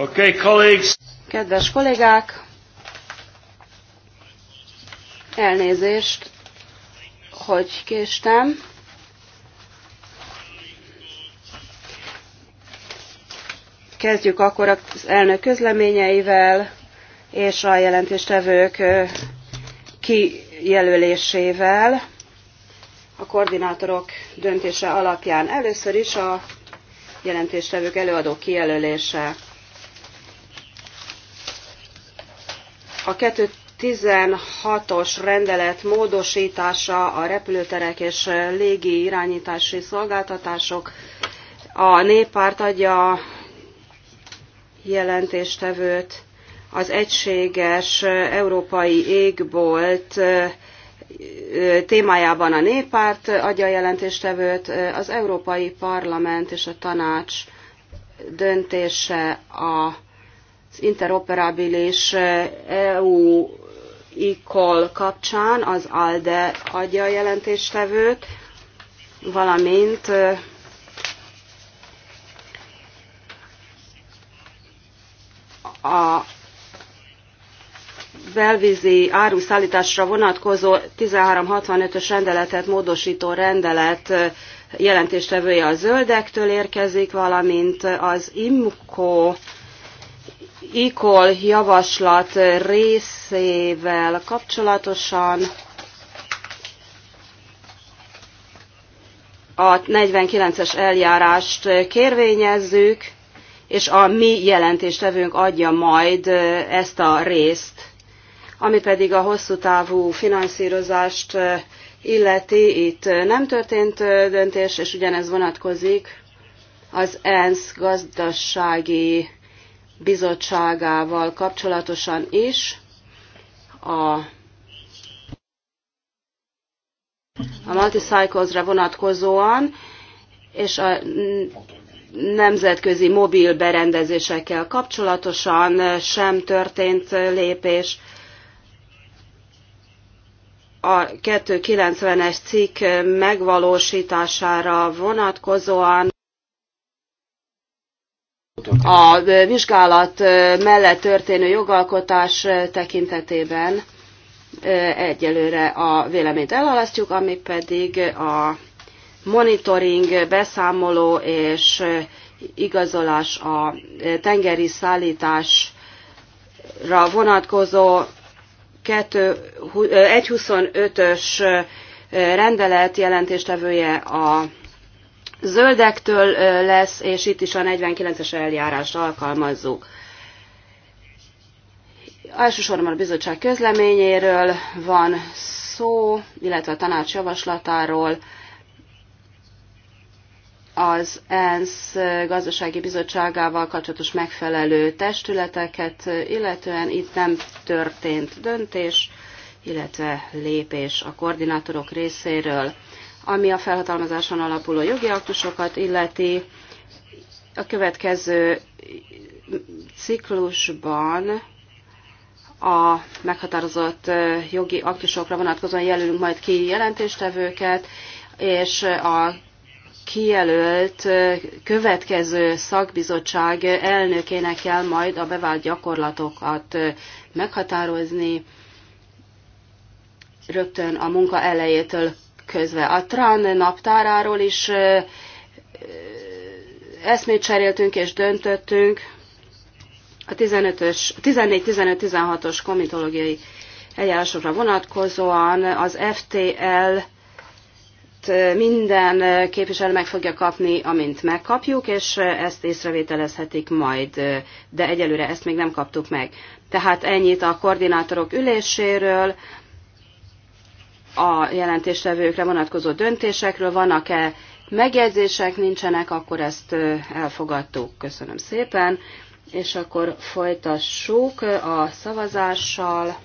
Okay, colleagues. Kedves kollégák, elnézést, hogy késtem. Kezdjük akkor az elnök közleményeivel és a jelentéstevők kijelölésével a koordinátorok döntése alapján. Először is a jelentéstevők előadó kijelölése. a 2016-os rendelet módosítása a repülőterek és légi irányítási szolgáltatások. A néppárt adja jelentéstevőt az egységes európai égbolt témájában a néppárt adja jelentéstevőt, az Európai Parlament és a tanács döntése a az interoperabilis EU eh, e ICOL kapcsán az ALDE adja a jelentéstevőt, valamint eh, a belvízi áruszállításra vonatkozó 1365-ös rendeletet módosító rendelet eh, jelentéstevője a zöldektől érkezik, valamint az IMCO ICOL javaslat részével kapcsolatosan a 49-es eljárást kérvényezzük, és a mi jelentéstevőnk adja majd ezt a részt. Ami pedig a hosszú távú finanszírozást illeti, itt nem történt döntés, és ugyanez vonatkozik az ENSZ gazdasági bizottságával kapcsolatosan is a a multicyclesre vonatkozóan, és a nemzetközi mobil berendezésekkel kapcsolatosan sem történt lépés. A 290-es cikk megvalósítására vonatkozóan a vizsgálat mellett történő jogalkotás tekintetében egyelőre a véleményt elhalasztjuk, ami pedig a monitoring, beszámoló és igazolás a tengeri szállításra vonatkozó 125-ös rendelet jelentéstevője a zöldektől lesz, és itt is a 49-es eljárást alkalmazzuk. Elsősorban a bizottság közleményéről van szó, illetve a tanács javaslatáról. Az ENSZ gazdasági bizottságával kapcsolatos megfelelő testületeket, illetően itt nem történt döntés, illetve lépés a koordinátorok részéről. Ami a felhatalmazáson alapuló jogi aktusokat illeti, a következő ciklusban a meghatározott jogi aktusokra vonatkozóan jelölünk majd ki jelentéstevőket, és a kijelölt következő szakbizottság elnökének kell majd a bevált gyakorlatokat meghatározni rögtön a munka elejétől közve. A TRAN naptáráról is eszmét cseréltünk és döntöttünk a 15 14 14-15-16-os komitológiai eljárásokra vonatkozóan az FTL minden képviselő meg fogja kapni, amint megkapjuk, és ezt észrevételezhetik majd, de egyelőre ezt még nem kaptuk meg. Tehát ennyit a koordinátorok üléséről a jelentéstevőkre vonatkozó döntésekről. Vannak-e megjegyzések, nincsenek, akkor ezt elfogadtuk. Köszönöm szépen. És akkor folytassuk a szavazással.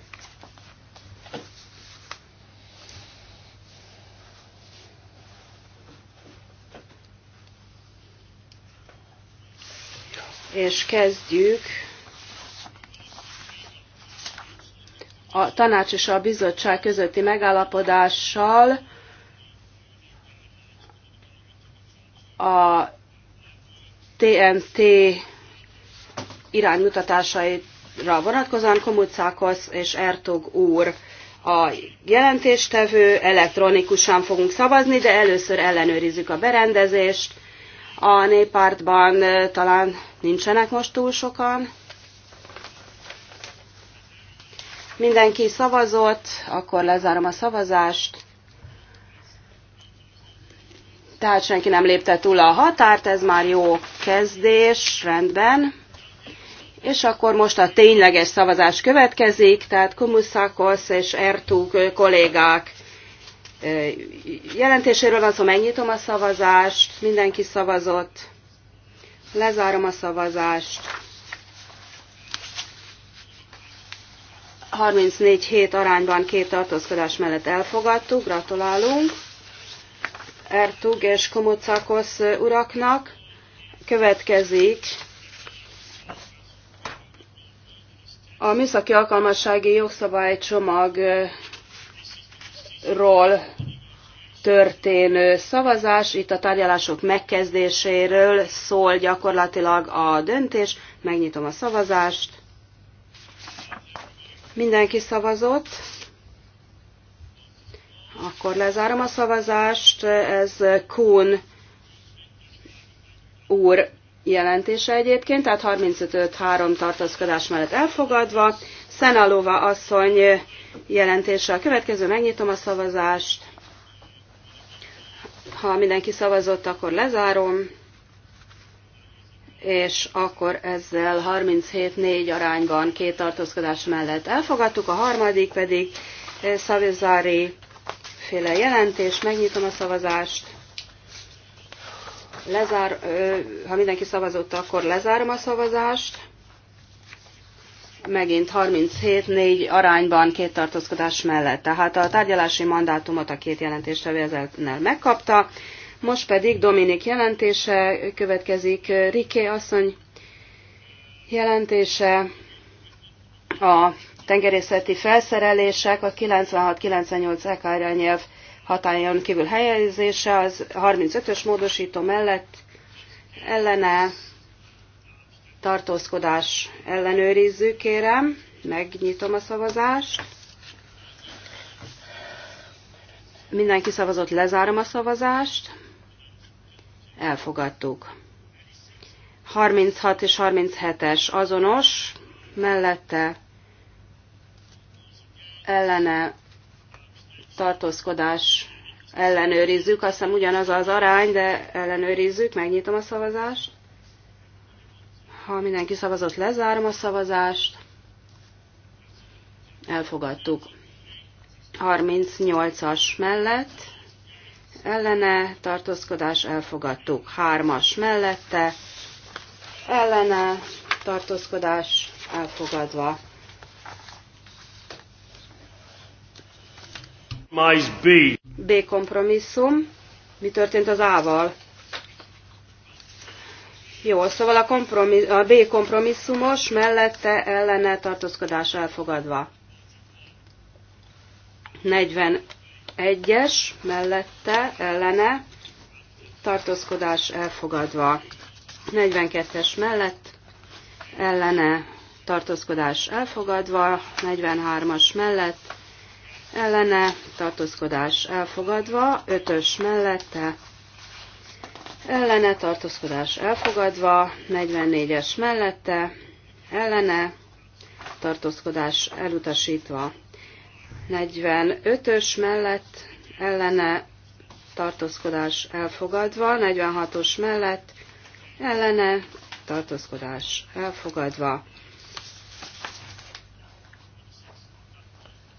És kezdjük a tanács és a bizottság közötti megállapodással a TNT iránymutatásaira vonatkozóan Komucákos és Ertog úr a jelentéstevő, elektronikusan fogunk szavazni, de először ellenőrizzük a berendezést. A néppártban eh, talán nincsenek most túl sokan. Mindenki szavazott, akkor lezárom a szavazást. Tehát senki nem lépte túl a határt, ez már jó kezdés, rendben. És akkor most a tényleges szavazás következik, tehát Kumuszakosz és Ertug kollégák jelentéséről van szó, megnyitom a szavazást, mindenki szavazott, lezárom a szavazást. 34 hét arányban két tartózkodás mellett elfogadtuk, gratulálunk Ertug és Komocakosz uraknak. Következik a műszaki alkalmassági jogszabálycsomagról történő szavazás, itt a tárgyalások megkezdéséről szól gyakorlatilag a döntés. Megnyitom a szavazást. Mindenki szavazott. Akkor lezárom a szavazást. Ez Kuhn úr jelentése egyébként, tehát 35-3 tartózkodás mellett elfogadva. Szenalova asszony jelentése a következő, megnyitom a szavazást. Ha mindenki szavazott, akkor lezárom és akkor ezzel 37-4 arányban két tartózkodás mellett elfogadtuk, a harmadik pedig eh, Szavizári féle jelentés, megnyitom a szavazást, lezár, ha mindenki szavazott, akkor lezárom a szavazást, megint 37-4 arányban két tartózkodás mellett. Tehát a tárgyalási mandátumot a két jelentéstevő ezzel megkapta, most pedig Dominik jelentése következik. Riké asszony jelentése a tengerészeti felszerelések, a 96-98 EK irányelv hatályon kívül helyezése, az 35-ös módosító mellett ellene tartózkodás ellenőrizzük, kérem. Megnyitom a szavazást. Mindenki szavazott, lezárom a szavazást elfogadtuk. 36 és 37-es azonos, mellette ellene tartózkodás ellenőrizzük, azt hiszem ugyanaz az arány, de ellenőrizzük, megnyitom a szavazást. Ha mindenki szavazott, lezárom a szavazást. Elfogadtuk. 38-as mellett ellene, tartózkodás elfogadtuk. Hármas mellette, ellene, tartózkodás elfogadva. Mais B. B kompromisszum. Mi történt az A-val? Jó, szóval a, a B kompromisszumos, mellette ellene tartózkodás elfogadva. 40 egyes mellette ellene tartózkodás elfogadva. 42-es mellett ellene tartózkodás elfogadva, 43-as mellett ellene tartózkodás elfogadva, 5-ös mellette ellene tartózkodás elfogadva, 44-es mellette ellene tartózkodás elutasítva. 45-ös mellett ellene tartózkodás elfogadva, 46-os mellett ellene tartózkodás elfogadva.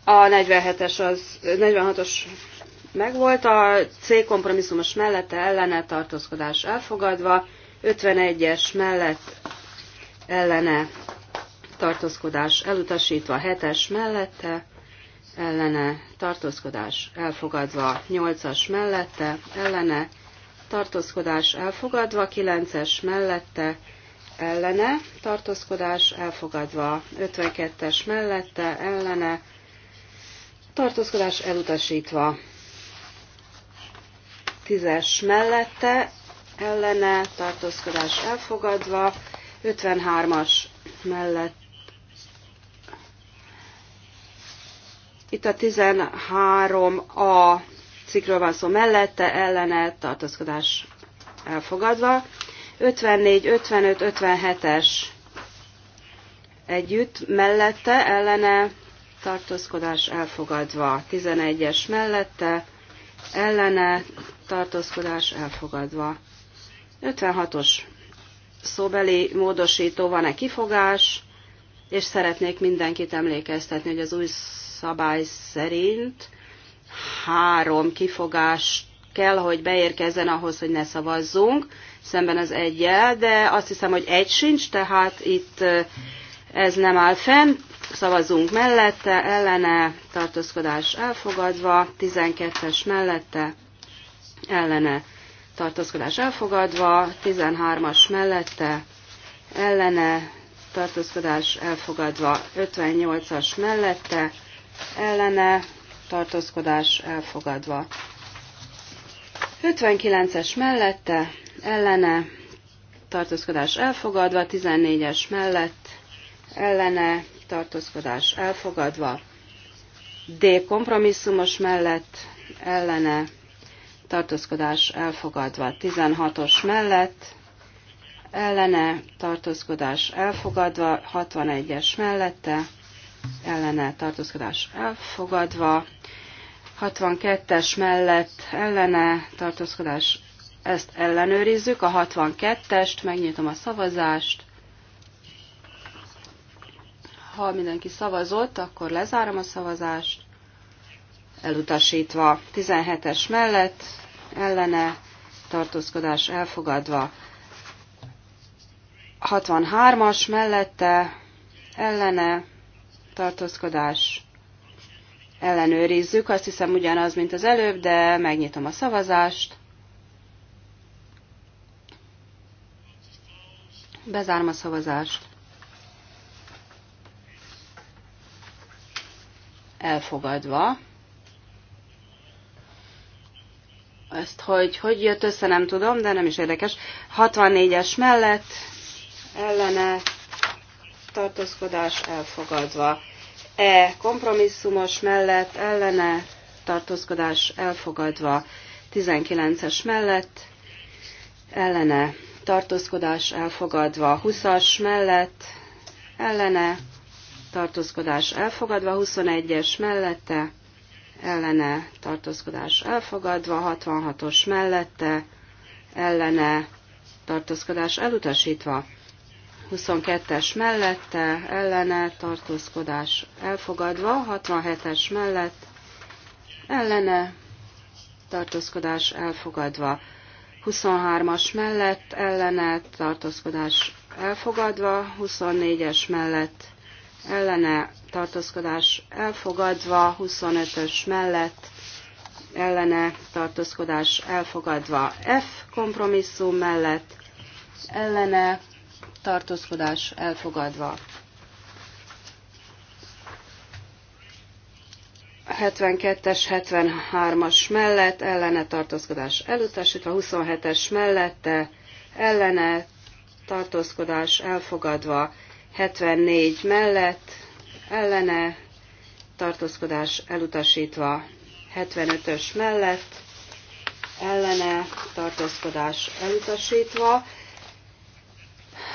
A 47-es az 46-os megvolt, a C kompromisszumos mellette ellene tartózkodás elfogadva, 51-es mellett ellene tartózkodás elutasítva, 7-es mellette ellene tartózkodás elfogadva, 8-as mellette ellene tartózkodás elfogadva, 9-es mellette ellene tartózkodás elfogadva, 52-es mellette ellene tartózkodás elutasítva, 10-es mellette ellene tartózkodás elfogadva, 53-as mellette Itt a 13a cikkről van szó mellette, ellene, tartózkodás elfogadva. 54, 55, 57-es együtt, mellette, ellene, tartózkodás elfogadva. 11-es mellette, ellene, tartózkodás elfogadva. 56-os szóbeli módosító, van-e kifogás, és szeretnék mindenkit emlékeztetni, hogy az új szabály szerint három kifogás kell, hogy beérkezzen ahhoz, hogy ne szavazzunk, szemben az egyel, de azt hiszem, hogy egy sincs, tehát itt ez nem áll fenn. Szavazzunk mellette, ellene, tartózkodás elfogadva, 12-es mellette, ellene, tartózkodás elfogadva, 13-as mellette, ellene, tartózkodás elfogadva, 58-as mellette, ellene tartózkodás elfogadva. 59-es mellette ellene tartózkodás elfogadva, 14-es mellett ellene tartózkodás elfogadva, D kompromisszumos mellett ellene tartózkodás elfogadva, 16-os mellett ellene tartózkodás elfogadva, 61-es mellette ellene tartózkodás elfogadva, 62-es mellett ellene tartózkodás, ezt ellenőrizzük, a 62-est, megnyitom a szavazást, ha mindenki szavazott, akkor lezárom a szavazást, elutasítva 17-es mellett, ellene tartózkodás elfogadva, 63-as mellette, ellene tartózkodás ellenőrizzük. Azt hiszem ugyanaz, mint az előbb, de megnyitom a szavazást. Bezárom a szavazást. Elfogadva. Ezt hogy, hogy jött össze, nem tudom, de nem is érdekes. 64-es mellett ellene tartózkodás elfogadva. E kompromisszumos mellett ellene tartózkodás elfogadva. 19-es mellett ellene tartózkodás elfogadva. 20-as mellett ellene tartózkodás elfogadva. 21-es mellette ellene tartózkodás elfogadva. 66-os mellette ellene tartózkodás elutasítva. 22-es mellette, ellene, tartózkodás elfogadva, 67-es mellett, ellene, tartózkodás elfogadva, 23-as mellett, ellene, tartózkodás elfogadva, 24-es mellett, ellene, tartózkodás elfogadva, 25-ös mellett, ellene, tartózkodás elfogadva, F kompromisszum mellett, ellene, tartózkodás elfogadva. 72-es, 73-as mellett ellene tartózkodás elutasítva, 27-es mellette ellene tartózkodás elfogadva, 74 mellett ellene tartózkodás elutasítva, 75-ös mellett ellene tartózkodás elutasítva,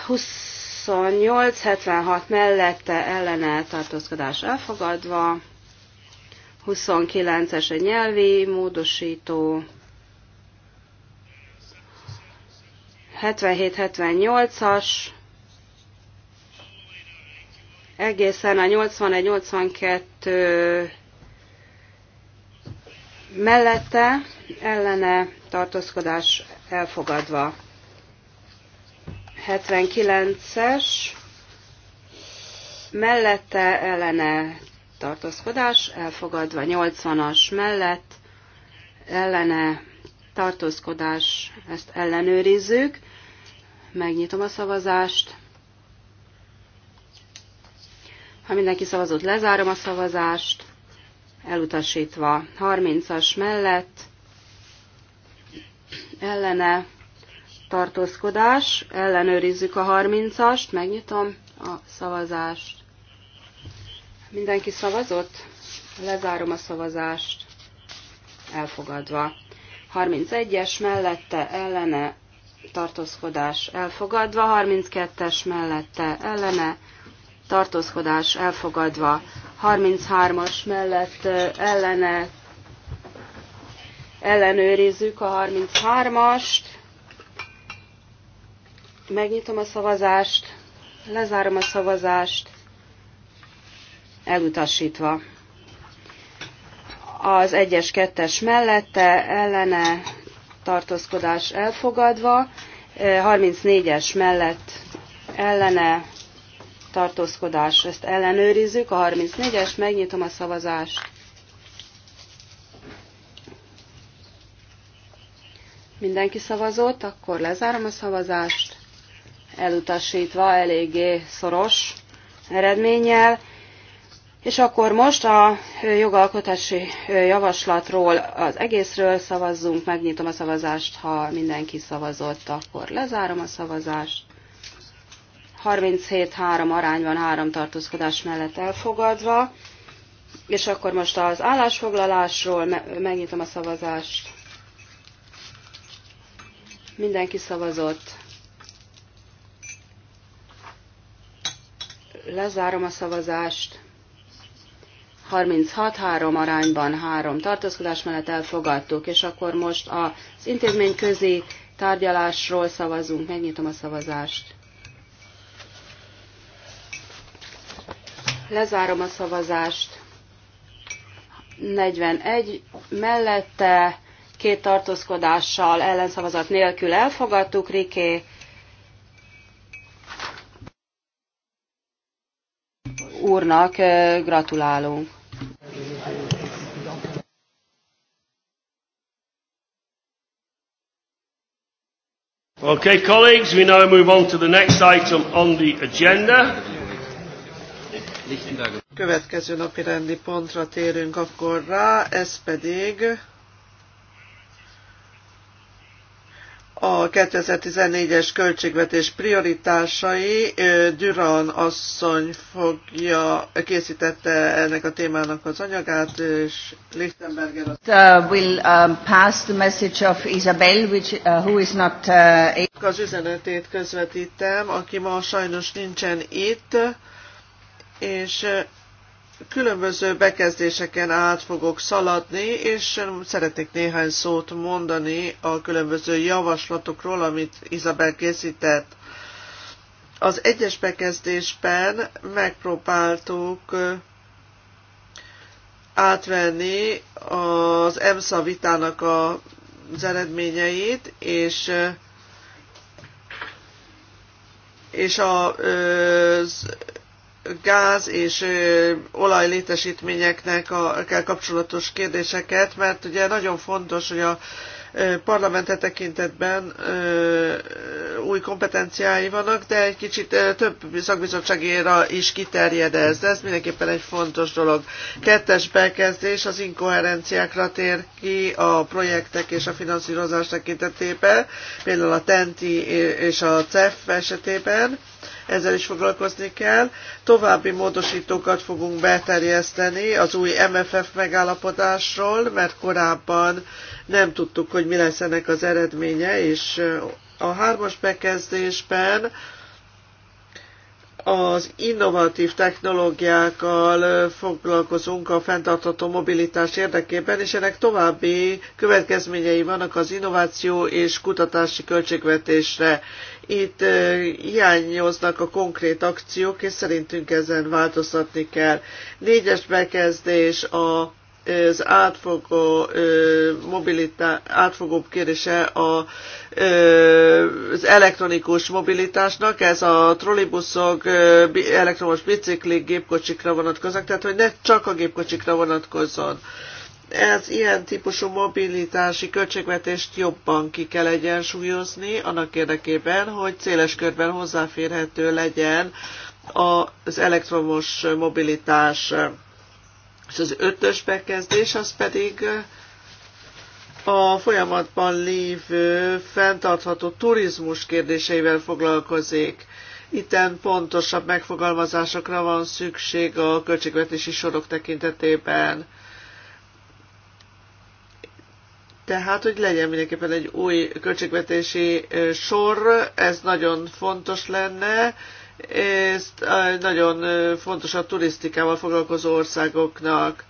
28, 76 mellette ellene tartózkodás elfogadva, 29-es a nyelvi módosító, 77-78-as, egészen a 81-82 mellette ellene tartózkodás elfogadva. 79-es mellette ellene tartózkodás elfogadva, 80-as mellett ellene tartózkodás, ezt ellenőrizzük. Megnyitom a szavazást. Ha mindenki szavazott, lezárom a szavazást. Elutasítva 30-as mellett ellene tartózkodás, ellenőrizzük a 30-ast, megnyitom a szavazást. Mindenki szavazott? Lezárom a szavazást. Elfogadva. 31-es mellette ellene tartózkodás elfogadva, 32-es mellette ellene tartózkodás elfogadva, 33-as mellett ellene ellenőrizzük a 33-ast, Megnyitom a szavazást, lezárom a szavazást, elutasítva. Az egyes es mellette, ellene tartózkodás elfogadva, 34-es mellett ellene tartózkodás, ezt ellenőrizzük, a 34-es, megnyitom a szavazást. Mindenki szavazott, akkor lezárom a szavazást elutasítva eléggé szoros eredménnyel. És akkor most a jogalkotási javaslatról, az egészről szavazzunk, megnyitom a szavazást, ha mindenki szavazott, akkor lezárom a szavazást. 37-3 arányban három tartózkodás mellett elfogadva. És akkor most az állásfoglalásról megnyitom a szavazást. Mindenki szavazott. Lezárom a szavazást. 36-3 arányban 3 tartózkodás mellett elfogadtuk, és akkor most az intézmény közi tárgyalásról szavazunk. Megnyitom a szavazást. Lezárom a szavazást. 41 mellette két tartózkodással ellenszavazat nélkül elfogadtuk, Riké úrnak gratulálunk. Okay, colleagues, we now move on to the next item on the agenda. Következő napi rendi pontra térünk akkor rá, ez pedig a 2014-es költségvetés prioritásai. Düran asszony fogja, készítette ennek a témának az anyagát, és Lichtenberger az... Uh, will um, pass the message of Isabel, which, uh, who is not... Uh, az üzenetét közvetítem, aki ma sajnos nincsen itt, és különböző bekezdéseken át fogok szaladni, és szeretnék néhány szót mondani a különböző javaslatokról, amit Izabel készített. Az egyes bekezdésben megpróbáltuk átvenni az EMSZA vitának az eredményeit, és és a, az gáz és olaj létesítményeknek a, kell kapcsolatos kérdéseket, mert ugye nagyon fontos, hogy a parlamente tekintetben új kompetenciái vannak, de egy kicsit több szakbizottságéra is kiterjed ez, de ez mindenképpen egy fontos dolog. Kettes bekezdés az inkoherenciákra tér ki a projektek és a finanszírozás tekintetében, például a TENTI és a CEF esetében ezzel is foglalkozni kell. További módosítókat fogunk beterjeszteni az új MFF megállapodásról, mert korábban nem tudtuk, hogy mi lesz ennek az eredménye, és a hármas bekezdésben az innovatív technológiákkal foglalkozunk a fenntartható mobilitás érdekében, és ennek további következményei vannak az innováció és kutatási költségvetésre itt hiányoznak a konkrét akciók, és szerintünk ezen változtatni kell. Négyes bekezdés a az átfogó mobilitá, átfogóbb kérdése a, az elektronikus mobilitásnak, ez a trollibuszok, elektromos biciklik, gépkocsikra vonatkoznak, tehát hogy ne csak a gépkocsikra vonatkozzon ez ilyen típusú mobilitási költségvetést jobban ki kell egyensúlyozni annak érdekében, hogy széles körben hozzáférhető legyen az elektromos mobilitás. És az ötös bekezdés az pedig a folyamatban lévő fenntartható turizmus kérdéseivel foglalkozik. Itten pontosabb megfogalmazásokra van szükség a költségvetési sorok tekintetében Tehát, hogy legyen mindenképpen egy új költségvetési sor, ez nagyon fontos lenne. Ez nagyon fontos a turisztikával foglalkozó országoknak.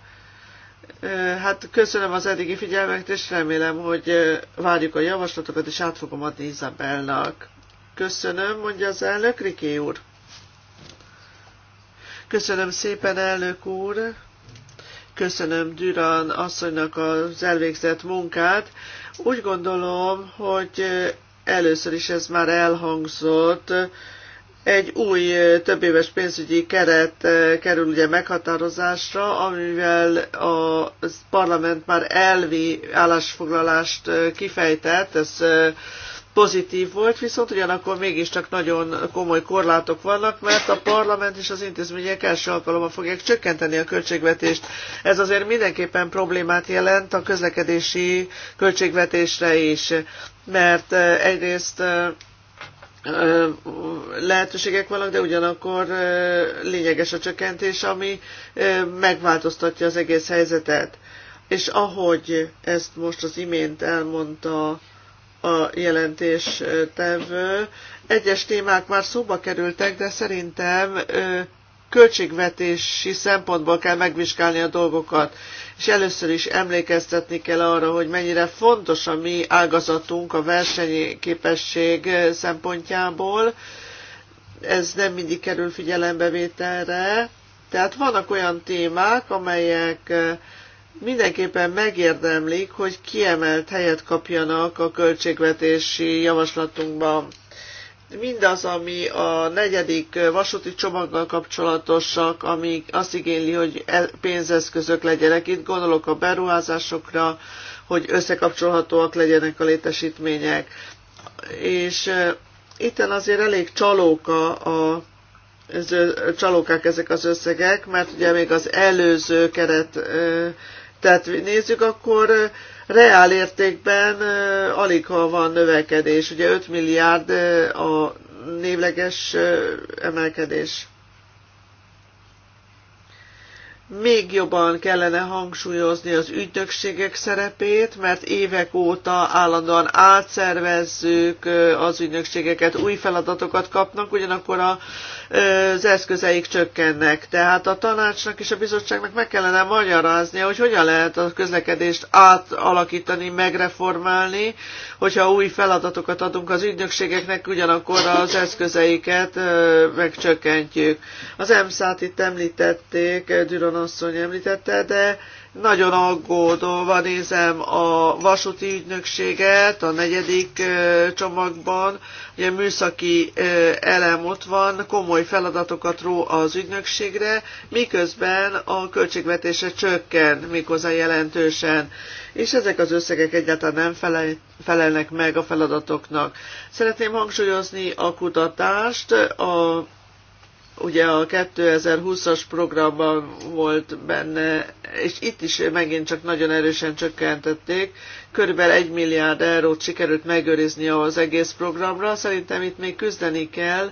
Hát köszönöm az eddigi figyelmet, és remélem, hogy várjuk a javaslatokat, és át fogom adni Izabelnak. Köszönöm, mondja az elnök, Riké úr. Köszönöm szépen, elnök úr. Köszönöm Düran asszonynak az elvégzett munkát. Úgy gondolom, hogy először is ez már elhangzott, egy új többéves pénzügyi keret eh, kerül ugye meghatározásra, amivel a parlament már elvi állásfoglalást eh, kifejtett, ez eh, pozitív volt, viszont ugyanakkor mégiscsak nagyon komoly korlátok vannak, mert a parlament és az intézmények első alkalommal fogják csökkenteni a költségvetést. Ez azért mindenképpen problémát jelent a közlekedési költségvetésre is, mert eh, egyrészt eh, eh, lehetőségek vannak, de ugyanakkor lényeges a csökkentés, ami megváltoztatja az egész helyzetet. És ahogy ezt most az imént elmondta a jelentés tevő. Egyes témák már szóba kerültek, de szerintem költségvetési szempontból kell megvizsgálni a dolgokat, és először is emlékeztetni kell arra, hogy mennyire fontos a mi ágazatunk a versenyképesség szempontjából. Ez nem mindig kerül figyelembevételre. Tehát vannak olyan témák, amelyek mindenképpen megérdemlik, hogy kiemelt helyet kapjanak a költségvetési javaslatunkban. Mindaz, ami a negyedik vasúti csomaggal kapcsolatosak, ami azt igényli, hogy pénzeszközök legyenek. Itt gondolok a beruházásokra, hogy összekapcsolhatóak legyenek a létesítmények. És itten azért elég csalóka a csalókák ezek az összegek, mert ugye még az előző keret tehát nézzük, akkor eh, reál értékben eh, alig ha van növekedés. Ugye 5 milliárd eh, a névleges emelkedés. Még jobban kellene hangsúlyozni az ügynökségek szerepét, mert évek óta állandóan átszervezzük az ügynökségeket, új feladatokat kapnak, ugyanakkor a az eszközeik csökkennek. Tehát a tanácsnak és a bizottságnak meg kellene magyaráznia, hogy hogyan lehet a közlekedést átalakítani, megreformálni, hogyha új feladatokat adunk az ügynökségeknek, ugyanakkor az eszközeiket megcsökkentjük. Az emsz át itt említették, Düron asszony említette, de nagyon aggódóva nézem a vasúti ügynökséget a negyedik csomagban. Ugye műszaki elem ott van, komoly feladatokat ró az ügynökségre, miközben a költségvetése csökken, méghozzá jelentősen. És ezek az összegek egyáltalán nem felel, felelnek meg a feladatoknak. Szeretném hangsúlyozni a kutatást, a ugye a 2020-as programban volt benne, és itt is megint csak nagyon erősen csökkentették. Körülbelül egy milliárd eurót sikerült megőrizni az egész programra. Szerintem itt még küzdeni kell,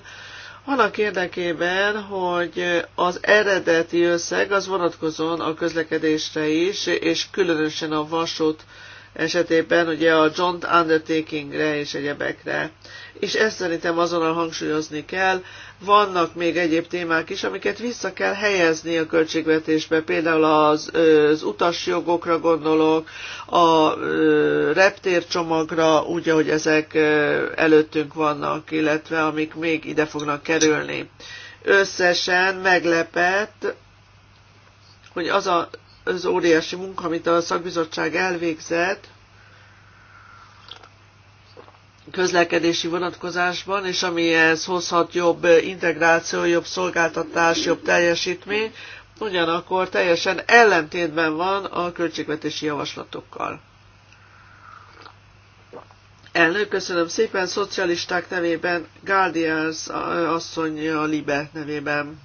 annak érdekében, hogy az eredeti összeg az vonatkozon a közlekedésre is, és különösen a vasút esetében ugye a joint undertakingre és egyebekre és ezt szerintem azonnal hangsúlyozni kell. Vannak még egyéb témák is, amiket vissza kell helyezni a költségvetésbe, például az, az utasjogokra gondolok, a reptércsomagra, úgy, ahogy ezek előttünk vannak, illetve amik még ide fognak kerülni. Összesen meglepett, hogy az a, az óriási munka, amit a szakbizottság elvégzett, közlekedési vonatkozásban, és amihez hozhat jobb integráció, jobb szolgáltatás, jobb teljesítmény, ugyanakkor teljesen ellentétben van a költségvetési javaslatokkal. Elnök, köszönöm szépen, szocialisták nevében, Guardians asszony a Libe nevében.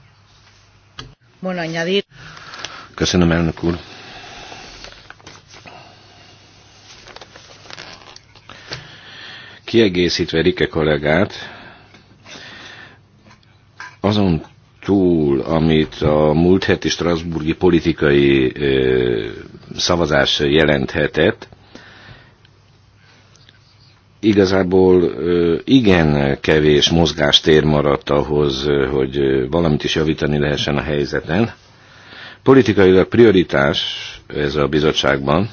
Köszönöm, elnök úr. kiegészítve Rike kollégát, azon túl, amit a múlt heti Strasburgi politikai ö, szavazás jelenthetett, igazából ö, igen kevés mozgástér maradt ahhoz, hogy valamit is javítani lehessen a helyzeten. Politikailag prioritás ez a bizottságban,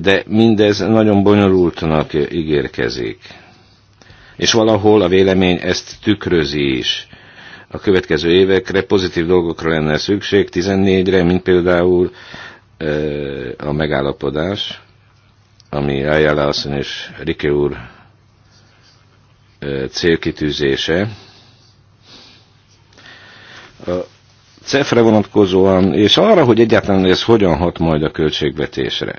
de mindez nagyon bonyolultnak ígérkezik. És valahol a vélemény ezt tükrözi is. A következő évekre pozitív dolgokra lenne szükség, 14-re, mint például a megállapodás, ami Ayala asszony és Rike úr célkitűzése. A CEFRE vonatkozóan, és arra, hogy egyáltalán ez hogyan hat majd a költségvetésre.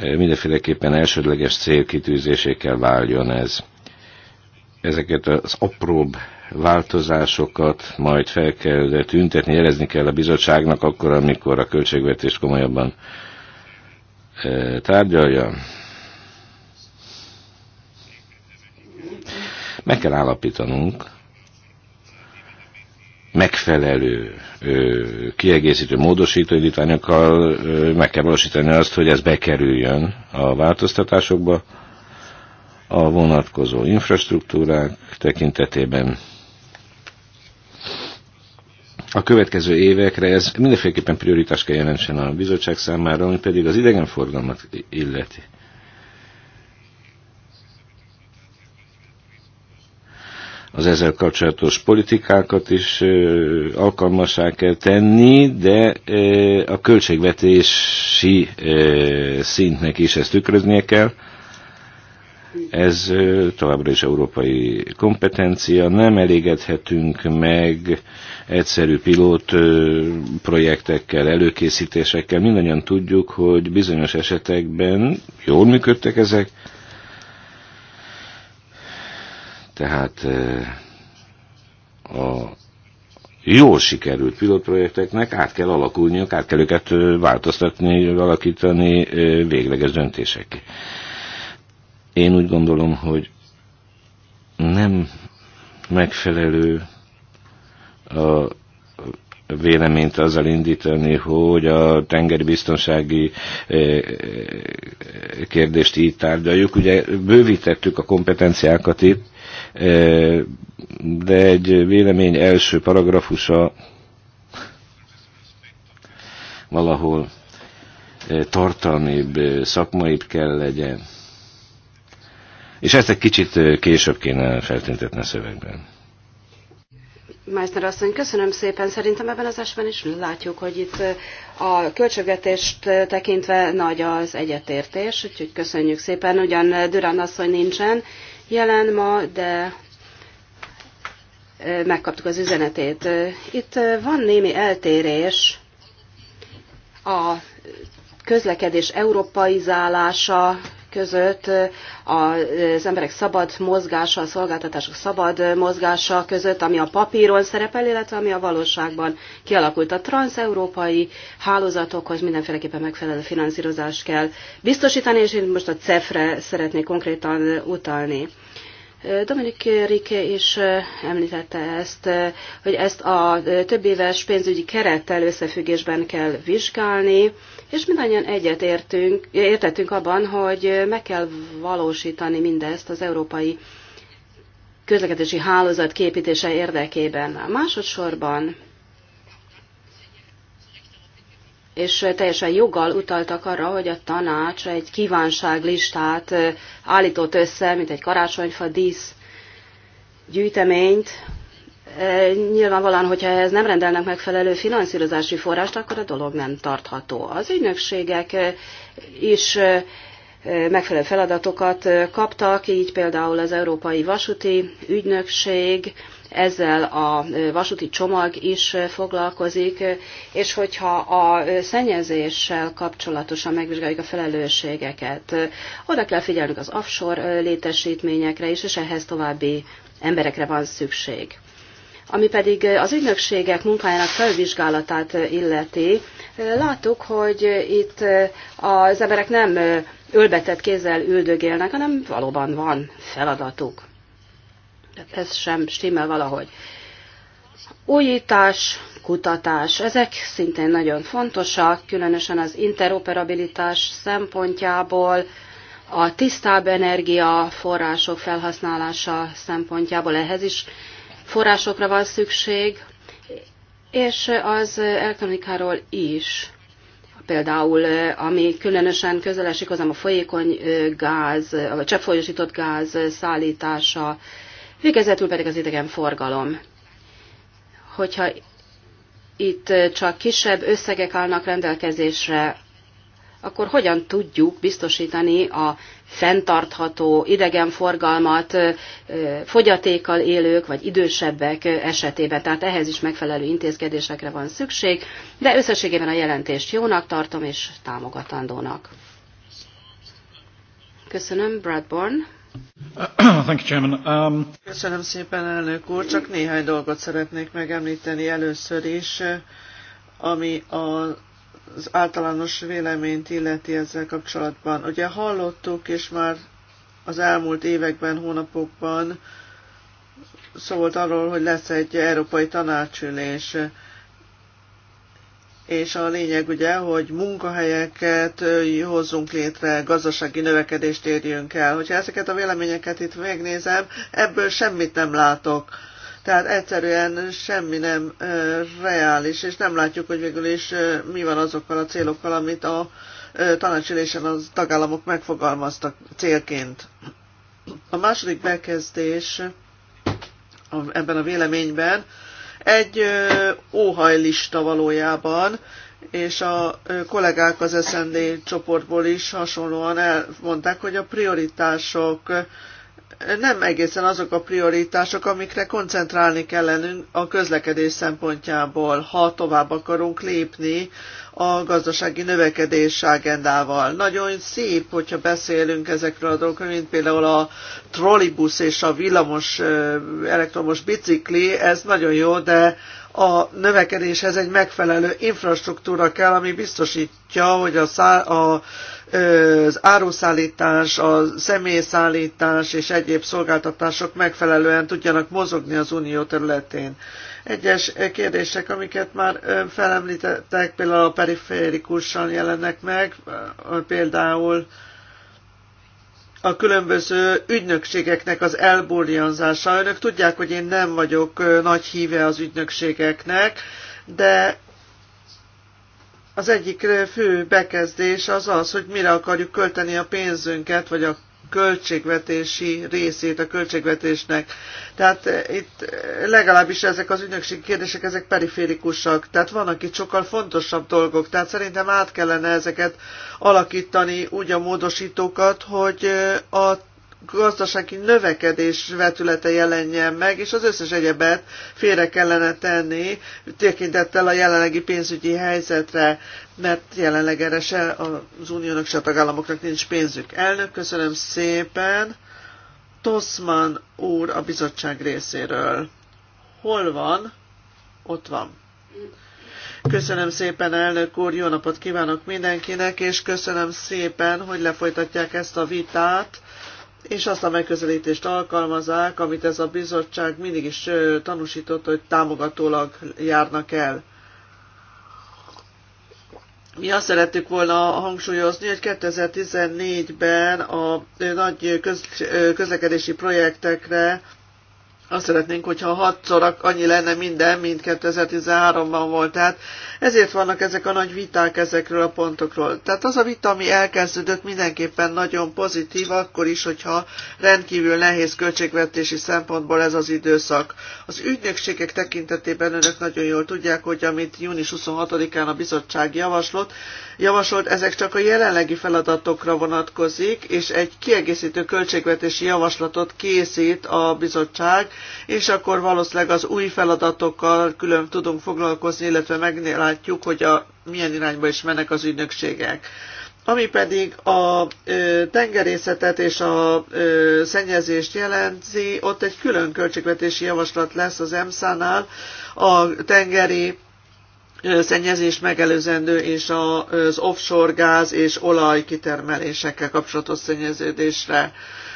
mindenféleképpen elsődleges célkitűzésékkel váljon ez. Ezeket az apróbb változásokat majd fel kell tüntetni, jelezni kell a bizottságnak akkor, amikor a költségvetés komolyabban e, tárgyalja. Meg kell állapítanunk, megfelelő ö, kiegészítő módosító indítványokkal ö, meg kell valósítani azt, hogy ez bekerüljön a változtatásokba a vonatkozó infrastruktúrák tekintetében. A következő évekre ez mindenféleképpen prioritás kell jelentsen a bizottság számára, ami pedig az idegenforgalmat illeti. az ezzel kapcsolatos politikákat is alkalmassá kell tenni, de a költségvetési szintnek is ezt tükröznie kell. Ez továbbra is európai kompetencia, nem elégedhetünk meg egyszerű pilót projektekkel, előkészítésekkel. Mindannyian tudjuk, hogy bizonyos esetekben jól működtek ezek, tehát a jól sikerült pilotprojekteknek át kell alakulniuk, át kell őket változtatni, alakítani végleges döntések. Én úgy gondolom, hogy nem megfelelő a véleményt azzal indítani, hogy a tengeri biztonsági eh, eh, kérdést így tárgyaljuk. Ugye bővítettük a kompetenciákat itt, eh, de egy vélemény első paragrafusa valahol tartalmibb, szakmaibb kell legyen. És ezt egy kicsit később kéne feltüntetni a szövegben. Meisner asszony, köszönöm szépen. Szerintem ebben az esetben is látjuk, hogy itt eh, a költségvetést eh, tekintve nagy az egyetértés, úgyhogy köszönjük szépen. Ugyan eh, Durán asszony nincsen jelen ma, de megkaptuk az üzenetét. Itt van némi eltérés a közlekedés zálása között, az emberek szabad mozgása, a szolgáltatások szabad mozgása között, ami a papíron szerepel, illetve ami a valóságban kialakult. A transeurópai hálózatokhoz mindenféleképpen megfelelő finanszírozást kell biztosítani, és én most a CEF-re szeretnék konkrétan utalni. Dominik Rike is említette ezt, hogy ezt a több éves pénzügyi kerettel összefüggésben kell vizsgálni, és mindannyian értünk, értettünk abban, hogy meg kell valósítani mindezt az európai közlekedési hálózat képítése érdekében. A másodszorban, és teljesen joggal utaltak arra, hogy a tanács egy kívánságlistát állított össze, mint egy karácsonyfa dísz gyűjteményt, E, nyilvánvalóan, hogyha ehhez nem rendelnek megfelelő finanszírozási forrást, akkor a dolog nem tartható. Az ügynökségek e, is e, megfelelő feladatokat kaptak, így például az Európai Vasúti Ügynökség, ezzel a vasúti csomag is foglalkozik, és hogyha a szennyezéssel kapcsolatosan megvizsgáljuk a felelősségeket, oda kell figyelnünk az offshore létesítményekre is, és ehhez további emberekre van szükség. Ami pedig eh, az ügynökségek munkájának felvizsgálatát eh, illeti, eh, láttuk, hogy itt az emberek nem ölbetett kézzel üldögélnek, hanem valóban van feladatuk. De ez sem stimmel valahogy. Újítás, kutatás, ezek szintén nagyon fontosak, különösen az interoperabilitás szempontjából, a tisztább energiaforrások felhasználása szempontjából ehhez is forrásokra van szükség, és az elektronikáról is. Például, ami különösen közel esik hozzám a folyékony gáz, vagy cseppfolyósított gáz szállítása, végezetül pedig az forgalom. Hogyha itt csak kisebb összegek állnak rendelkezésre akkor hogyan tudjuk biztosítani a fenntartható idegenforgalmat fogyatékkal élők vagy idősebbek esetében. Tehát ehhez is megfelelő intézkedésekre van szükség, de összességében a jelentést jónak tartom és támogatandónak. Köszönöm, Bradborn. Um, Köszönöm szépen, elnök úr. Csak néhány dolgot szeretnék megemlíteni először is, ami a az általános véleményt illeti ezzel kapcsolatban. Ugye hallottuk, és már az elmúlt években, hónapokban szólt arról, hogy lesz egy európai tanácsülés, és a lényeg ugye, hogy munkahelyeket hozzunk létre, gazdasági növekedést érjünk el. Hogyha ezeket a véleményeket itt megnézem, ebből semmit nem látok tehát egyszerűen semmi nem ö, reális, és nem látjuk, hogy végül is ö, mi van azokkal a célokkal, amit a ö, tanácsülésen az tagállamok megfogalmaztak célként. A második bekezdés a, ebben a véleményben egy ö, óhajlista valójában, és a kollégák az SND csoportból is hasonlóan elmondták, hogy a prioritások nem egészen azok a prioritások, amikre koncentrálni kellene a közlekedés szempontjából, ha tovább akarunk lépni a gazdasági növekedés agendával. Nagyon szép, hogyha beszélünk ezekről a dolgokról, mint például a trollibusz és a villamos elektromos bicikli, ez nagyon jó, de a növekedéshez egy megfelelő infrastruktúra kell, ami biztosítja, hogy a, szá- a az áruszállítás, a személyszállítás és egyéb szolgáltatások megfelelően tudjanak mozogni az unió területén. Egyes kérdések, amiket már felemlítettek, például a periférikusan jelennek meg, például a különböző ügynökségeknek az elburjanzása. Önök tudják, hogy én nem vagyok nagy híve az ügynökségeknek, de az egyik fő bekezdés az az, hogy mire akarjuk költeni a pénzünket, vagy a költségvetési részét a költségvetésnek. Tehát eh, itt eh, legalábbis ezek az ügynökségi kérdések, ezek periférikusak, tehát vannak itt sokkal fontosabb dolgok, tehát szerintem át kellene ezeket alakítani úgy a módosítókat, hogy eh, a gazdasági növekedés vetülete jelenjen meg, és az összes egyebet félre kellene tenni, tekintettel a jelenlegi pénzügyi helyzetre, mert jelenleg erre se az uniónak, se a tagállamoknak nincs pénzük. Elnök, köszönöm szépen. Toszman úr a bizottság részéről. Hol van? Ott van. Köszönöm szépen, elnök úr, jó napot kívánok mindenkinek, és köszönöm szépen, hogy lefolytatják ezt a vitát és azt a megközelítést alkalmazzák, amit ez a bizottság mindig is tanúsított, hogy támogatólag járnak el. Mi azt szerettük volna hangsúlyozni, hogy 2014-ben a nagy közlekedési projektekre azt szeretnénk, hogyha hatszor annyi lenne minden, mint 2013-ban volt. Tehát ezért vannak ezek a nagy viták ezekről a pontokról. Tehát az a vita, ami elkezdődött, mindenképpen nagyon pozitív, akkor is, hogyha rendkívül nehéz költségvetési szempontból ez az időszak. Az ügynökségek tekintetében önök nagyon jól tudják, hogy amit június 26-án a bizottság javaslott, javasolt, ezek csak a jelenlegi feladatokra vonatkozik, és egy kiegészítő költségvetési javaslatot készít a bizottság, és akkor valószínűleg az új feladatokkal külön tudunk foglalkozni, illetve megnézni látjuk, hogy a, milyen irányba is mennek az ügynökségek. Ami pedig a ö, tengerészetet és a ö, szennyezést jelenti, ott egy külön költségvetési javaslat lesz az EMSZ-nál a tengeri szennyezés megelőzendő és az offshore gáz és olaj kitermelésekkel kapcsolatos szennyeződésre.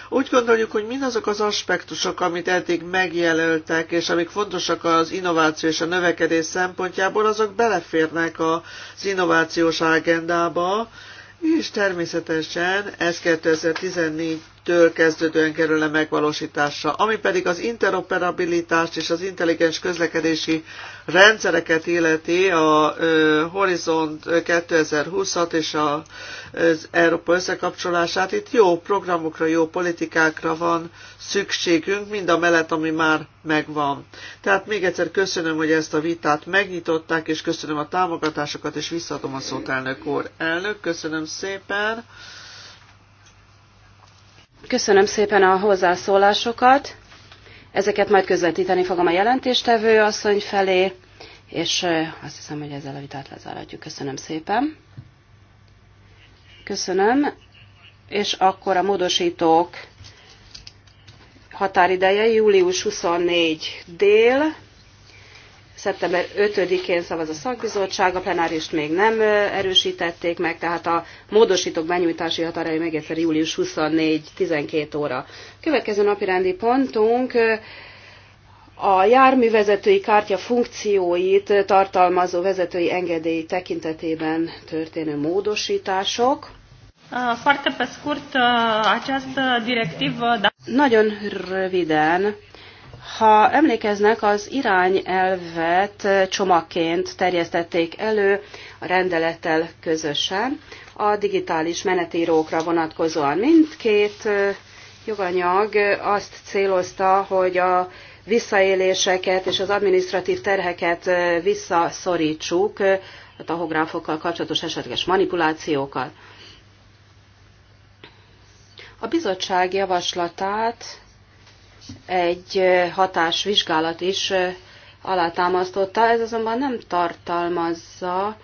Úgy gondoljuk, hogy mindazok az aspektusok, amit eddig megjelöltek, és amik fontosak az innováció és a növekedés szempontjából, azok beleférnek az innovációs agendába, és természetesen ez 2014 től kezdődően kerülne megvalósításra. Ami pedig az interoperabilitást és az intelligens közlekedési rendszereket illeti, a Horizont 2026 és a, az Európa összekapcsolását, itt jó programokra, jó politikákra van szükségünk, mind a mellett, ami már megvan. Tehát még egyszer köszönöm, hogy ezt a vitát megnyitották, és köszönöm a támogatásokat, és visszaadom a szót elnök úr. Elnök, köszönöm szépen. Köszönöm szépen a hozzászólásokat. Ezeket majd közvetíteni fogom a jelentéstevő asszony felé, és azt hiszem, hogy ezzel a vitát lezáratjuk. Köszönöm szépen. Köszönöm. És akkor a módosítók határideje július 24 dél szeptember 5-én szavaz a szakbizottság, a plenárist még nem erősítették meg, tehát a módosítók benyújtási határai még egyszer július 24-12 óra. Következő napi rendi pontunk a járművezetői kártya funkcióit tartalmazó vezetői engedély tekintetében történő módosítások. Foarte pe scurt, această directivă... Nagyon röviden, ha emlékeznek, az irányelvet csomagként terjesztették elő a rendelettel közösen a digitális menetírókra vonatkozóan. Mindkét joganyag azt célozta, hogy a visszaéléseket és az administratív terheket visszaszorítsuk, a tahográfokkal kapcsolatos esetleges manipulációkat. A bizottság javaslatát egy hatásvizsgálat is alátámasztotta. Ez azonban nem tartalmazza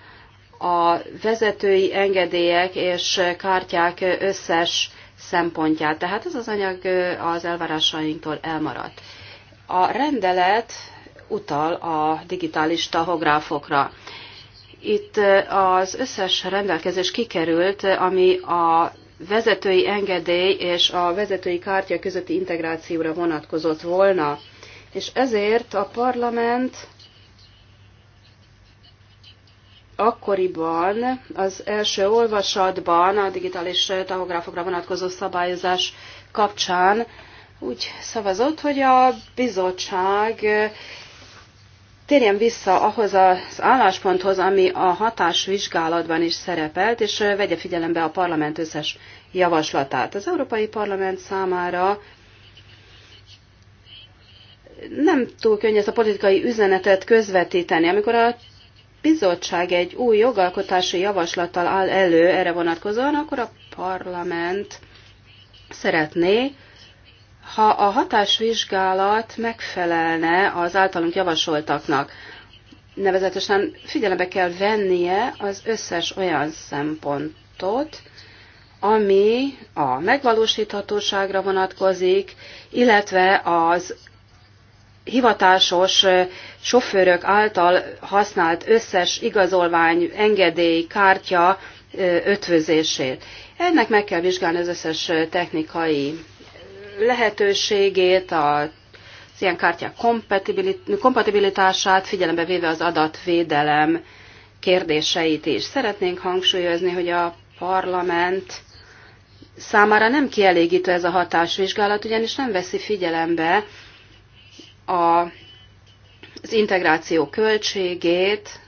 a vezetői engedélyek és kártyák összes szempontját. Tehát ez az anyag az elvárásainktól elmaradt. A rendelet utal a digitális tahográfokra. Itt az összes rendelkezés kikerült, ami a vezetői engedély és a vezetői kártya közötti integrációra vonatkozott volna. És ezért a parlament akkoriban az első olvasatban a digitális tahográfokra vonatkozó szabályozás kapcsán úgy szavazott, hogy a bizottság térjen vissza ahhoz az állásponthoz, ami a hatásvizsgálatban is szerepelt, és vegye figyelembe a parlament összes javaslatát. Az Európai Parlament számára nem túl könnyű ezt a politikai üzenetet közvetíteni. Amikor a bizottság egy új jogalkotási javaslattal áll elő erre vonatkozóan, akkor a parlament szeretné, ha a hatásvizsgálat megfelelne az általunk javasoltaknak, nevezetesen figyelembe kell vennie az összes olyan szempontot, ami a megvalósíthatóságra vonatkozik, illetve az hivatásos sofőrök által használt összes igazolvány, engedély, kártya ötvözését. Ennek meg kell vizsgálni az összes technikai lehetőségét, a ilyen kártyák kompatibilitását, figyelembe véve az adatvédelem kérdéseit is. Szeretnénk hangsúlyozni, hogy a parlament számára nem kielégítő ez a hatásvizsgálat, ugyanis nem veszi figyelembe a, az integráció költségét,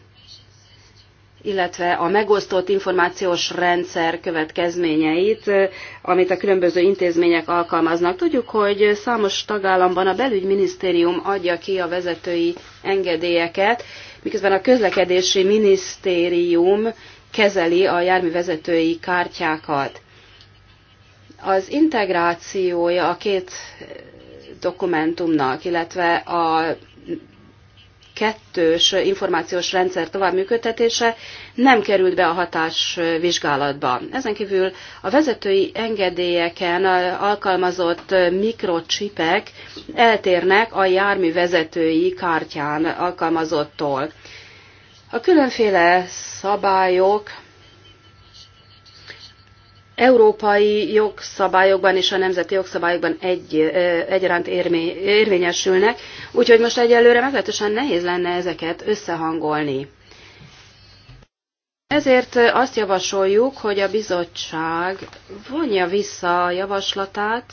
illetve a megosztott információs rendszer következményeit, amit a különböző intézmények alkalmaznak. Tudjuk, hogy számos tagállamban a belügyminisztérium adja ki a vezetői engedélyeket, miközben a közlekedési minisztérium kezeli a járművezetői kártyákat. Az integrációja a két dokumentumnak, illetve a kettős információs rendszer továbbműködtetése nem került be a hatásvizsgálatba. Ezen kívül a vezetői engedélyeken alkalmazott mikrocsipek eltérnek a jármű vezetői kártyán alkalmazottól. A különféle szabályok európai jogszabályokban és a nemzeti jogszabályokban egy, egyaránt érvényesülnek, úgyhogy most egyelőre meglehetősen nehéz lenne ezeket összehangolni. Ezért azt javasoljuk, hogy a bizottság vonja vissza a javaslatát,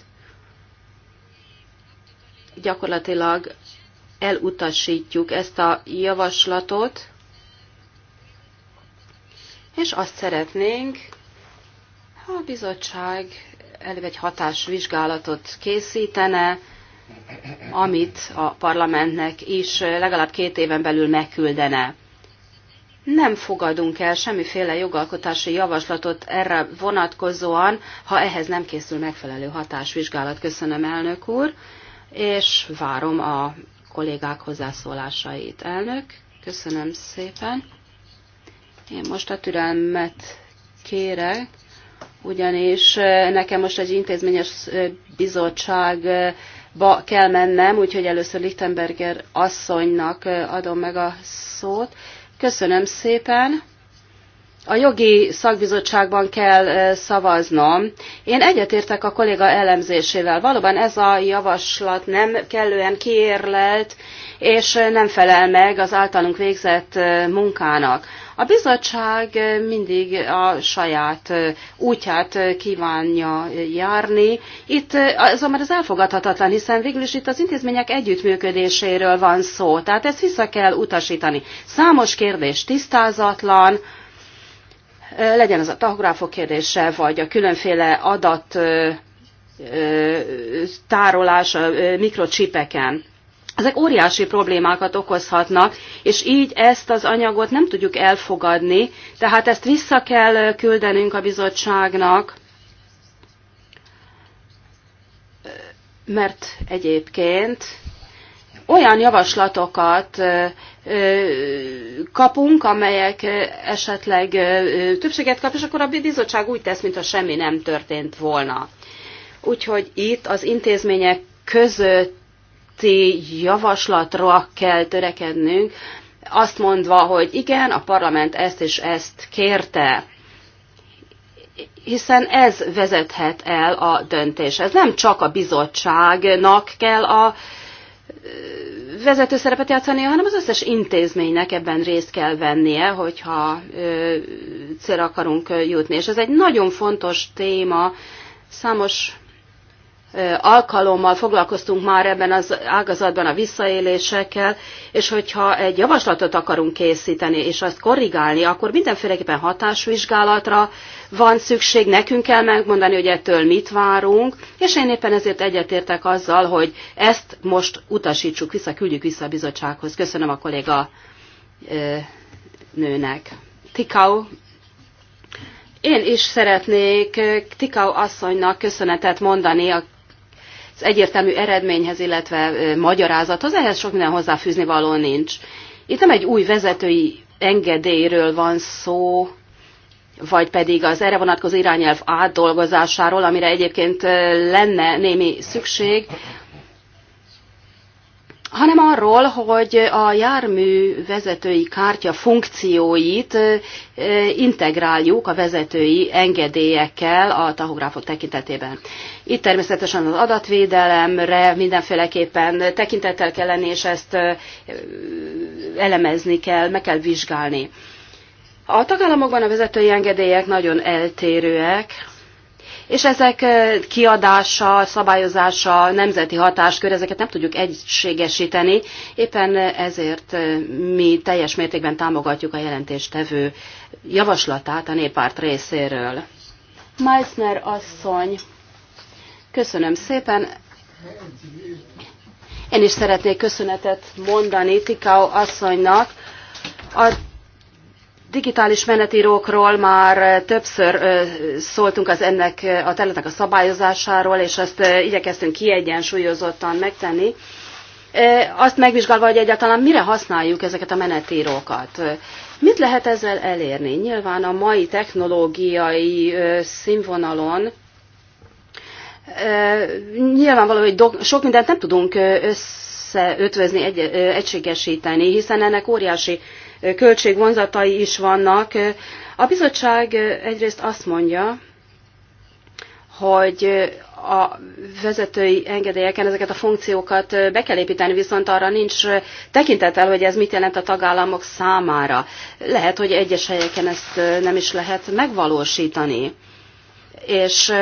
gyakorlatilag elutasítjuk ezt a javaslatot, és azt szeretnénk, a bizottság előbb egy hatásvizsgálatot készítene, amit a parlamentnek is legalább két éven belül megküldene. Nem fogadunk el semmiféle jogalkotási javaslatot erre vonatkozóan, ha ehhez nem készül megfelelő hatásvizsgálat. Köszönöm, elnök úr, és várom a kollégák hozzászólásait. Elnök, köszönöm szépen. Én most a türelmet kérek ugyanis nekem most egy intézményes bizottságba kell mennem, úgyhogy először Lichtenberger asszonynak adom meg a szót. Köszönöm szépen! A jogi szakbizottságban kell szavaznom. Én egyetértek a kolléga elemzésével. Valóban ez a javaslat nem kellően kiérlelt, és nem felel meg az általunk végzett munkának. A bizottság mindig a saját útját kívánja járni. Itt az már az elfogadhatatlan, hiszen végül is itt az intézmények együttműködéséről van szó, tehát ezt vissza kell utasítani. Számos kérdés tisztázatlan, legyen az a tahográfok kérdése, vagy a különféle adat tárolás a mikrocsipeken ezek óriási problémákat okozhatnak, és így ezt az anyagot nem tudjuk elfogadni, tehát ezt vissza kell küldenünk a bizottságnak, mert egyébként olyan javaslatokat kapunk, amelyek esetleg többséget kap, és akkor a bizottság úgy tesz, mintha semmi nem történt volna. Úgyhogy itt az intézmények között közti javaslatra kell törekednünk, azt mondva, hogy igen, a parlament ezt és ezt kérte, hiszen ez vezethet el a döntés. Ez nem csak a bizottságnak kell a vezető szerepet játszani, hanem az összes intézménynek ebben részt kell vennie, hogyha cél akarunk jutni. És ez egy nagyon fontos téma számos alkalommal foglalkoztunk már ebben az ágazatban a visszaélésekkel, és hogyha egy javaslatot akarunk készíteni, és azt korrigálni, akkor mindenféleképpen hatásvizsgálatra van szükség, nekünk kell megmondani, hogy ettől mit várunk, és én éppen ezért egyetértek azzal, hogy ezt most utasítsuk vissza, küldjük vissza a bizottsághoz. Köszönöm a kolléga nőnek. Tikau én is szeretnék Tikau asszonynak köszönetet mondani a egyértelmű eredményhez, illetve magyarázathoz, ehhez sok minden hozzáfűzni való nincs. Itt nem egy új vezetői engedélyről van szó, vagy pedig az erre vonatkozó irányelv átdolgozásáról, amire egyébként lenne némi szükség, hanem arról, hogy a jármű vezetői kártya funkcióit integráljuk a vezetői engedélyekkel a tahográfok tekintetében. Itt természetesen az adatvédelemre mindenféleképpen tekintettel kell lenni, és ezt elemezni kell, meg kell vizsgálni. A tagállamokban a vezetői engedélyek nagyon eltérőek, és ezek kiadása, szabályozása, nemzeti hatáskör, ezeket nem tudjuk egységesíteni. Éppen ezért mi teljes mértékben támogatjuk a jelentéstevő javaslatát a néppárt részéről. Meissner asszony, köszönöm szépen. Én is szeretnék köszönetet mondani Tikau asszonynak. A digitális menetírókról már többször szóltunk az ennek a területnek a szabályozásáról, és ezt igyekeztünk kiegyensúlyozottan megtenni. Azt megvizsgálva, hogy egyáltalán mire használjuk ezeket a menetírókat. Mit lehet ezzel elérni? Nyilván a mai technológiai színvonalon nyilvánvaló, hogy sok mindent nem tudunk összeötvözni, egységesíteni, hiszen ennek óriási költségvonzatai is vannak. A bizottság egyrészt azt mondja, hogy a vezetői engedélyeken ezeket a funkciókat be kell építeni, viszont arra nincs tekintettel, hogy ez mit jelent a tagállamok számára. Lehet, hogy egyes helyeken ezt nem is lehet megvalósítani és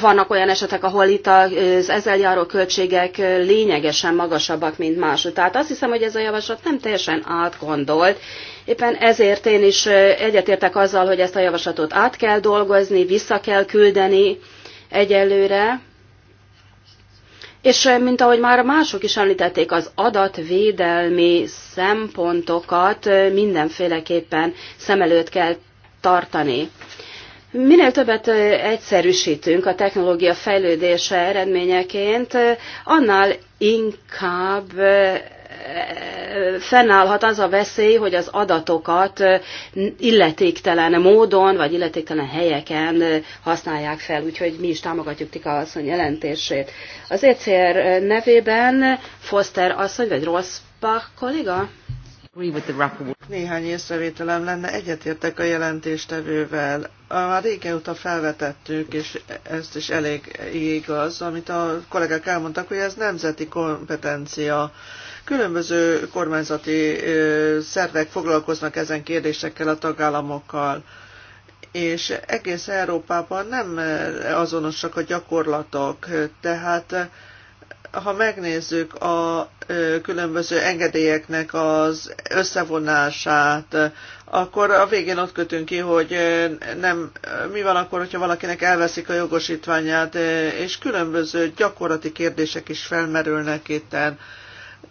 vannak olyan esetek, ahol itt az ezzel járó költségek lényegesen magasabbak, mint más Tehát azt hiszem, hogy ez a javaslat nem teljesen átgondolt. Éppen ezért én is egyetértek azzal, hogy ezt a javaslatot át kell dolgozni, vissza kell küldeni egyelőre. És mint ahogy már mások is említették, az adatvédelmi szempontokat mindenféleképpen szem előtt kell tartani. Minél többet egyszerűsítünk a technológia fejlődése eredményeként, annál inkább fennállhat az a veszély, hogy az adatokat illetéktelen módon, vagy illetéktelen helyeken használják fel, úgyhogy mi is támogatjuk Tika asszony jelentését. Az ECR nevében Foster asszony, vagy Rossbach kolléga? Néhány észrevételem lenne, egyetértek a jelentéstevővel. Már régen óta felvetettük, és ezt is elég igaz, amit a kollégák elmondtak, hogy ez nemzeti kompetencia. Különböző kormányzati szervek foglalkoznak ezen kérdésekkel a tagállamokkal és egész Európában nem azonosak a gyakorlatok, tehát ha megnézzük a különböző engedélyeknek az összevonását, akkor a végén ott kötünk ki, hogy nem, mi van akkor, hogyha valakinek elveszik a jogosítványát, és különböző gyakorlati kérdések is felmerülnek itten.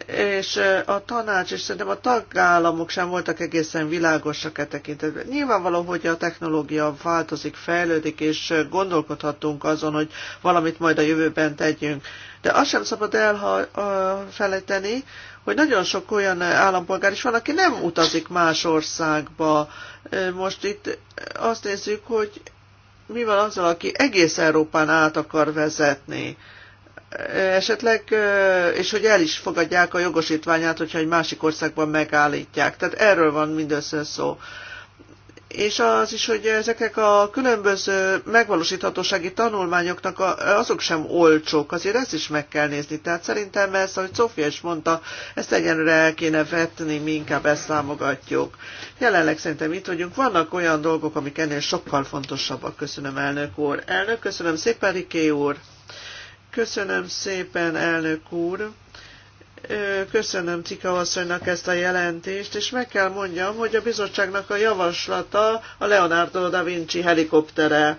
És a tanács, és szerintem a tagállamok sem voltak egészen világosak e tekintetben. Nyilvánvaló, hogy a technológia változik, fejlődik, és gondolkodhatunk azon, hogy valamit majd a jövőben tegyünk de azt sem szabad elfelejteni, hogy nagyon sok olyan állampolgár is van, aki nem utazik más országba. Most itt azt nézzük, hogy mi van azzal, aki egész Európán át akar vezetni. Esetleg, és hogy el is fogadják a jogosítványát, hogyha egy másik országban megállítják. Tehát erről van mindössze szó és az is, hogy ezeknek a különböző megvalósíthatósági tanulmányoknak a, azok sem olcsók, azért ezt is meg kell nézni. Tehát szerintem ezt, ahogy Sofia is mondta, ezt egyenre el kéne vetni, mi inkább ezt számogatjuk. Jelenleg szerintem itt vagyunk, vannak olyan dolgok, amik ennél sokkal fontosabbak. Köszönöm, elnök úr. Elnök, köszönöm szépen, Riké úr. Köszönöm szépen, elnök úr köszönöm Cika asszonynak ezt a jelentést, és meg kell mondjam, hogy a bizottságnak a javaslata a Leonardo da Vinci helikoptere.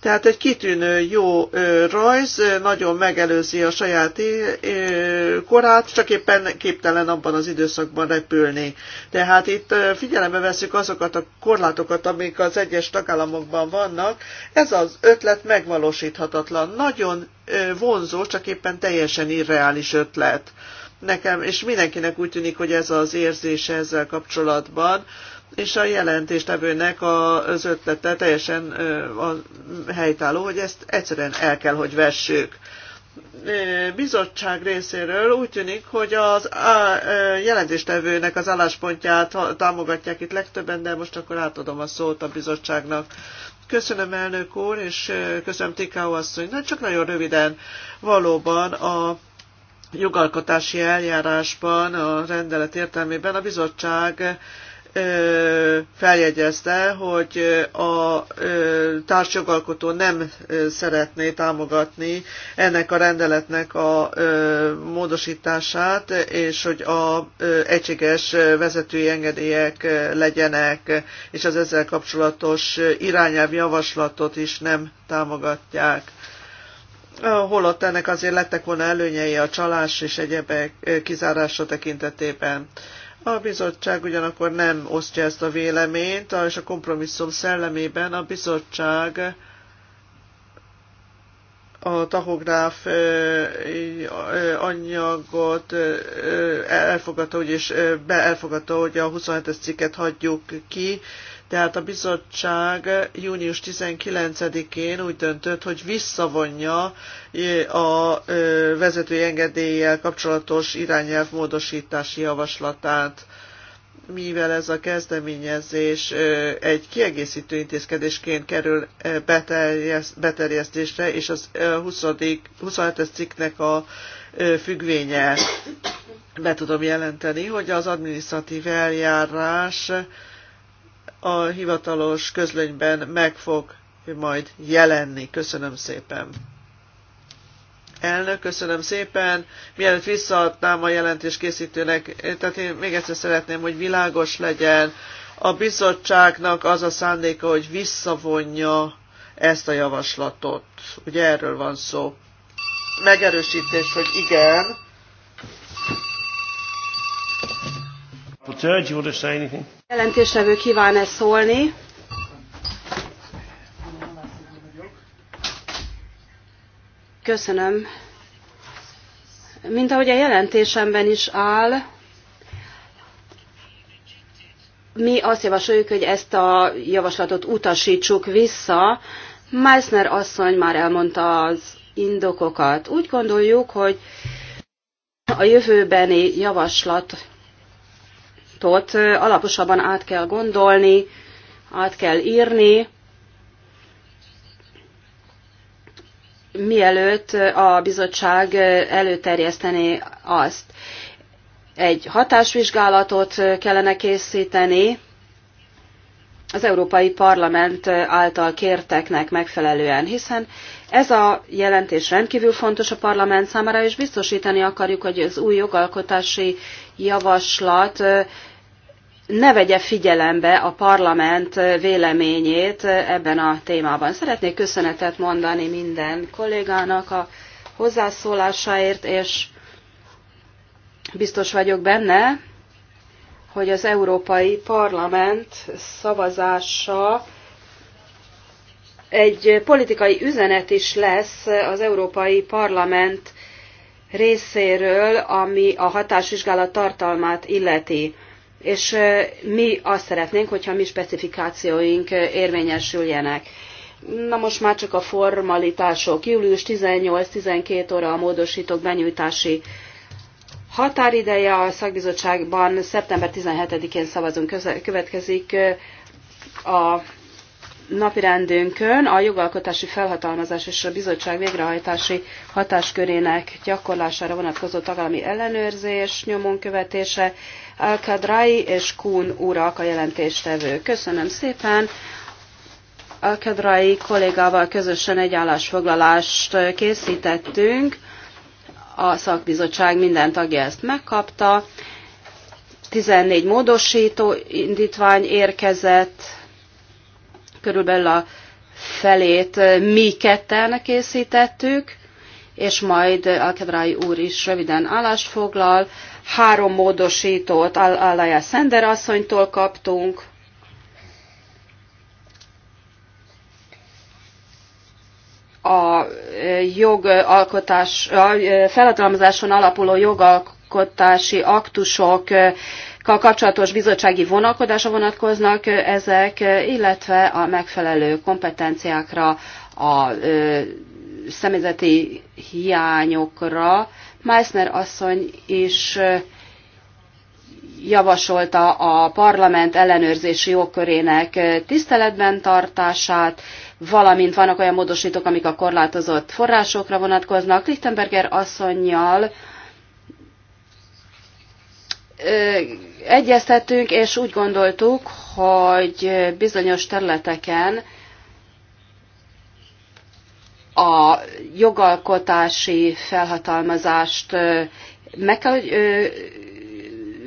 Tehát egy kitűnő jó rajz, nagyon megelőzi a saját korát, csak éppen képtelen abban az időszakban repülni. Tehát itt figyelembe veszük azokat a korlátokat, amik az egyes tagállamokban vannak. Ez az ötlet megvalósíthatatlan. Nagyon vonzó, csak éppen teljesen irreális ötlet nekem, és mindenkinek úgy tűnik, hogy ez az érzése ezzel kapcsolatban, és a jelentéstevőnek az ötlete teljesen a helytálló, hogy ezt egyszerűen el kell, hogy vessük. Bizottság részéről úgy tűnik, hogy az a jelentéstevőnek az álláspontját támogatják itt legtöbben, de most akkor átadom a szót a bizottságnak. Köszönöm, elnök úr, és köszönöm Tikáó asszony. Na, csak nagyon röviden, valóban a jogalkotási eljárásban, a rendelet értelmében a bizottság feljegyezte, hogy a társjogalkotó nem szeretné támogatni ennek a rendeletnek a módosítását, és hogy a egységes vezetői engedélyek legyenek, és az ezzel kapcsolatos irányelv javaslatot is nem támogatják holott ennek azért lettek volna előnyei a csalás és egyebek kizárása tekintetében. A bizottság ugyanakkor nem osztja ezt a véleményt, és a kompromisszum szellemében a bizottság a tahográf anyagot elfogadta, úgyis be elfogadta, hogy a 27-es cikket hagyjuk ki, tehát a bizottság június 19-én úgy döntött, hogy visszavonja a vezetői engedéllyel kapcsolatos irányelv módosítási javaslatát mivel ez a kezdeményezés egy kiegészítő intézkedésként kerül beterjesztésre, és az 27-es cikknek a függvénye be tudom jelenteni, hogy az adminisztratív eljárás a hivatalos közlönyben meg fog majd jelenni. Köszönöm szépen! Elnök, köszönöm szépen. Mielőtt visszaadnám a jelentés készítőnek, tehát én még egyszer szeretném, hogy világos legyen. A bizottságnak az a szándéka, hogy visszavonja ezt a javaslatot. Ugye erről van szó. Megerősítés, hogy igen, rapporteur, Jelentéstevő kíván ezt szólni? Köszönöm. Mint ahogy a jelentésemben is áll, mi azt javasoljuk, hogy ezt a javaslatot utasítsuk vissza. Meissner asszony már elmondta az indokokat. Úgy gondoljuk, hogy a jövőbeni javaslat javaslatot alaposabban át kell gondolni, át kell írni, mielőtt a bizottság előterjesztené azt. Egy hatásvizsgálatot kellene készíteni az Európai Parlament által kérteknek megfelelően, hiszen ez a jelentés rendkívül fontos a parlament számára, és biztosítani akarjuk, hogy az új jogalkotási javaslat ne vegye figyelembe a parlament véleményét ebben a témában. Szeretnék köszönetet mondani minden kollégának a hozzászólásáért, és biztos vagyok benne, hogy az Európai Parlament szavazása egy politikai üzenet is lesz az Európai Parlament részéről, ami a hatásvizsgálat tartalmát illeti és mi azt szeretnénk, hogyha mi specifikációink érvényesüljenek. Na most már csak a formalitások. Július 18-12 óra a módosítók benyújtási határideje a szakbizottságban. Szeptember 17-én szavazunk következik a napirendünkön a jogalkotási felhatalmazás és a bizottság végrehajtási hatáskörének gyakorlására vonatkozó tagállami ellenőrzés nyomon követése, Al-Kadrai és Kuhn urak a jelentéstevő. Köszönöm szépen. Al-Kadrai kollégával közösen egy állásfoglalást készítettünk. A szakbizottság minden tagja ezt megkapta. 14 módosító indítvány érkezett, körülbelül a felét mi ketten készítettük, és majd Alkedrái úr is röviden állást foglal, három módosítót Alaya Szender asszonytól kaptunk, a e, jogalkotás, a e, feladalmazáson alapuló jogalkotási aktusokkal e, kapcsolatos bizottsági vonalkodása vonatkoznak ezek, illetve a megfelelő kompetenciákra, a személyzeti hiányokra, Meissner asszony is javasolta a parlament ellenőrzési jogkörének tiszteletben tartását, valamint vannak olyan módosítók, amik a korlátozott forrásokra vonatkoznak. Lichtenberger asszonynal egyeztettünk, és úgy gondoltuk, hogy bizonyos területeken a jogalkotási felhatalmazást meg kell, hogy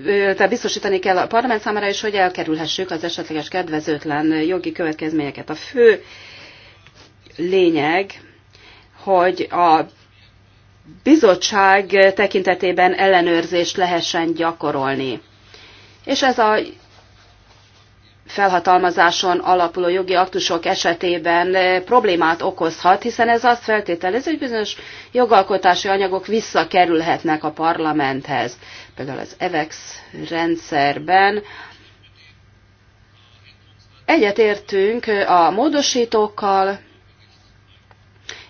tehát biztosítani kell a parlament számára is, hogy elkerülhessük az esetleges kedvezőtlen jogi következményeket. A fő lényeg, hogy a bizottság tekintetében ellenőrzést lehessen gyakorolni. És ez a felhatalmazáson alapuló jogi aktusok esetében eh, problémát okozhat, hiszen ez azt feltételez, hogy bizonyos jogalkotási anyagok visszakerülhetnek a parlamenthez. Például az EVEX rendszerben egyetértünk eh, a módosítókkal,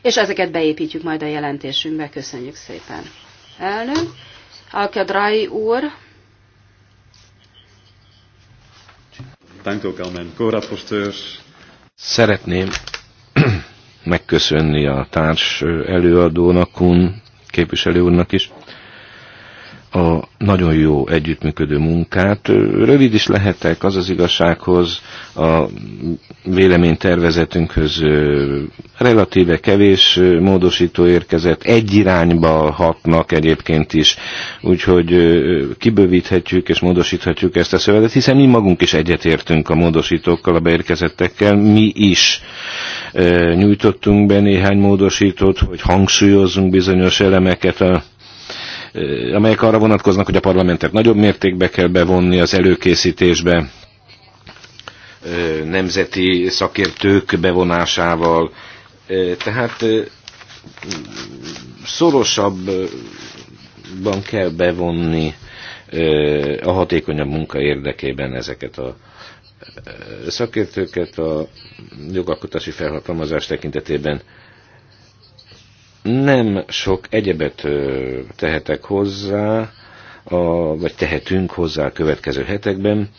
és ezeket beépítjük majd a jelentésünkbe. Köszönjük szépen. Elnök, Alkedrai úr, Dank ook aan mijn co-rapporteurs. Szeretném megköszönni a társ előadónak, Kun képviselő úrnak is a nagyon jó együttműködő munkát. Rövid is lehetek, az az igazsághoz, a véleménytervezetünkhöz relatíve kevés módosító érkezett, egy irányba hatnak egyébként is, úgyhogy kibővíthetjük és módosíthatjuk ezt a szövetet, hiszen mi magunk is egyetértünk a módosítókkal, a beérkezettekkel, mi is nyújtottunk be néhány módosítót, hogy hangsúlyozzunk bizonyos elemeket a Eh, amelyek arra vonatkoznak, hogy a parlamentet nagyobb mértékben kell bevonni az előkészítésbe, eh, nemzeti szakértők bevonásával. Eh, tehát szorosabban kell bevonni a hatékonyabb munka érdekében ezeket a szakértőket a jogalkotási felhatalmazás tekintetében nem sok egyebet tehetek hozzá, a, vagy tehetünk hozzá a következő hetekben.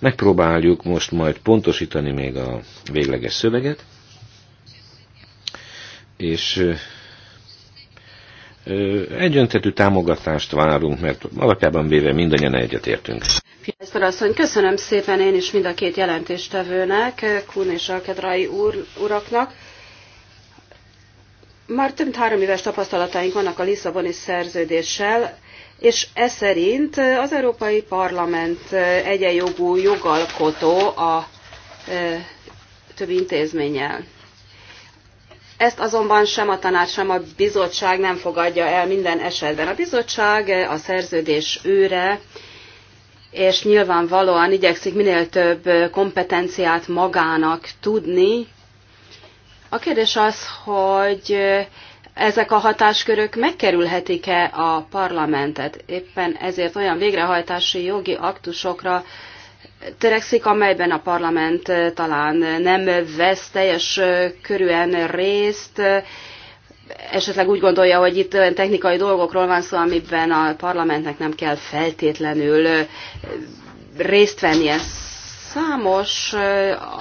Megpróbáljuk most majd pontosítani még a végleges szöveget, és egyöntetű támogatást várunk, mert alapjában véve mindannyian egyetértünk. Piasztor asszony, köszönöm szépen én is mind a két jelentéstevőnek, Kun és Alkedrai úr, uraknak. Már több mint három éves tapasztalataink vannak a Lisszaboni szerződéssel, és ez szerint az Európai Parlament egyenjogú jogalkotó a többi intézménnyel. Ezt azonban sem a tanács, sem a bizottság nem fogadja el minden esetben. A bizottság a szerződés őre, és nyilvánvalóan igyekszik minél több kompetenciát magának tudni, a kérdés az, hogy ezek a hatáskörök megkerülhetik-e a parlamentet. Éppen ezért olyan végrehajtási jogi aktusokra törekszik, amelyben a parlament talán nem vesz teljes körűen részt, esetleg úgy gondolja, hogy itt olyan technikai dolgokról van szó, amiben a parlamentnek nem kell feltétlenül részt vennie. Számos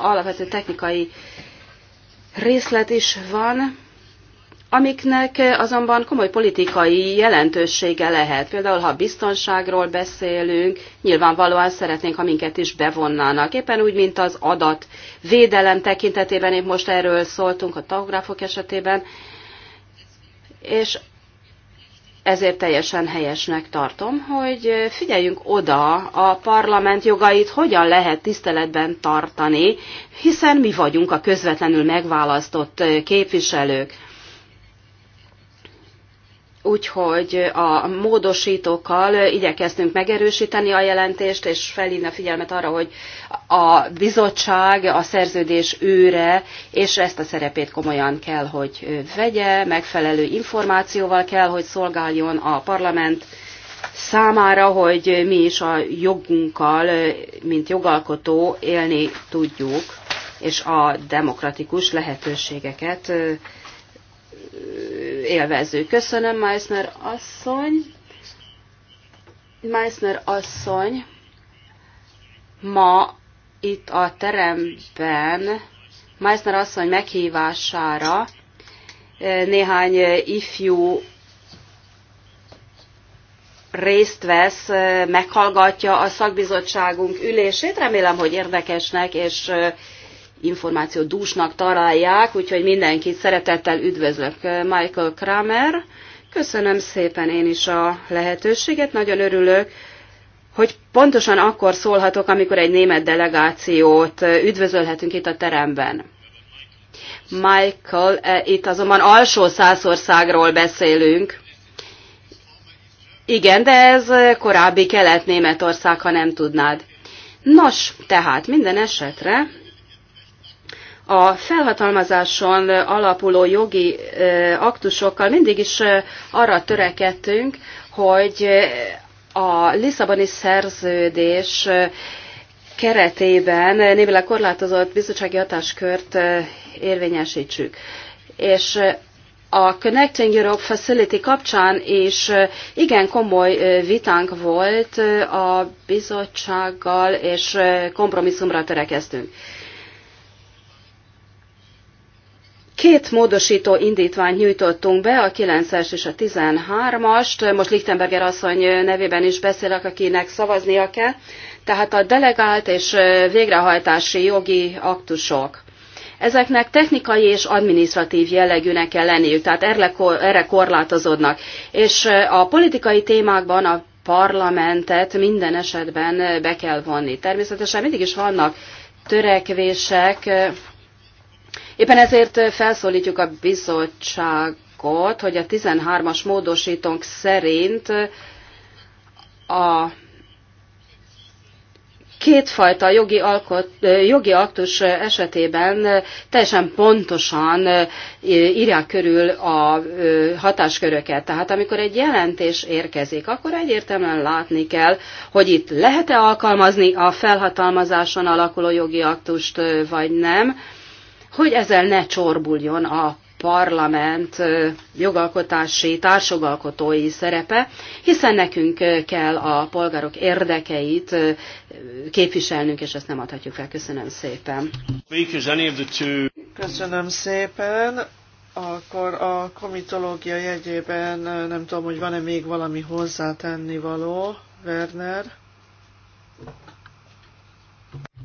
alapvető technikai részlet is van, amiknek azonban komoly politikai jelentősége lehet. Például, ha biztonságról beszélünk, nyilvánvalóan szeretnénk, ha minket is bevonnának. Éppen úgy, mint az adat védelem tekintetében, épp most erről szóltunk a tahográfok esetében, és ezért teljesen helyesnek tartom, hogy figyeljünk oda a parlament jogait, hogyan lehet tiszteletben tartani, hiszen mi vagyunk a közvetlenül megválasztott képviselők. Úgyhogy a módosítókkal igyekeztünk megerősíteni a jelentést, és felhívni a figyelmet arra, hogy a bizottság a szerződés őre, és ezt a szerepét komolyan kell, hogy vegye, megfelelő információval kell, hogy szolgáljon a parlament számára, hogy mi is a jogunkkal, mint jogalkotó élni tudjuk, és a demokratikus lehetőségeket élvező Köszönöm, Meissner asszony. Meissner asszony ma itt a teremben Meissner asszony meghívására eh, néhány eh, ifjú részt vesz, eh, meghallgatja a szakbizottságunk ülését. Remélem, hogy érdekesnek és információ dúsnak találják, úgyhogy mindenkit szeretettel üdvözlök. Eh, Michael Kramer, köszönöm szépen én is a lehetőséget, nagyon örülök, hogy pontosan akkor szólhatok, amikor egy német delegációt eh, üdvözölhetünk itt a teremben. Michael, eh, itt azonban alsó százországról beszélünk. Igen, de ez korábbi kelet-németország, ha nem tudnád. Nos, tehát minden esetre a felhatalmazáson alapuló jogi aktusokkal mindig is arra törekedtünk, hogy a Lisszaboni szerződés keretében némileg korlátozott bizottsági hatáskört érvényesítsük. És a Connecting Europe Facility kapcsán is igen komoly vitánk volt a bizottsággal, és kompromisszumra törekeztünk. Két módosító indítványt nyújtottunk be, a 9-es és a 13-ast. Most Lichtenberger asszony nevében is beszélek, akinek szavaznia kell. Tehát a delegált és végrehajtási jogi aktusok. Ezeknek technikai és adminisztratív jellegűnek kell lenniük, tehát erre korlátozódnak. És a politikai témákban a parlamentet minden esetben be kell vonni. Természetesen mindig is vannak törekvések, Éppen ezért felszólítjuk a bizottságot, hogy a 13-as módosítónk szerint a kétfajta jogi, alkot, jogi aktus esetében teljesen pontosan írják körül a hatásköröket. Tehát amikor egy jelentés érkezik, akkor egyértelműen látni kell, hogy itt lehet-e alkalmazni a felhatalmazáson alakuló jogi aktust, vagy nem hogy ezzel ne csorbuljon a parlament jogalkotási, társogalkotói szerepe, hiszen nekünk kell a polgárok érdekeit képviselnünk, és ezt nem adhatjuk fel. Köszönöm szépen. Köszönöm szépen. Akkor a komitológia jegyében nem tudom, hogy van-e még valami hozzátenni való, Werner?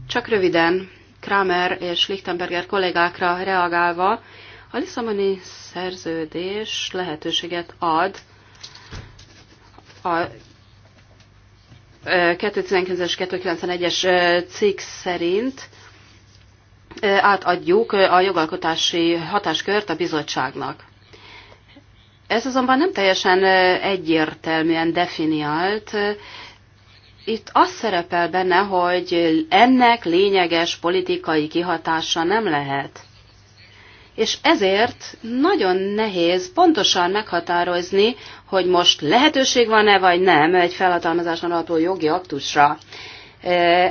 Csak röviden Kramer és Lichtenberger kollégákra reagálva, a Lisszaboni szerződés lehetőséget ad a 2019-es 291-es cikk szerint átadjuk a jogalkotási hatáskört a bizottságnak. Ez azonban nem teljesen egyértelműen definiált, itt az szerepel benne, hogy ennek lényeges politikai kihatása nem lehet. És ezért nagyon nehéz pontosan meghatározni, hogy most lehetőség van-e vagy nem egy felhatalmazáson alapuló jogi aktusra.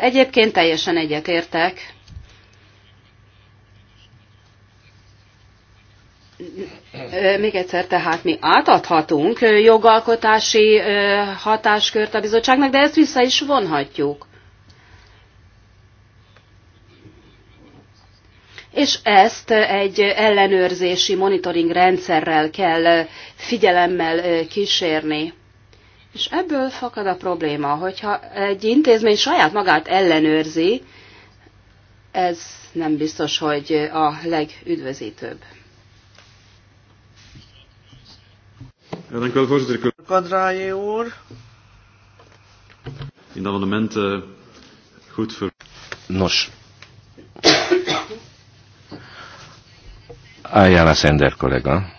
Egyébként teljesen egyetértek Még egyszer, tehát mi átadhatunk jogalkotási hatáskört a bizottságnak, de ezt vissza is vonhatjuk. És ezt egy ellenőrzési monitoring rendszerrel kell figyelemmel kísérni. És ebből fakad a probléma, hogyha egy intézmény saját magát ellenőrzi, ez nem biztos, hogy a legüdvözítőbb. dank u wel, voorzitter. Kadraai, hoor. In dat amendement uh, eh, goed voor. Nos. Ayala Sender collega.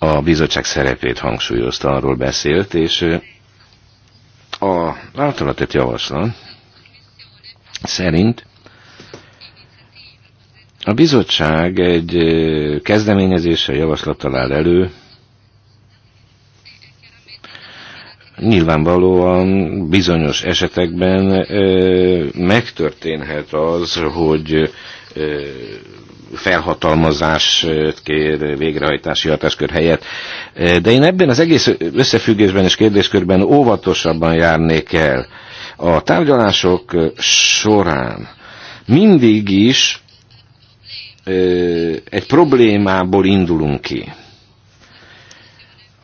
a bizottság szerepét hangsúlyozta, arról beszélt, és eh, a általatett javaslat szerint a bizottság egy eh, kezdeményezéssel javaslattal áll elő, Nyilvánvalóan bizonyos esetekben ö, megtörténhet az, hogy ö, felhatalmazást kér végrehajtási hatáskör helyett. De én ebben az egész összefüggésben és kérdéskörben óvatosabban járnék el. A tárgyalások során mindig is egy problémából indulunk ki.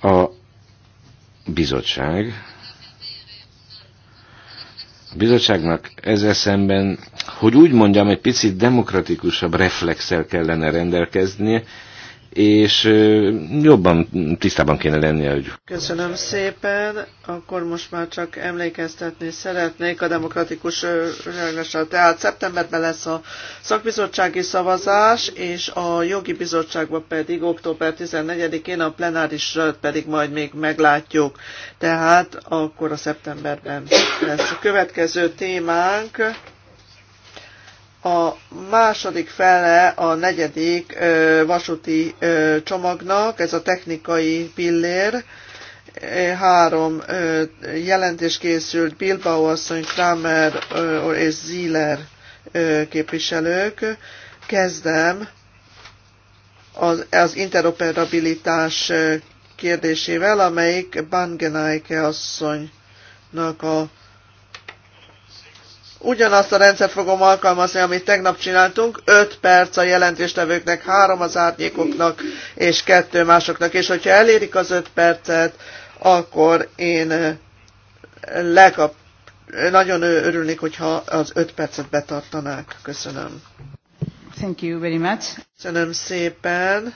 A bizottság. A bizottságnak ezzel szemben, hogy úgy mondjam, egy picit demokratikusabb reflexel kellene rendelkeznie, és jobban tisztában kéne lennie, hogy... Köszönöm szépen, akkor most már csak emlékeztetni szeretnék a demokratikus reagásra. Tehát szeptemberben lesz a szakbizottsági szavazás, és a jogi bizottságban pedig október 14-én a plenáris pedig majd még meglátjuk. Tehát akkor a szeptemberben lesz a következő témánk a második fele a negyedik vasúti csomagnak, ez a technikai pillér, három jelentés készült Bilbao asszony, Kramer és Ziller képviselők. Kezdem az, az interoperabilitás kérdésével, amelyik Bangenaike asszonynak a ugyanazt a rendszert fogom alkalmazni, amit tegnap csináltunk, 5 perc a jelentéstevőknek, 3 az árnyékoknak, és 2 másoknak, és hogyha elérik az 5 percet, akkor én eh, lekap, nagyon örülnék, hogyha az 5 percet betartanák. Köszönöm. Thank you very much. Köszönöm szépen.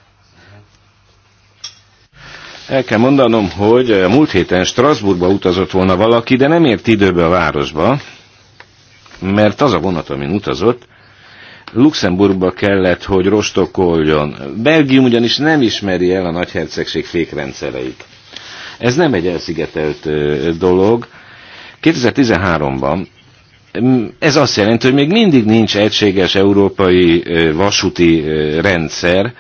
El kell mondanom, hogy a múlt héten Strasbourgba utazott volna valaki, de nem ért időbe a városba, mert az a vonat, amin utazott, Luxemburgba kellett, hogy rostokoljon. Belgium ugyanis nem ismeri el a nagyhercegség fékrendszereit. Ez nem egy elszigetelt dolog. 2013-ban ez azt jelenti, hogy még mindig nincs egységes európai vasúti rendszer,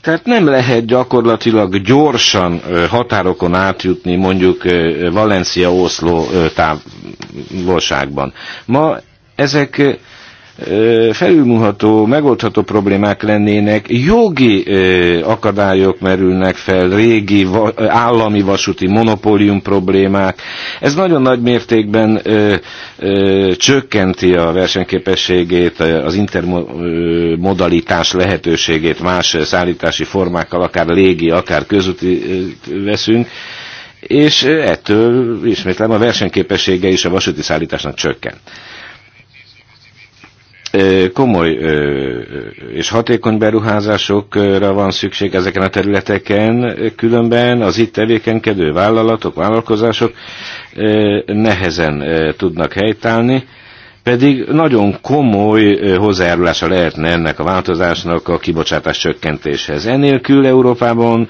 tehát nem lehet gyakorlatilag gyorsan határokon átjutni mondjuk Valencia-Oszló távolságban. Ma ezek felülmúlható, megoldható problémák lennének, jogi akadályok merülnek fel, régi állami vasúti monopólium problémák. Ez nagyon nagy mértékben csökkenti a versenyképességét, az intermodalitás lehetőségét más szállítási formákkal, akár légi, akár közúti veszünk és ettől ismétlem a versenyképessége is a vasúti szállításnak csökken komoly és hatékony beruházásokra van szükség ezeken a területeken, különben az itt tevékenykedő vállalatok, vállalkozások nehezen tudnak helytállni, pedig nagyon komoly hozzájárulása lehetne ennek a változásnak a kibocsátás csökkentéshez. Enélkül Európában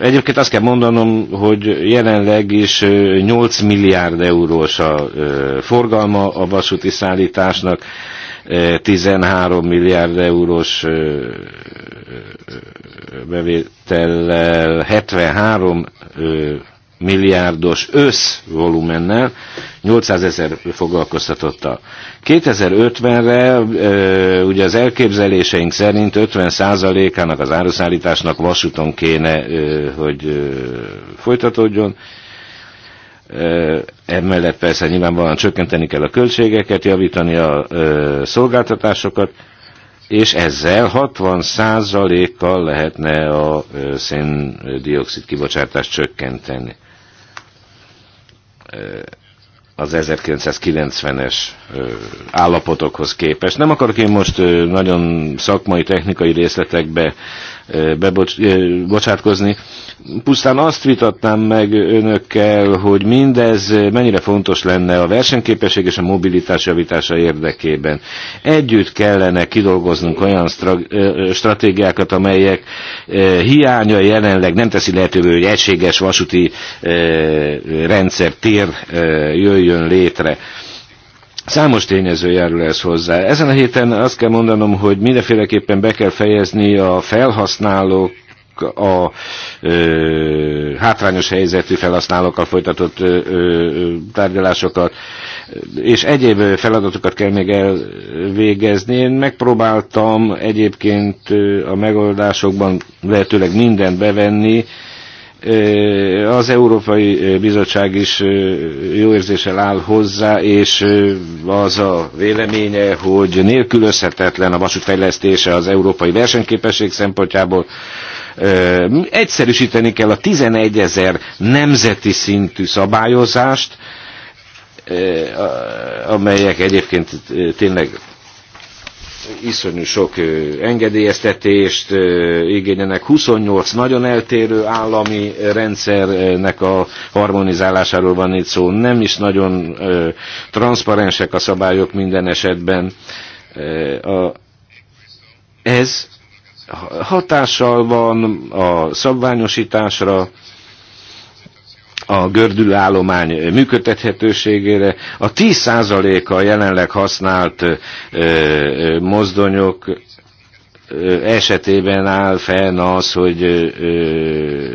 egyébként azt kell mondanom, hogy jelenleg is 8 milliárd eurós a forgalma a vasúti szállításnak, 13 milliárd eurós bevétellel 73 milliárdos összvolumennel 800 ezer foglalkoztatottal. 2050-re ugye az elképzeléseink szerint 50%-ának az áruszállításnak vasúton kéne, hogy folytatódjon. Emellett persze nyilvánvalóan csökkenteni kell a költségeket, javítani a szolgáltatásokat, és ezzel 60%-kal lehetne a széndiokszid kibocsátást csökkenteni az 1990-es állapotokhoz képest. Nem akarok én most nagyon szakmai, technikai részletekbe bebocsátkozni, pusztán azt vitatnám meg önökkel, hogy mindez mennyire fontos lenne a versenyképesség és a mobilitás javítása érdekében. Együtt kellene kidolgoznunk olyan stratégiákat, amelyek hiánya jelenleg nem teszi lehetővé, hogy egységes vasúti rendszer tér jöjjön létre. Számos tényező járul ez hozzá. Ezen a héten azt kell mondanom, hogy mindenféleképpen be kell fejezni a felhasználók a ö, hátrányos helyzetű felhasználókkal folytatott ö, ö, tárgyalásokat, és egyéb feladatokat kell még elvégezni. Én megpróbáltam egyébként a megoldásokban lehetőleg mindent bevenni, az Európai Bizottság is jó érzéssel áll hozzá, és az a véleménye, hogy nélkülözhetetlen a vasútfejlesztése az európai versenyképesség szempontjából, Egyszerűsíteni kell a 11 ezer nemzeti szintű szabályozást, amelyek egyébként tényleg iszonyú sok engedélyeztetést igényenek. 28 nagyon eltérő állami rendszernek a harmonizálásáról van itt szó, nem is nagyon transzparensek a szabályok minden esetben. Ez hatással van a szabványosításra, a gördülállomány működtethetőségére. A 10%-a jelenleg használt ö, mozdonyok esetében áll fenn az, hogy, ö,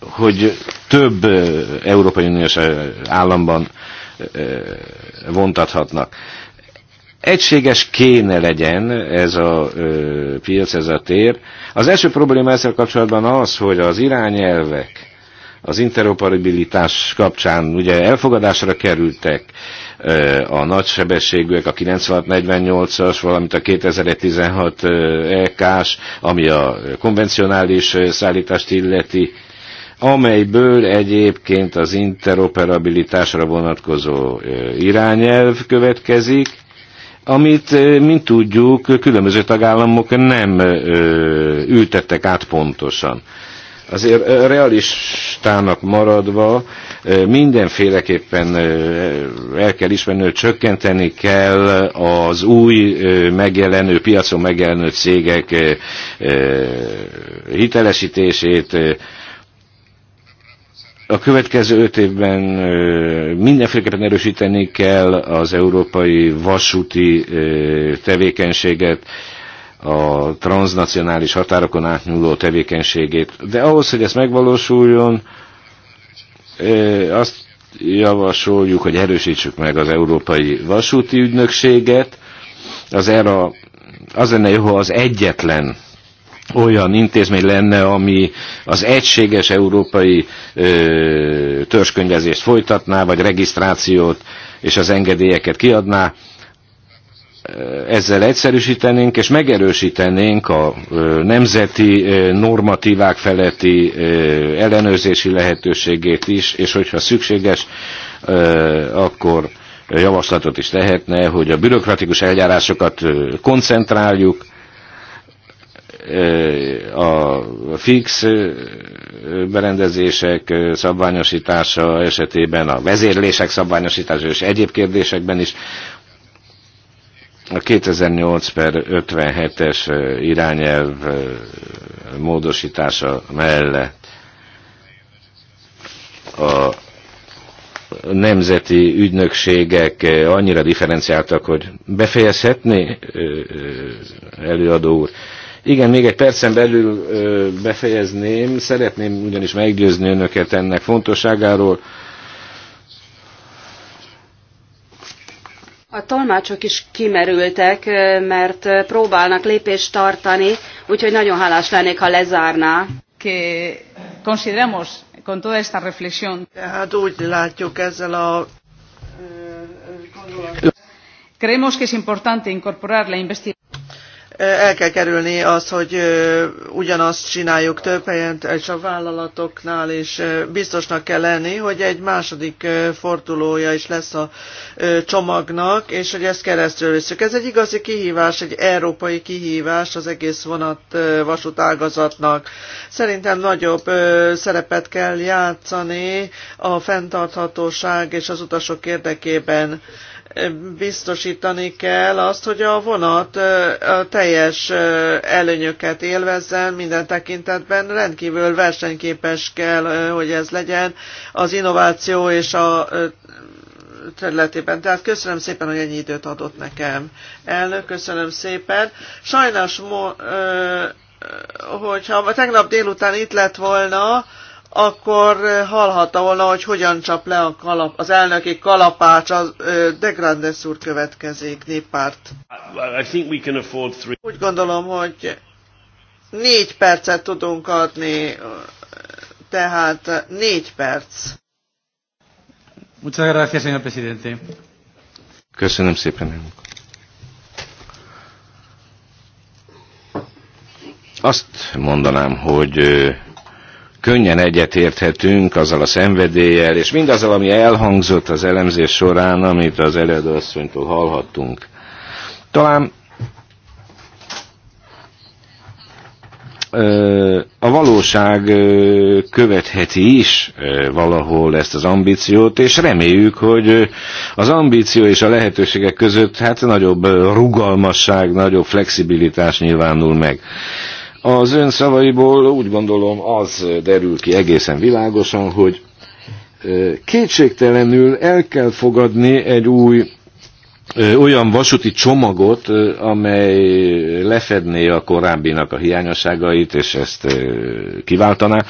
hogy több Európai Uniós államban vontathatnak. Egységes kéne legyen ez a ö, piac, ez a tér. Az első probléma ezzel kapcsolatban az, hogy az irányelvek az interoperabilitás kapcsán ugye elfogadásra kerültek ö, a nagysebességűek, a 9648-as, valamint a 2016 EK-s, ami a konvencionális szállítást illeti, amelyből egyébként az interoperabilitásra vonatkozó irányelv következik, amit, mint tudjuk, különböző tagállamok nem ültettek át pontosan. Azért realistának maradva mindenféleképpen el kell ismerni, hogy csökkenteni kell az új megjelenő, piacon megjelenő cégek hitelesítését, a következő öt évben mindenféleképpen erősíteni kell az európai vasúti tevékenységet, a transnacionális határokon átnyúló tevékenységét. De ahhoz, hogy ez megvalósuljon, azt javasoljuk, hogy erősítsük meg az Európai Vasúti Ügynökséget. Az ERA az lenne jó, ha az egyetlen olyan intézmény lenne, ami az egységes európai ö, törzskönyvezést folytatná, vagy regisztrációt és az engedélyeket kiadná. Ezzel egyszerűsítenénk és megerősítenénk a ö, nemzeti ö, normatívák feletti ö, ellenőrzési lehetőségét is, és hogyha szükséges, ö, akkor javaslatot is lehetne, hogy a bürokratikus eljárásokat koncentráljuk, a fix berendezések szabványosítása esetében, a vezérlések szabványosítása és egyéb kérdésekben is a 2008 per 57-es irányelv módosítása mellett a nemzeti ügynökségek annyira differenciáltak, hogy befejezhetné előadó úr. Igen, még egy percen belül ö, befejezném, szeretném ugyanis meggyőzni önöket ennek fontosságáról. A tolmácsok is kimerültek, mert próbálnak lépést tartani, úgyhogy nagyon hálás lennék, ha lezárná. Que consideramos con toda esta reflexión. Hát úgy látjuk ezzel a Creemos que es importante incorporar la investigación el kell kerülni az, hogy ugyanazt csináljuk több helyen, és a vállalatoknál is biztosnak kell lenni, hogy egy második fordulója is lesz a csomagnak, és hogy ezt keresztül visszük. Ez egy igazi kihívás, egy európai kihívás az egész vonat vasútágazatnak. Szerintem nagyobb szerepet kell játszani a fenntarthatóság és az utasok érdekében biztosítani kell azt, hogy a vonat a teljes előnyöket élvezzen minden tekintetben, rendkívül versenyképes kell, hogy ez legyen az innováció és a területében. Tehát köszönöm szépen, hogy ennyi időt adott nekem. Elnök, köszönöm szépen. Sajnos, mo- hogyha tegnap délután itt lett volna, akkor eh, hallhatta volna, hogy hogyan csap le a kalap, az elnöki kalapács, az eh, De Grandes úr következik, néppárt. I think we can afford three. Úgy gondolom, hogy négy percet tudunk adni, tehát négy perc. Muchas gracias, señor presidente. Köszönöm szépen, elnök. Azt mondanám, hogy eh, könnyen egyetérthetünk azzal a szenvedéllyel, és mindazzal, ami elhangzott az elemzés során, amit az előadóasszonytól hallhattunk. Talán a valóság követheti is valahol ezt az ambíciót, és reméljük, hogy az ambíció és a lehetőségek között hát nagyobb rugalmasság, nagyobb flexibilitás nyilvánul meg. Az ön szavaiból úgy gondolom az derül ki egészen világosan, hogy kétségtelenül el kell fogadni egy új olyan vasúti csomagot, amely lefedné a korábbinak a hiányosságait, és ezt kiváltaná.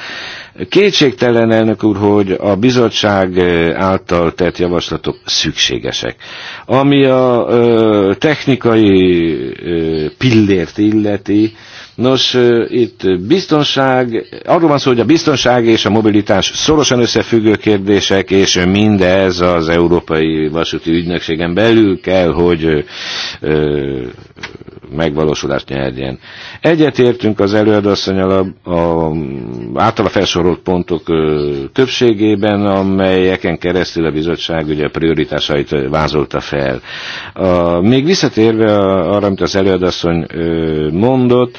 Kétségtelen, elnök úr, hogy a bizottság által tett javaslatok szükségesek. Ami a technikai pillért illeti, Nos, itt biztonság, arról van szó, hogy a biztonság és a mobilitás szorosan összefüggő kérdések, és mindez az Európai Vasúti Ügynökségen belül kell, hogy ö, megvalósulást nyerjen. Egyetértünk az előadasszonyal a, a, általa felsorolt pontok ö, többségében, amelyeken keresztül a bizottság ugye a prioritásait vázolta fel. A, még visszatérve arra, amit az előadasszony ö, mondott,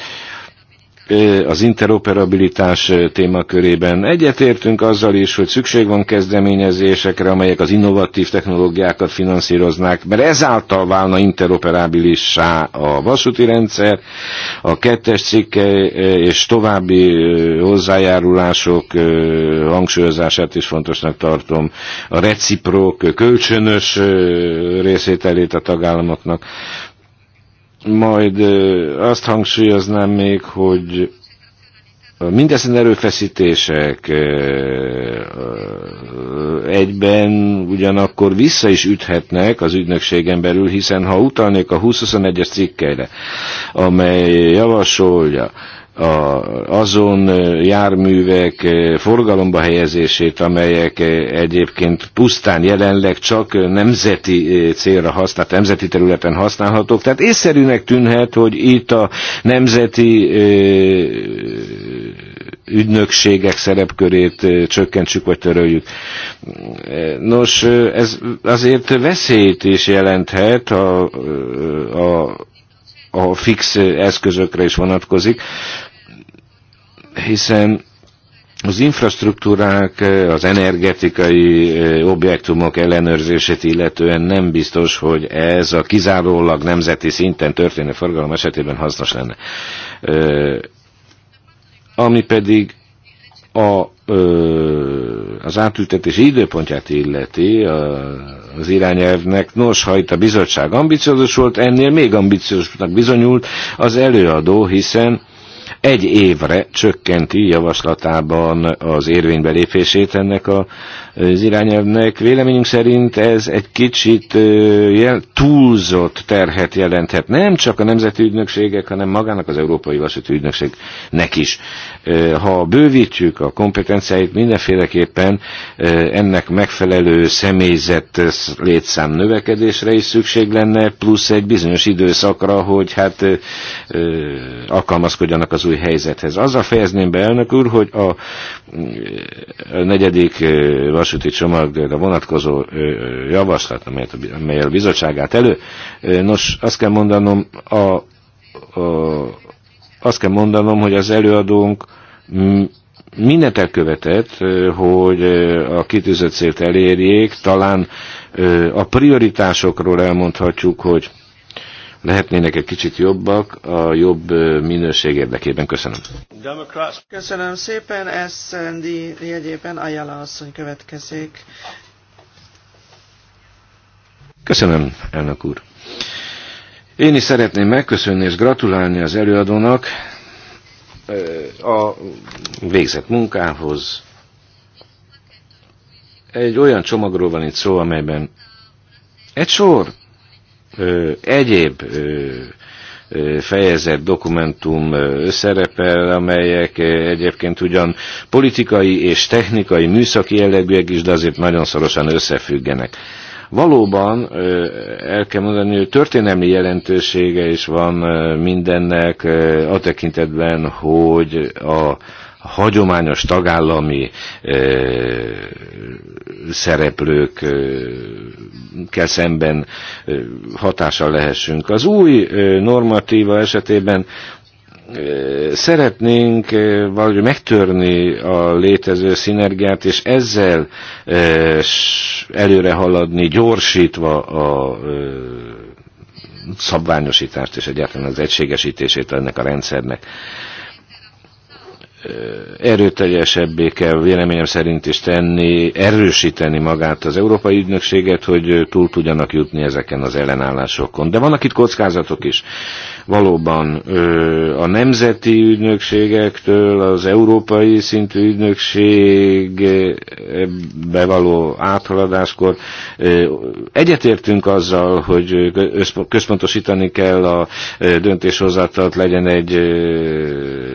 az interoperabilitás témakörében. Egyetértünk azzal is, hogy szükség van kezdeményezésekre, amelyek az innovatív technológiákat finanszíroznák, mert ezáltal válna interoperabilissá a vasúti rendszer, a kettes cikke és további hozzájárulások hangsúlyozását is fontosnak tartom, a reciprok, kölcsönös részételét a tagállamoknak, majd azt hangsúlyoznám még, hogy mindezen erőfeszítések egyben ugyanakkor vissza is üthetnek az ügynökségen belül, hiszen ha utalnék a 2021-es cikkeire, amely javasolja, a, azon járművek forgalomba helyezését, amelyek egyébként pusztán jelenleg csak nemzeti célra használt, nemzeti területen használhatók. Tehát észszerűnek tűnhet, hogy itt a nemzeti ügynökségek szerepkörét csökkentsük vagy töröljük. Nos, ez azért veszélyt is jelenthet a, a a fix eszközökre is vonatkozik, hiszen az infrastruktúrák, az energetikai objektumok ellenőrzését illetően nem biztos, hogy ez a kizárólag nemzeti szinten történő forgalom esetében hasznos lenne. Ami pedig a, ö, az átültetési időpontját illeti a, az irányelvnek, nos, ha itt a bizottság ambiciózus volt, ennél még ambiciózusnak bizonyult az előadó, hiszen egy évre csökkenti javaslatában az érvénybe lépését ennek a, az irányelvnek. Véleményünk szerint ez egy kicsit jel, túlzott terhet jelenthet. Nem csak a nemzeti ügynökségek, hanem magának az Európai Vasúti Ügynökségnek is. Ha bővítjük a kompetenciáit, mindenféleképpen ennek megfelelő személyzet létszám növekedésre is szükség lenne, plusz egy bizonyos időszakra, hogy hát alkalmazkodjanak az új új helyzethez. Azzal fejezném be, elnök úr, hogy a, a negyedik vasúti csomagra vonatkozó javaslat, amelyet, amelyel a bizottságát elő, nos, azt kell mondanom, a, a, azt kell mondanom, hogy az előadónk mindent elkövetett, hogy a kitűzött célt elérjék, talán a prioritásokról elmondhatjuk, hogy lehetnének egy kicsit jobbak a jobb minőség érdekében. Köszönöm. Köszönöm szépen, SND jegyében Ayala asszony következik. Köszönöm, elnök úr. Én is szeretném megköszönni és gratulálni az előadónak a végzett munkához. Egy olyan csomagról van itt szó, amelyben egy sor ö, egyéb ö, fejezet, dokumentum szerepel, amelyek egyébként ugyan politikai és technikai, műszaki jellegűek is, de azért nagyon szorosan összefüggenek. Valóban el kell mondani, hogy történelmi jelentősége is van mindennek a tekintetben, hogy a a hagyományos tagállami ö, kell szemben ö, hatással lehessünk. Az új ö, normatíva esetében szeretnénk valahogy megtörni a létező szinergiát, és ezzel előre haladni, gyorsítva a szabványosítást és egyáltalán az egységesítését ennek a rendszernek erőteljesebbé kell véleményem szerint is tenni, erősíteni magát az Európai Ügynökséget, hogy túl tudjanak jutni ezeken az ellenállásokon. De vannak itt kockázatok is. Valóban a nemzeti ügynökségektől az európai szintű ügynökség bevaló áthaladáskor egyetértünk azzal, hogy központosítani kell a döntéshozatalt, legyen egy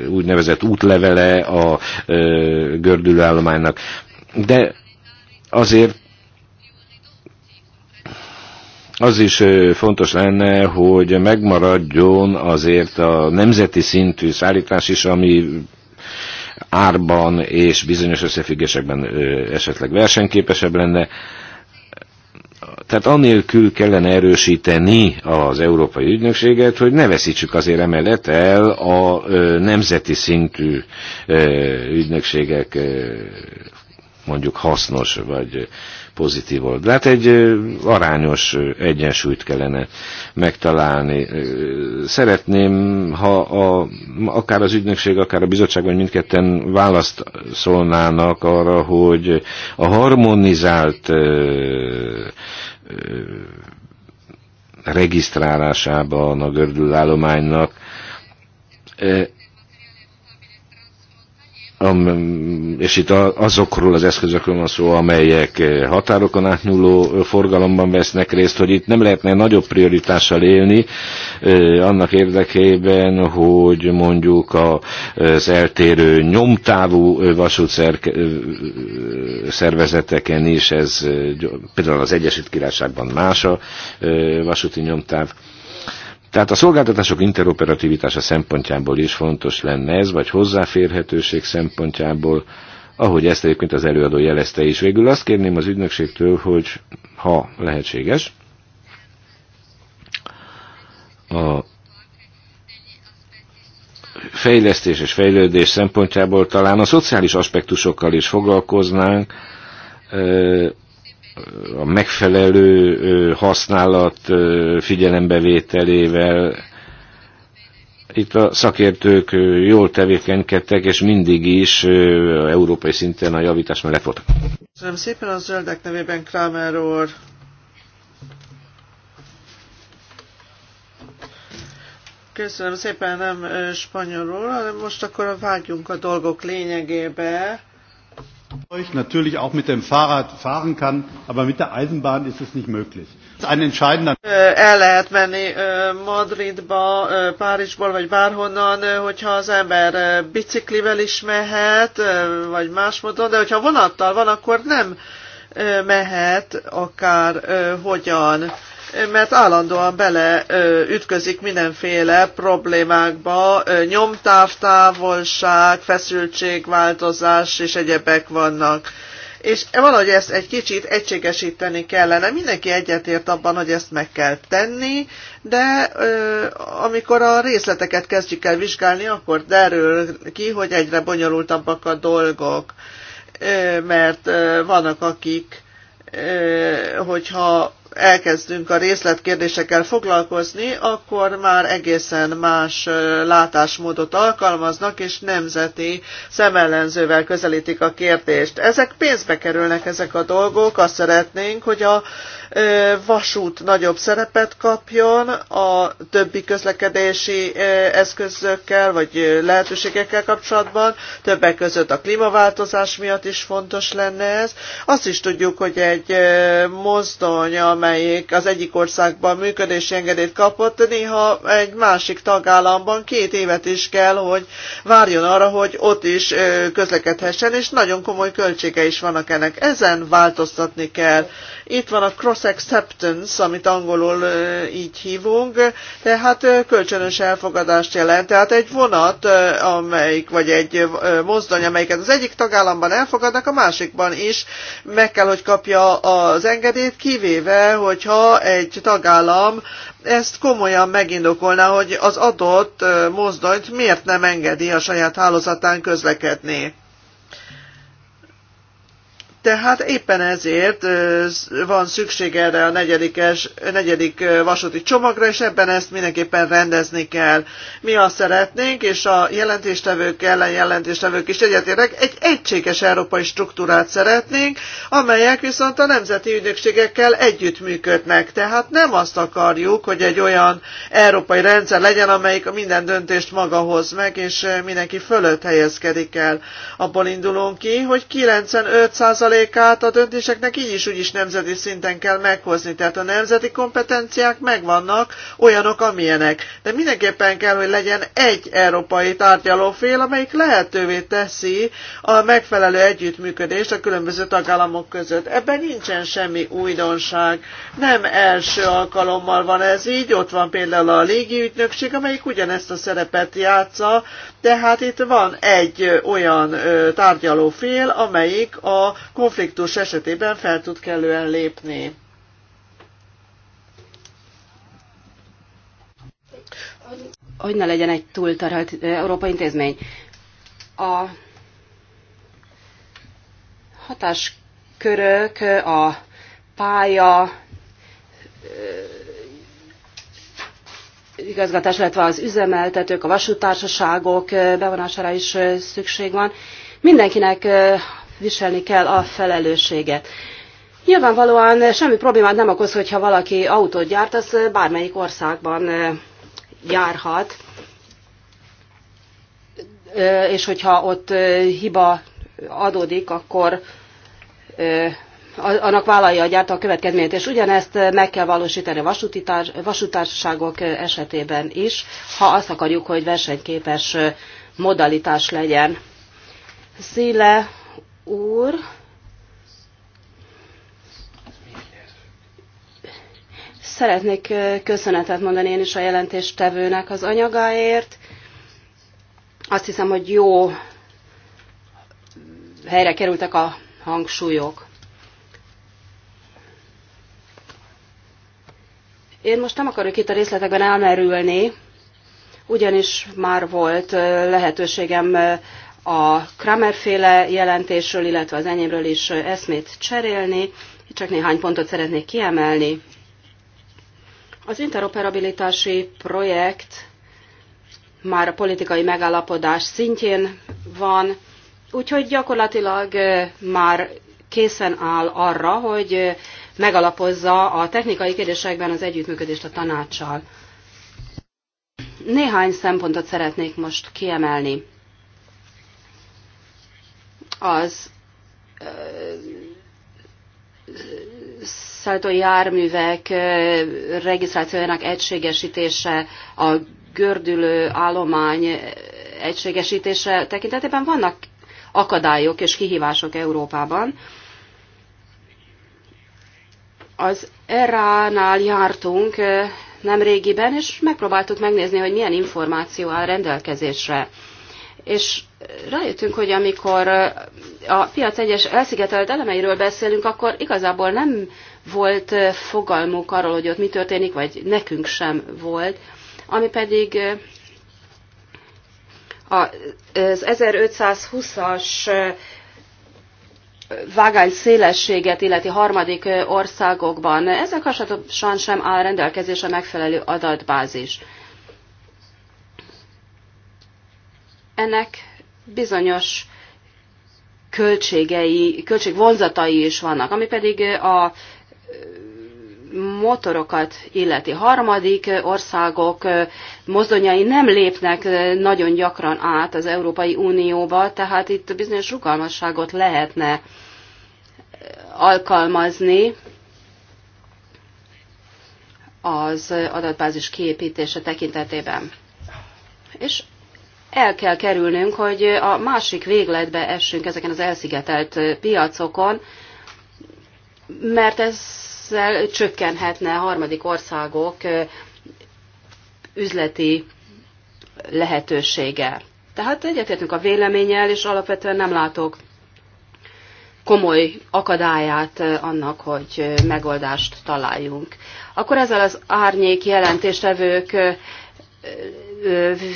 úgynevezett útlevel, fele a gördülőállománynak. De azért az is fontos lenne, hogy megmaradjon azért a nemzeti szintű szállítás is, ami árban és bizonyos összefüggésekben esetleg versenyképesebb lenne tehát anélkül kellene erősíteni az Európai Ügynökséget, hogy ne veszítsük azért emellett el a nemzeti szintű ügynökségek mondjuk hasznos vagy pozitív oldal. De hát egy arányos egyensúlyt kellene megtalálni. Szeretném, ha a, akár az ügynökség, akár a bizottság, vagy mindketten választ szólnának arra, hogy a harmonizált regisztrálásában a gördülállománynak és itt azokról az eszközökről van szó, amelyek eh, határokon átnyúló eh, forgalomban vesznek részt, hogy itt nem lehetne nagyobb prioritással élni eh, annak érdekében, hogy mondjuk az eltérő nyomtávú vasút szervezeteken is, ez például az Egyesült Királyságban más a vasúti nyomtáv, tehát a szolgáltatások interoperativitása szempontjából is fontos lenne ez, vagy hozzáférhetőség szempontjából, ahogy ezt egyébként az előadó jelezte is. Végül azt kérném az ügynökségtől, hogy ha lehetséges, a fejlesztés és fejlődés szempontjából talán a szociális aspektusokkal is foglalkoznánk, a megfelelő használat figyelembevételével. Itt a szakértők jól tevékenykedtek, és mindig is európai szinten a javítás mellett voltak. Köszönöm szépen a zöldek nevében Kramer úr. Köszönöm szépen, nem spanyolul, hanem most akkor vágjunk a dolgok lényegébe natürlich auch mit dem Fahrrad fahren kann, aber mit der Eisenbahn ist es nicht möglich. Das ist Ein entscheidender El lehet menni Madridba, Párizsból vagy bárhonnan, hogyha az ember biciklivel is mehet, vagy más módon, de hogyha vonattal van, akkor nem mehet akár hogyan mert állandóan bele ütközik mindenféle problémákba, nyomtávtávolság, feszültségváltozás és egyebek vannak. És valahogy ezt egy kicsit egységesíteni kellene. Mindenki egyetért abban, hogy ezt meg kell tenni, de ö, amikor a részleteket kezdjük el vizsgálni, akkor derül ki, hogy egyre bonyolultabbak a dolgok, ö, mert ö, vannak akik hogyha elkezdünk a részletkérdésekkel foglalkozni, akkor már egészen más látásmódot alkalmaznak, és nemzeti szemellenzővel közelítik a kérdést. Ezek pénzbe kerülnek ezek a dolgok, azt szeretnénk, hogy a vasút nagyobb szerepet kapjon a többi közlekedési eszközökkel vagy lehetőségekkel kapcsolatban, többek között a klímaváltozás miatt is fontos lenne ez. Azt is tudjuk, hogy egy mozdony, amelyik az egyik országban működési engedélyt kapott, néha egy másik tagállamban két évet is kell, hogy várjon arra, hogy ott is közlekedhessen, és nagyon komoly költsége is vannak ennek. Ezen változtatni kell. Itt van a cross acceptance, amit angolul így hívunk, tehát kölcsönös elfogadást jelent. Tehát egy vonat, amelyik, vagy egy mozdony, amelyiket az egyik tagállamban elfogadnak, a másikban is meg kell, hogy kapja az engedélyt, kivéve, hogyha egy tagállam ezt komolyan megindokolná, hogy az adott mozdonyt miért nem engedi a saját hálózatán közlekedni. Tehát éppen ezért van szükség erre a negyedikes, negyedik vasúti csomagra, és ebben ezt mindenképpen rendezni kell. Mi azt szeretnénk, és a jelentéstevők ellen jelentéstevők is egyetérek, egy egységes európai struktúrát szeretnénk, amelyek viszont a nemzeti ügynökségekkel együttműködnek. Tehát nem azt akarjuk, hogy egy olyan európai rendszer legyen, amelyik minden döntést maga hoz meg, és mindenki fölött helyezkedik el. Abból indulunk ki, hogy 95 százalékát a döntéseknek így is úgy is nemzeti szinten kell meghozni. Tehát a nemzeti kompetenciák megvannak, olyanok, amilyenek. De mindenképpen kell, hogy legyen egy európai tárgyalófél, amelyik lehetővé teszi a megfelelő együttműködést a különböző tagállamok között. Ebben nincsen semmi újdonság. Nem első alkalommal van ez így, ott van például a légiügynökség, amelyik ugyanezt a szerepet játsza, tehát itt van egy olyan tárgyalófél, amelyik a konfliktus esetében fel tud kellően lépni. Hogy ne legyen egy túltarhalt eh, európai intézmény. A hatáskörök, eh, a pálya, eh, igazgatás, illetve az üzemeltetők, a vasútársaságok bevonására is szükség van. Mindenkinek viselni kell a felelősséget. Nyilvánvalóan semmi problémát nem okoz, hogyha valaki autót gyárt, az bármelyik országban járhat. És hogyha ott hiba adódik, akkor annak vállalja a gyártó a következményt, és ugyanezt meg kell valósítani a vasútársaságok esetében is, ha azt akarjuk, hogy versenyképes modalitás legyen. Szíle úr. Szeretnék köszönetet mondani én is a jelentéstevőnek az anyagáért. Azt hiszem, hogy jó helyre kerültek a hangsúlyok. Én most nem akarok itt a részletekben elmerülni, ugyanis már volt lehetőségem a Kramer-féle jelentésről, illetve az enyémről is eszmét cserélni. Csak néhány pontot szeretnék kiemelni. Az interoperabilitási projekt már a politikai megállapodás szintjén van, úgyhogy gyakorlatilag már készen áll arra, hogy megalapozza a technikai kérdésekben az együttműködést a tanácssal. Néhány szempontot szeretnék most kiemelni az szállító járművek regisztrációjának egységesítése, a gördülő állomány egységesítése tekintetében vannak akadályok és kihívások Európában. Az ERA-nál jártunk régiben és megpróbáltuk megnézni, hogy milyen információ áll rendelkezésre. És rájöttünk, hogy amikor a piac egyes elszigetelt elemeiről beszélünk, akkor igazából nem volt fogalmuk arról, hogy ott mi történik, vagy nekünk sem volt, ami pedig az 1520-as vágány szélességet illeti harmadik országokban. Ezzel kapcsolatosan sem áll rendelkezésre megfelelő adatbázis. Ennek bizonyos költségei, költségvonzatai is vannak, ami pedig a motorokat illeti harmadik országok mozdonyai nem lépnek nagyon gyakran át az Európai Unióba, tehát itt bizonyos rugalmasságot lehetne alkalmazni az adatbázis kiépítése tekintetében. És el kell kerülnünk, hogy a másik végletbe essünk ezeken az elszigetelt piacokon, mert ezzel csökkenhetne a harmadik országok üzleti lehetősége. Tehát egyetértünk a véleménnyel, és alapvetően nem látok komoly akadályát annak, hogy megoldást találjunk. Akkor ezzel az árnyék jelentéstevők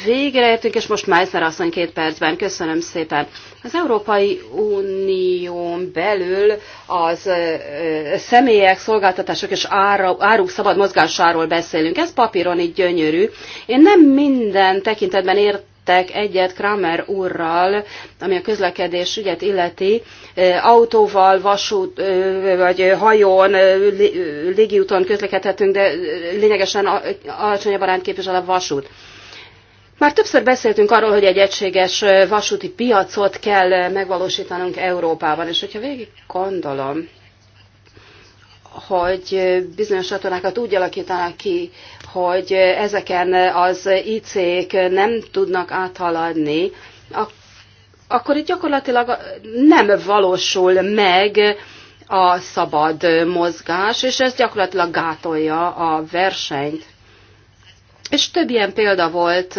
végre értünk, és most Meissner asszony két percben. Köszönöm szépen. Az Európai Unión belül az személyek, szolgáltatások és áruk szabad mozgásáról beszélünk. Ez papíron így gyönyörű. Én nem minden tekintetben ért értettek egyet Kramer úrral, ami a közlekedés ügyet illeti, autóval, vasút vagy hajón, légiúton közlekedhetünk, de lényegesen alacsonyabb arányképvisel a vasút. Már többször beszéltünk arról, hogy egy egységes vasúti piacot kell megvalósítanunk Európában, és hogyha végig gondolom, hogy bizonyos csatornákat úgy alakítanak ki, hogy ezeken az IC-k nem tudnak áthaladni, akkor itt gyakorlatilag nem valósul meg a szabad mozgás, és ez gyakorlatilag gátolja a versenyt. És több ilyen példa volt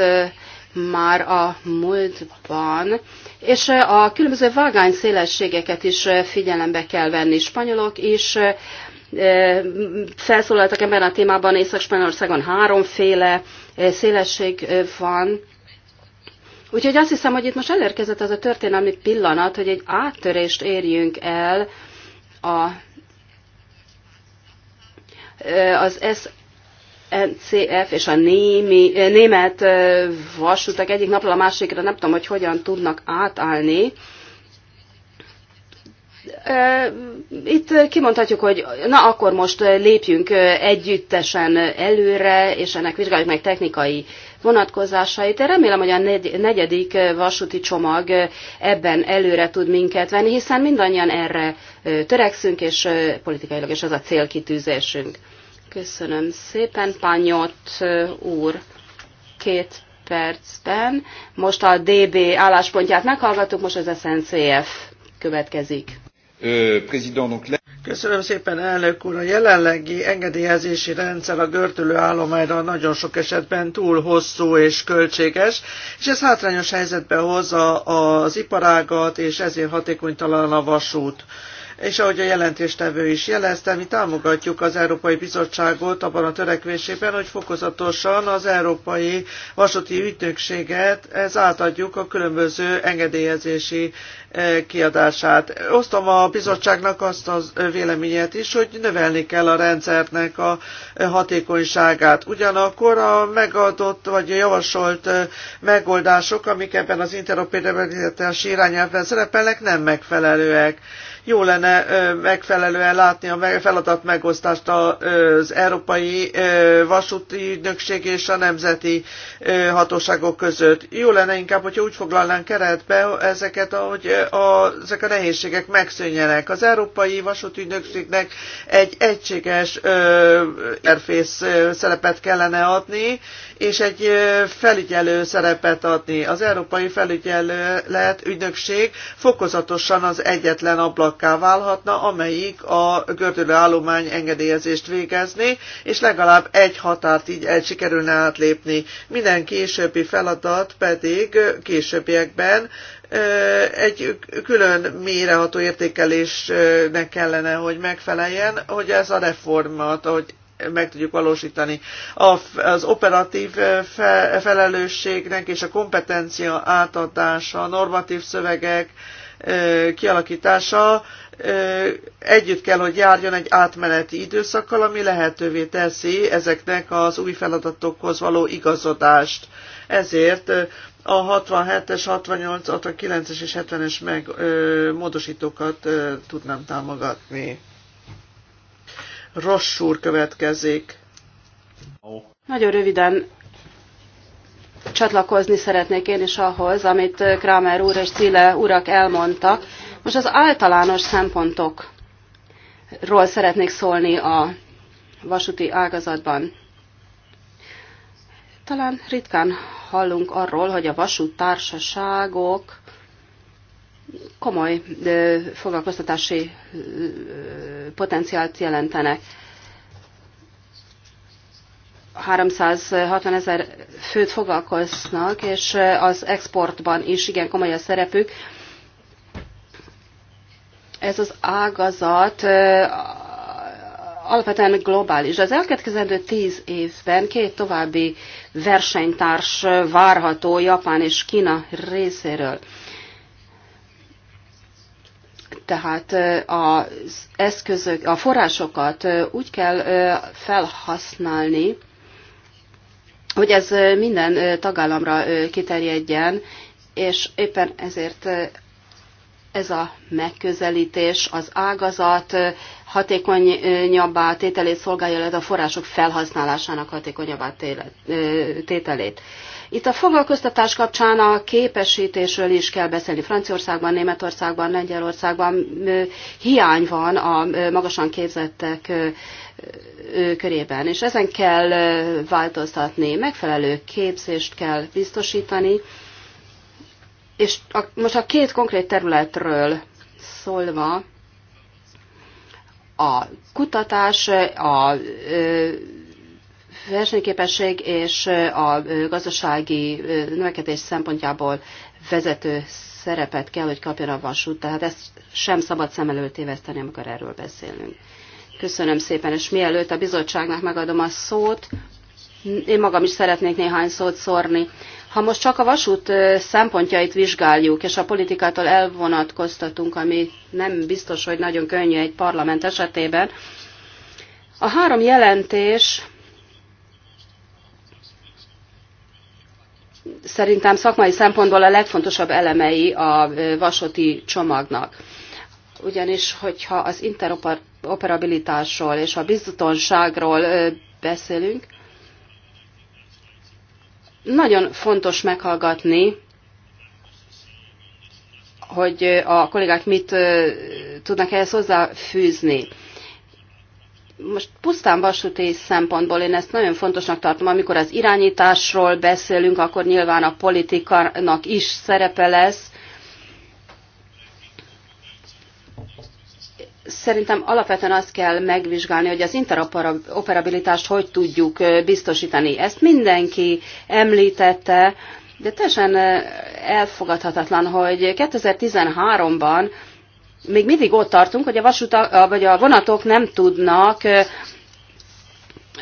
már a múltban, és a különböző vágány szélességeket is figyelembe kell venni. Spanyolok is felszólaltak ebben a témában, Észak-Spanyolországon háromféle szélesség van. Úgyhogy azt hiszem, hogy itt most elérkezett az a történelmi pillanat, hogy egy áttörést érjünk el a, az SNCF és a némi, német vasutak egyik napról a másikra, nem tudom, hogy hogyan tudnak átállni. Itt kimondhatjuk, hogy na akkor most lépjünk együttesen előre, és ennek vizsgáljuk meg technikai vonatkozásait. Én remélem, hogy a negyedik vasúti csomag ebben előre tud minket venni, hiszen mindannyian erre törekszünk, és politikailag is az a célkitűzésünk. Köszönöm szépen, Pányot úr, két percben. Most a DB álláspontját meghallgattuk, most az SNCF következik. Euh, Köszönöm szépen, elnök úr! A jelenlegi engedélyezési rendszer a görtülő állományra nagyon sok esetben túl hosszú és költséges, és ez hátrányos helyzetbe hozza az iparágat, és ezért hatékonytalan a vasút és ahogy a jelentéstevő is jelezte, mi támogatjuk az Európai Bizottságot abban a törekvésében, hogy fokozatosan az Európai Vasúti Ügynökséget ez átadjuk a különböző engedélyezési e, kiadását. Osztom a bizottságnak azt a az véleményet is, hogy növelni kell a rendszernek a e, hatékonyságát. Ugyanakkor a megadott vagy a javasolt e, megoldások, amik ebben az interoperabilitási irányelvben szerepelnek, nem megfelelőek jó lenne megfelelően látni a feladat megosztást az Európai Vasúti Ügynökség és a nemzeti hatóságok között. Jó lenne inkább, hogyha úgy foglalnánk keretbe ezeket, hogy a, ezek a nehézségek megszűnjenek. Az Európai Vasúti Ügynökségnek egy egységes interfész szerepet kellene adni, és egy felügyelő szerepet adni. Az Európai Felügyelet Ügynökség fokozatosan az egyetlen ablak olyanokká válhatna, amelyik a gördülő állomány engedélyezést végezni, és legalább egy határt így el sikerülne átlépni. Minden későbbi feladat pedig későbbiekben egy külön méreható értékelésnek kellene, hogy megfeleljen, hogy ez a reformat, hogy meg tudjuk valósítani. Az operatív felelősségnek és a kompetencia átadása, normatív szövegek, kialakítása együtt kell, hogy járjon egy átmeneti időszakkal, ami lehetővé teszi ezeknek az új feladatokhoz való igazodást. Ezért a 67-es, 68, 69-es és 70-es meg, ö, módosítókat ö, tudnám támogatni. úr következik. Nagyon röviden csatlakozni szeretnék én is ahhoz, amit eh, Kramer úr és Cile urak elmondtak. Most az általános szempontokról szeretnék szólni a vasúti ágazatban. Talán ritkán hallunk arról, hogy a vasút társaságok komoly eh, foglalkoztatási eh, potenciált jelentenek. 360 ezer főt foglalkoznak, és az exportban is igen komoly a szerepük. Ez az ágazat alapvetően globális. Az elkövetkezendő tíz évben két további versenytárs várható Japán és Kína részéről. Tehát az eszközök, a forrásokat úgy kell felhasználni, hogy ez minden tagállamra kiterjedjen, és éppen ezért ez a megközelítés az ágazat hatékonyabbá tételét szolgálja, illetve a források felhasználásának hatékonyabbá tételét. Itt a foglalkoztatás kapcsán a képesítésről is kell beszélni. Franciaországban, Németországban, Lengyelországban hiány van a magasan képzettek körében, és ezen kell változtatni. Megfelelő képzést kell biztosítani, és a, most a két konkrét területről szólva, a kutatás, a versenyképesség és a gazdasági növekedés szempontjából vezető szerepet kell, hogy kapjon a vasút, tehát ezt sem szabad szem előtt téveszteni, amikor erről beszélünk. Köszönöm szépen, és mielőtt a bizottságnak megadom a szót, én magam is szeretnék néhány szót szórni. Ha most csak a vasút szempontjait vizsgáljuk, és a politikától elvonatkoztatunk, ami nem biztos, hogy nagyon könnyű egy parlament esetében, a három jelentés szerintem szakmai szempontból a legfontosabb elemei a vasúti csomagnak. Ugyanis, hogyha az interoperabilitásról és a biztonságról beszélünk, nagyon fontos meghallgatni, hogy a kollégák mit tudnak ehhez hozzáfűzni. Most pusztán vasúti szempontból én ezt nagyon fontosnak tartom, amikor az irányításról beszélünk, akkor nyilván a politikának is szerepe lesz, szerintem alapvetően azt kell megvizsgálni, hogy az interoperabilitást hogy tudjuk biztosítani. Ezt mindenki említette, de teljesen elfogadhatatlan, hogy 2013-ban még mindig ott tartunk, hogy a, vasuta, vagy a vonatok nem tudnak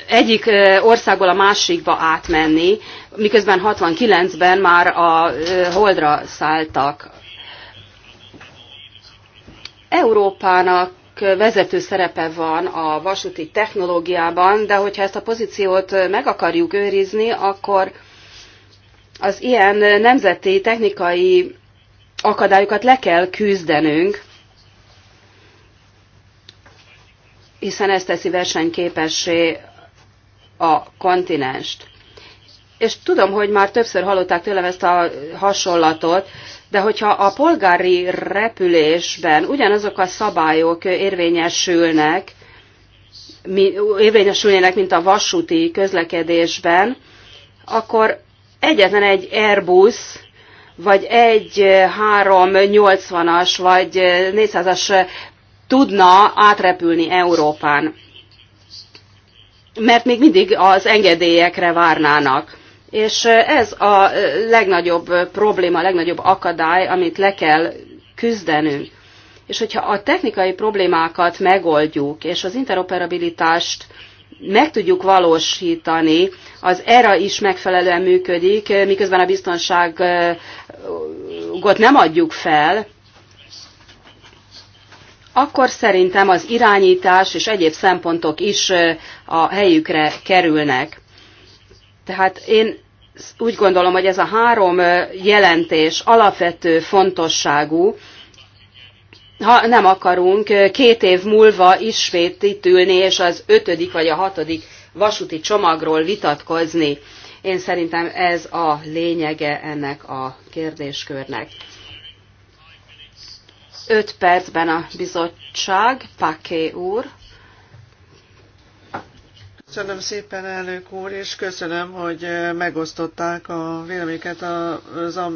egyik országból a másikba átmenni, miközben 69-ben már a holdra szálltak Európának vezető szerepe van a vasúti technológiában, de hogyha ezt a pozíciót meg akarjuk őrizni, akkor az ilyen nemzeti technikai akadályokat le kell küzdenünk, hiszen ez teszi versenyképessé a kontinenst. És tudom, hogy már többször hallották tőlem ezt a hasonlatot, de hogyha a polgári repülésben ugyanazok a szabályok érvényesülnek, érvényesülnének, mint a vasúti közlekedésben, akkor egyetlen egy Airbus, vagy egy 380-as, vagy 400-as tudna átrepülni Európán. Mert még mindig az engedélyekre várnának. És ez a legnagyobb probléma, a legnagyobb akadály, amit le kell küzdenünk. És hogyha a technikai problémákat megoldjuk, és az interoperabilitást meg tudjuk valósítani, az ERA is megfelelően működik, miközben a biztonságot nem adjuk fel, akkor szerintem az irányítás és egyéb szempontok is a helyükre kerülnek. Tehát én úgy gondolom, hogy ez a három jelentés alapvető fontosságú, ha nem akarunk két év múlva ismét itt ülni, és az ötödik vagy a hatodik vasúti csomagról vitatkozni. Én szerintem ez a lényege ennek a kérdéskörnek. Öt percben a bizottság, Paké úr. Köszönöm szépen, elnök úr, és köszönöm, hogy eh, megosztották a véleményeket a,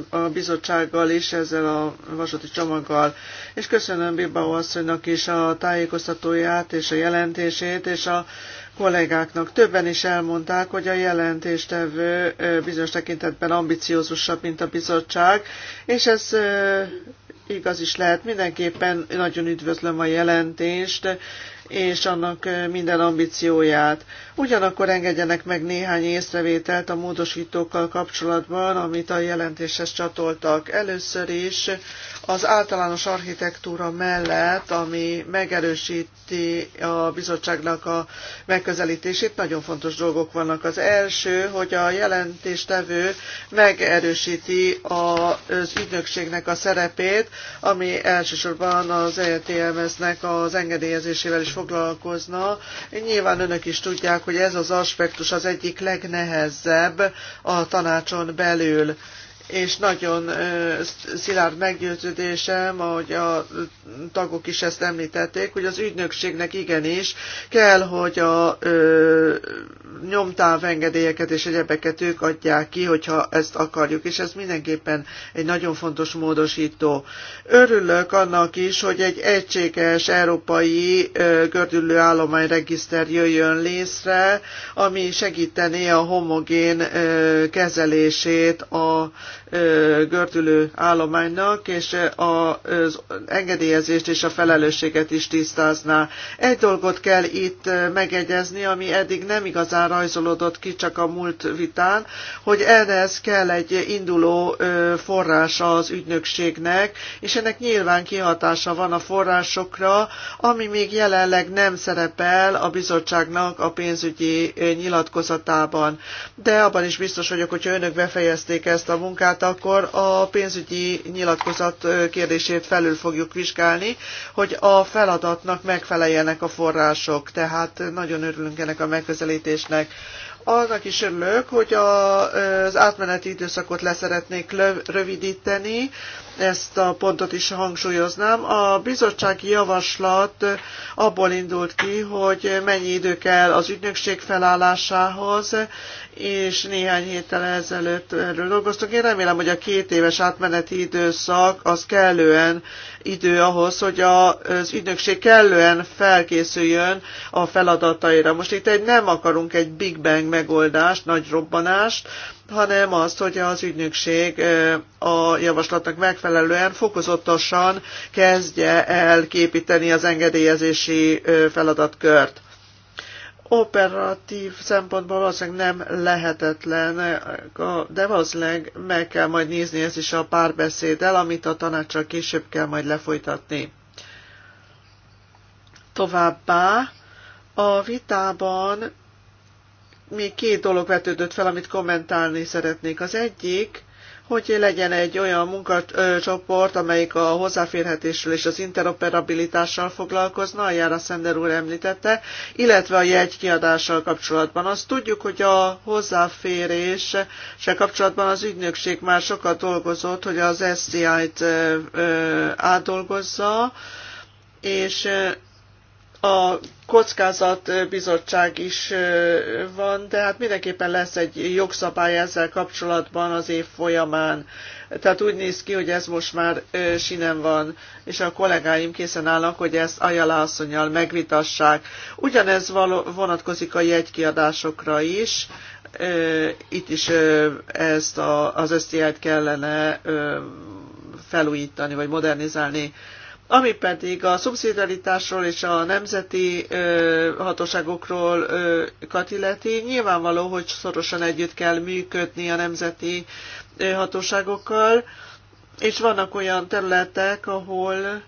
a bizottsággal is ezzel a vasúti csomaggal. És köszönöm Bilbao asszonynak is a tájékoztatóját és a jelentését, és a kollégáknak. Többen is elmondták, hogy a jelentéstevő eh, bizonyos tekintetben ambiciózusabb, mint a bizottság, és ez eh, igaz is lehet. Mindenképpen nagyon üdvözlöm a jelentést, és annak minden ambícióját. Ugyanakkor engedjenek meg néhány észrevételt a módosítókkal kapcsolatban, amit a jelentéshez csatoltak. Először is az általános architektúra mellett, ami megerősíti a bizottságnak a megközelítését, nagyon fontos dolgok vannak. Az első, hogy a jelentéstevő megerősíti az ügynökségnek a szerepét, ami elsősorban az ETMS-nek az engedélyezésével is foglalkozna. Nyilván önök is tudják, hogy ez az aspektus az egyik legnehezebb a tanácson belül és nagyon szilárd meggyőződésem, ahogy a tagok is ezt említették, hogy az ügynökségnek igenis kell, hogy a nyomtávengedélyeket és egyebeket ők adják ki, hogyha ezt akarjuk, és ez mindenképpen egy nagyon fontos módosító. Örülök annak is, hogy egy egységes európai gördülő állományregiszter jöjjön létre, ami segítené a homogén kezelését a gördülő állománynak, és az engedélyezést és a felelősséget is tisztázná. Egy dolgot kell itt megegyezni, ami eddig nem igazán rajzolódott ki csak a múlt vitán, hogy ehhez kell egy induló forrása az ügynökségnek, és ennek nyilván kihatása van a forrásokra, ami még jelenleg nem szerepel a bizottságnak a pénzügyi nyilatkozatában. De abban is biztos vagyok, hogyha önök befejezték ezt a munkát, akkor a pénzügyi nyilatkozat kérdését felül fogjuk vizsgálni, hogy a feladatnak megfeleljenek a források. Tehát nagyon örülünk ennek a megközelítésnek. Annak is örülök, hogy az átmeneti időszakot leszeretnék rövidíteni, ezt a pontot is hangsúlyoznám. A bizottsági javaslat abból indult ki, hogy mennyi idő kell az ügynökség felállásához, és néhány héttel ezelőtt erről dolgoztunk. Én remélem, hogy a két éves átmeneti időszak az kellően idő ahhoz, hogy az ügynökség kellően felkészüljön a feladataira. Most itt egy nem akarunk egy Big Bang megoldást, nagy robbanást, hanem azt, hogy az ügynökség a javaslatnak megfelelően fokozatosan kezdje el képíteni az engedélyezési feladatkört. Operatív szempontból valószínűleg nem lehetetlen, de valószínűleg meg kell majd nézni ezt is a párbeszéddel, amit a tanácssal később kell majd lefolytatni. Továbbá a vitában még két dolog vetődött fel, amit kommentálni szeretnék. Az egyik, hogy legyen egy olyan munkacsoport, amelyik a hozzáférhetésről és az interoperabilitással foglalkozna, Jára Szender úr említette, illetve a jegykiadással kapcsolatban. Azt tudjuk, hogy a hozzáféréssel kapcsolatban az ügynökség már sokat dolgozott, hogy az SCI-t átdolgozza, és a kockázatbizottság is van, de hát mindenképpen lesz egy jogszabály ezzel kapcsolatban az év folyamán. Tehát úgy néz ki, hogy ez most már sinem van, és a kollégáim készen állnak, hogy ezt Ajala asszonyjal megvitassák. Ugyanez vonatkozik a jegykiadásokra is. Itt is ezt az ösztiát kellene felújítani, vagy modernizálni ami pedig a szubszidialitásról és a nemzeti ö, hatóságokról ö, katileti, nyilvánvaló, hogy szorosan együtt kell működni a nemzeti ö, hatóságokkal, és vannak olyan területek, ahol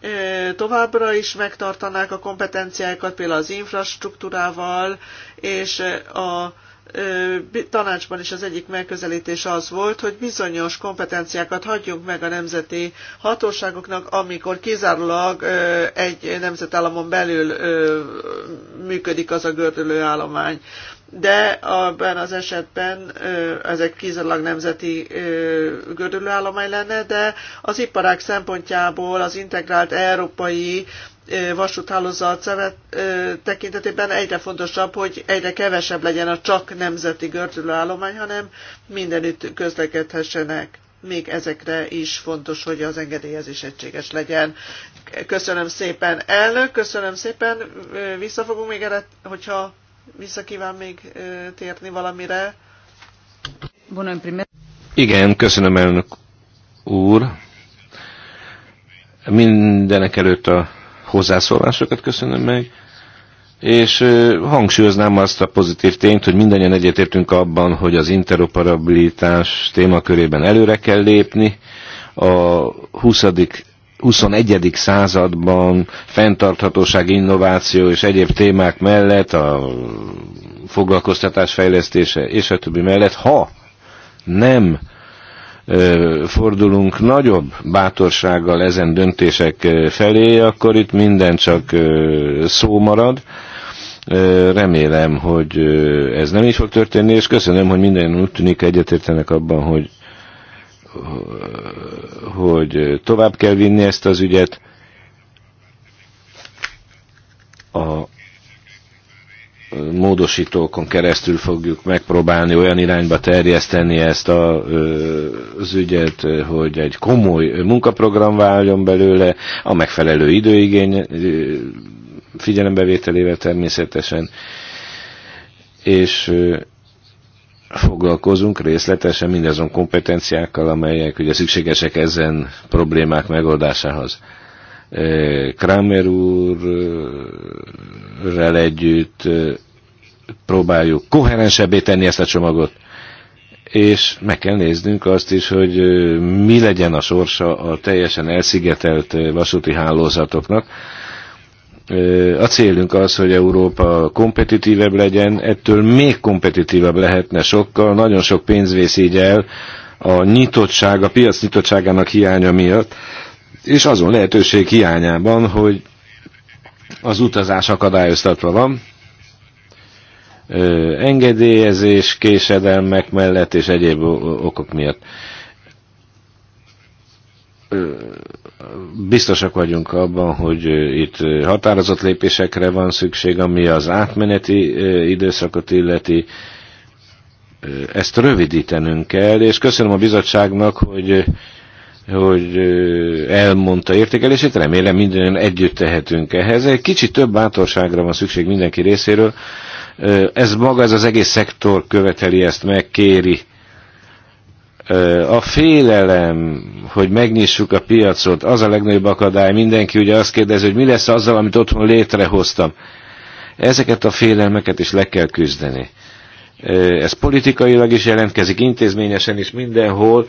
ö, továbbra is megtartanák a kompetenciáikat, például az infrastruktúrával és a tanácsban is az egyik megközelítés az volt, hogy bizonyos kompetenciákat hagyjunk meg a nemzeti hatóságoknak, amikor kizárólag egy nemzetállamon belül működik az a gördülő állomány. De abban az esetben ez egy kizárólag nemzeti állomány lenne, de az iparák szempontjából az integrált európai vasúthálózat tekintetében egyre fontosabb, hogy egyre kevesebb legyen a csak nemzeti gördülőállomány, hanem mindenütt közlekedhessenek. Még ezekre is fontos, hogy az engedélyezés egységes legyen. Köszönöm szépen, elnök, köszönöm szépen, vissza fogunk még erre, hogyha vissza kíván még térni valamire. Igen, köszönöm elnök úr. Mindenek előtt a hozzászólásokat köszönöm meg, és hangsúlyoznám azt a pozitív tényt, hogy mindannyian egyetértünk abban, hogy az interoperabilitás témakörében előre kell lépni, a 20. 21. században fenntarthatóság, innováció és egyéb témák mellett, a foglalkoztatás fejlesztése és a többi mellett, ha nem fordulunk nagyobb bátorsággal ezen döntések felé, akkor itt minden csak szó marad. Remélem, hogy ez nem így fog történni, és köszönöm, hogy minden úgy tűnik egyetértenek abban, hogy, hogy tovább kell vinni ezt az ügyet. A módosítókon keresztül fogjuk megpróbálni olyan irányba terjeszteni ezt a, az ügyet, hogy egy komoly munkaprogram váljon belőle, a megfelelő időigény figyelembevételével természetesen, és foglalkozunk részletesen mindazon kompetenciákkal, amelyek ugye szükségesek ezen problémák megoldásához. Eh, Kramer úrrel együtt eh, próbáljuk koherensebbé tenni ezt a csomagot, és meg kell néznünk azt is, hogy eh, mi legyen a sorsa a teljesen elszigetelt vasúti hálózatoknak. A célunk az, hogy Európa kompetitívebb legyen, ettől még kompetitívebb lehetne sokkal, nagyon sok pénz vész így el a nyitottság, a piac nyitottságának hiánya miatt, és azon lehetőség hiányában, hogy az utazás akadályoztatva van, ö, engedélyezés, késedelmek mellett és egyéb okok miatt. biztosak vagyunk abban, hogy itt határozott lépésekre van szükség, ami az átmeneti időszakot illeti. Ezt rövidítenünk kell, és köszönöm a bizottságnak, hogy hogy elmondta értékelését, remélem minden együtt tehetünk ehhez. Egy kicsit több bátorságra van szükség mindenki részéről. Ez maga, ez az egész szektor követeli ezt, megkéri. A félelem, hogy megnyissuk a piacot, az a legnagyobb akadály. Mindenki ugye azt kérdezi, hogy mi lesz azzal, amit otthon létrehoztam. Ezeket a félelmeket is le kell küzdeni. Ez politikailag is jelentkezik, intézményesen is mindenhol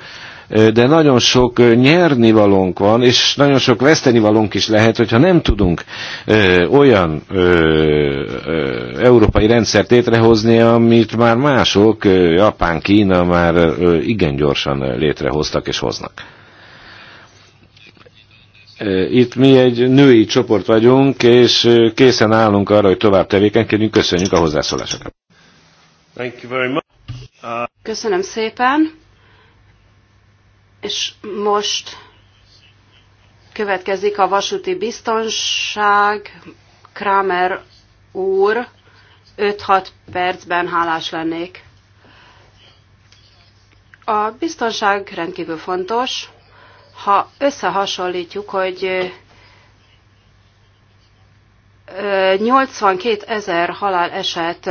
de nagyon sok nyernivalónk van, és nagyon sok vesztenivalónk is lehet, hogyha nem tudunk olyan európai rendszert létrehozni, amit már mások, Japán, Kína már igen gyorsan létrehoztak és hoznak. Itt mi egy női csoport vagyunk, és készen állunk arra, hogy tovább tevékenykedjünk. Köszönjük a hozzászólásokat. Köszönöm szépen. És most következik a vasúti biztonság. Kramer úr, 5-6 percben hálás lennék. A biztonság rendkívül fontos. Ha összehasonlítjuk, hogy 82 ezer haláleset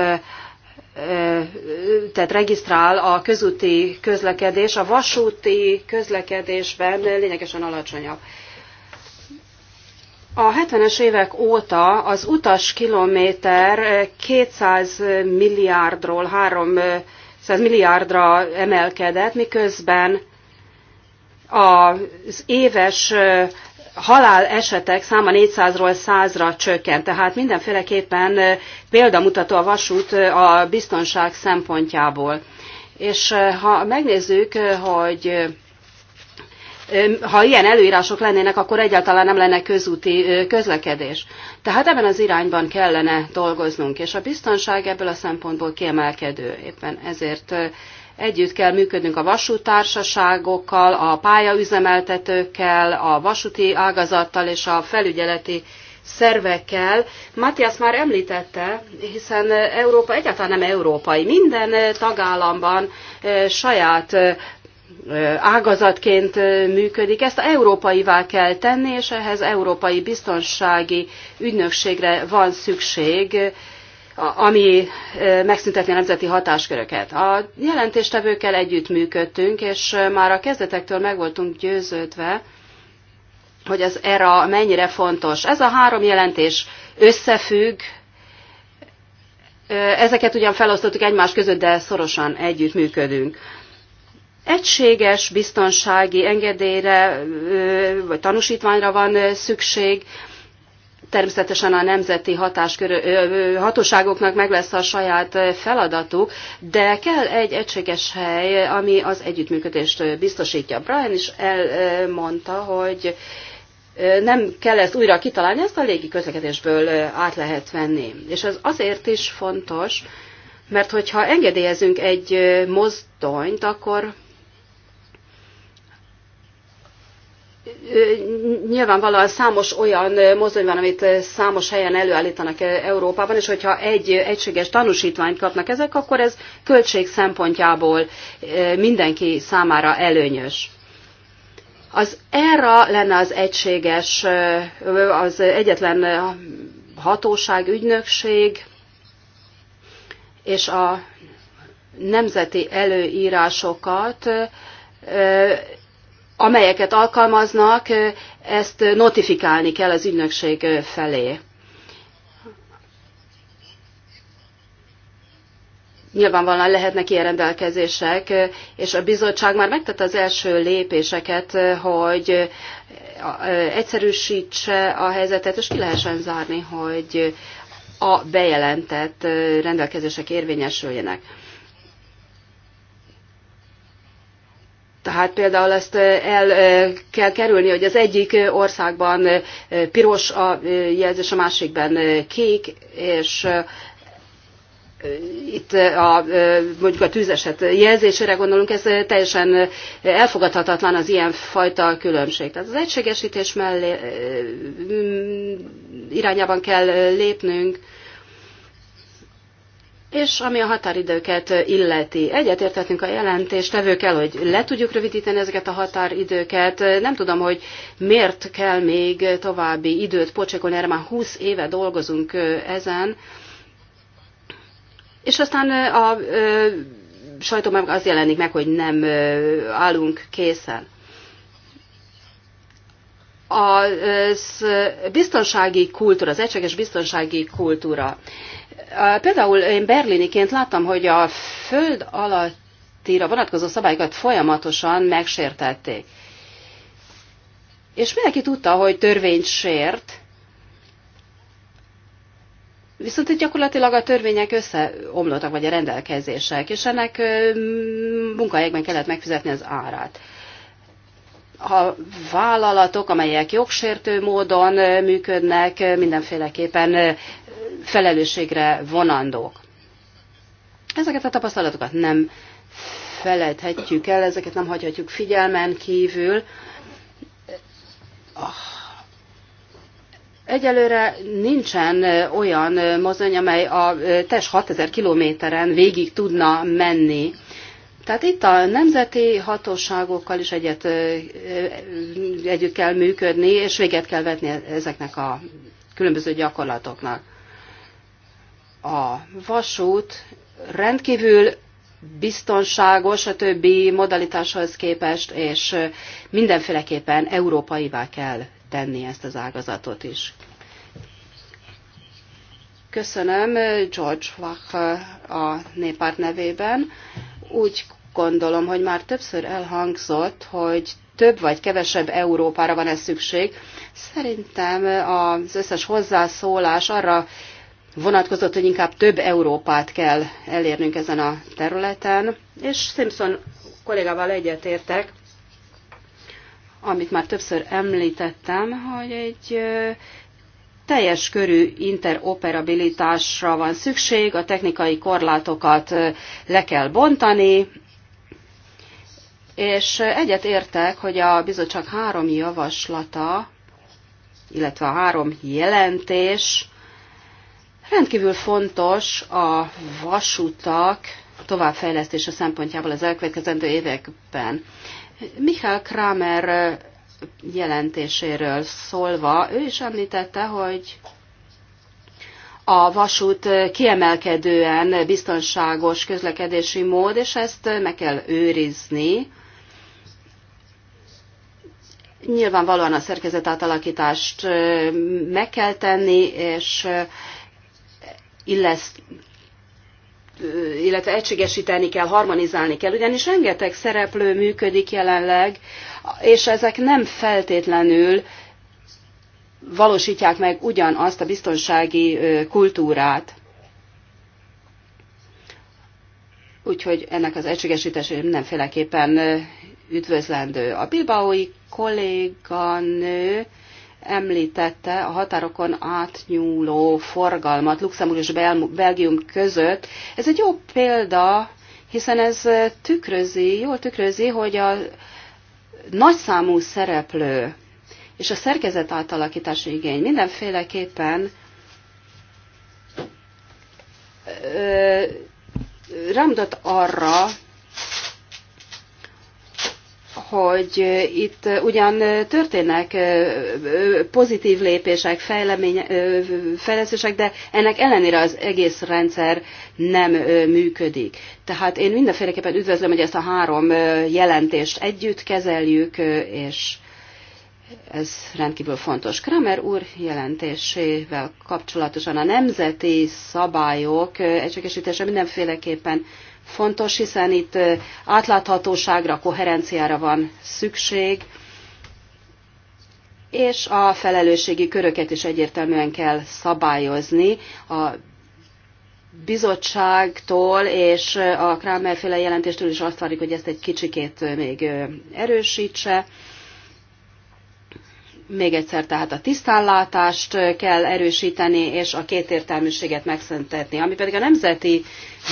tehát regisztrál a közúti közlekedés, a vasúti közlekedésben lényegesen alacsonyabb. A 70-es évek óta az utas kilométer 200 milliárdról 300 milliárdra emelkedett, miközben az éves Halál esetek száma 400-ról 100-ra csökkent, tehát mindenféleképpen példamutató a vasút a biztonság szempontjából. És ha megnézzük, hogy ha ilyen előírások lennének, akkor egyáltalán nem lenne közúti közlekedés. Tehát ebben az irányban kellene dolgoznunk, és a biztonság ebből a szempontból kiemelkedő. Éppen ezért Együtt kell működnünk a vasútársaságokkal, a pályaüzemeltetőkkel, a vasúti ágazattal és a felügyeleti szervekkel. Matthias már említette, hiszen Európa egyáltalán nem európai. Minden tagállamban eh, saját eh, ágazatként eh, működik. Ezt európaivá kell tenni, és ehhez európai biztonsági ügynökségre van szükség, ami megszünteti a nemzeti hatásköröket. A jelentéstevőkkel együttműködtünk, és már a kezdetektől meg voltunk győződve, hogy az ERA mennyire fontos. Ez a három jelentés összefügg, ezeket ugyan felosztottuk egymás között, de szorosan együttműködünk. Egységes biztonsági engedélyre vagy tanúsítványra van szükség, Természetesen a nemzeti hatáskör, hatóságoknak meg lesz a saját feladatuk, de kell egy egységes hely, ami az együttműködést biztosítja. Brian is elmondta, hogy nem kell ezt újra kitalálni, ezt a légi közlekedésből át lehet venni. És ez azért is fontos, mert hogyha engedélyezünk egy mozdonyt, akkor nyilvánvalóan számos olyan mozdony van, amit számos helyen előállítanak Európában, és hogyha egy egységes tanúsítványt kapnak ezek, akkor ez költség szempontjából eh, mindenki számára előnyös. Az erre lenne az egységes, eh, az egyetlen hatóság, ügynökség, és a nemzeti előírásokat eh, amelyeket alkalmaznak, ezt notifikálni kell az ügynökség felé. Nyilvánvalóan lehetnek ilyen rendelkezések, és a bizottság már megtette az első lépéseket, hogy egyszerűsítse a helyzetet, és ki lehessen zárni, hogy a bejelentett rendelkezések érvényesüljenek. Tehát például ezt el kell kerülni, hogy az egyik országban piros a jelzés, a másikban kék, és itt a, mondjuk a tűzeset jelzésére gondolunk, ez teljesen elfogadhatatlan az ilyen fajta különbség. Tehát az egységesítés mellé irányában kell lépnünk, és ami a határidőket illeti, egyetértettünk a jelentéstevőkkel, hogy le tudjuk rövidíteni ezeket a határidőket. Nem tudom, hogy miért kell még további időt pocsékolni, erre már 20 éve dolgozunk ezen. És aztán a, a sajtóban az jelenik meg, hogy nem állunk készen. A biztonsági kultúra, az egységes biztonsági kultúra. Például én berliniként láttam, hogy a föld alattira vonatkozó szabályokat folyamatosan megsértették. És mindenki tudta, hogy törvényt sért, Viszont itt gyakorlatilag a törvények összeomlottak, vagy a rendelkezések, és ennek munkahelyekben kellett megfizetni az árát. A vállalatok, amelyek jogsértő módon működnek, mindenféleképpen felelősségre vonandók. Ezeket a tapasztalatokat nem felejthetjük el, ezeket nem hagyhatjuk figyelmen kívül. Ah. Egyelőre nincsen olyan mozony, amely a TES 6000 kilométeren végig tudna menni. Tehát itt a nemzeti hatóságokkal is egyet, együtt kell működni, és véget kell vetni e-, ezeknek a különböző gyakorlatoknak a vasút rendkívül biztonságos a többi modalitáshoz képest, és mindenféleképpen európaivá kell tenni ezt az ágazatot is. Köszönöm George Wach a néppárt nevében. Úgy gondolom, hogy már többször elhangzott, hogy több vagy kevesebb Európára van ez szükség. Szerintem az összes hozzászólás arra vonatkozott, hogy inkább több Európát kell elérnünk ezen a területen, és Simpson kollégával egyetértek, amit már többször említettem, hogy egy teljes körű interoperabilitásra van szükség, a technikai korlátokat le kell bontani, és egyet értek, hogy a bizottság három javaslata, illetve a három jelentés Rendkívül fontos a vasutak továbbfejlesztése szempontjából az elkövetkezendő években. Michael Kramer jelentéséről szólva, ő is említette, hogy a vasút kiemelkedően biztonságos közlekedési mód, és ezt meg kell őrizni. Nyilvánvalóan a szerkezet átalakítást meg kell tenni, és illeszt, illetve egységesíteni kell, harmonizálni kell, ugyanis rengeteg szereplő működik jelenleg, és ezek nem feltétlenül valósítják meg ugyanazt a biztonsági kultúrát. Úgyhogy ennek az egységesítése mindenféleképpen üdvözlendő. A bilbaói kolléganő említette a határokon átnyúló forgalmat Luxemburg és Bel- Belgium között. Ez egy jó példa, hiszen ez tükrözi, jól tükrözi, hogy a nagyszámú szereplő és a szerkezet átalakítási igény mindenféleképpen rámdott arra, hogy itt ugyan történnek pozitív lépések, fejlesztések, de ennek ellenére az egész rendszer nem működik. Tehát én mindenféleképpen üdvözlöm, hogy ezt a három jelentést együtt kezeljük, és ez rendkívül fontos. Kramer úr jelentésével kapcsolatosan a nemzeti szabályok egységesítése mindenféleképpen fontos, hiszen itt átláthatóságra, koherenciára van szükség, és a felelősségi köröket is egyértelműen kell szabályozni. A bizottságtól és a Kramer féle jelentéstől is azt várjuk, hogy ezt egy kicsikét még erősítse. Még egyszer, tehát a tisztánlátást kell erősíteni, és a kétértelműséget megszentetni, ami pedig a nemzeti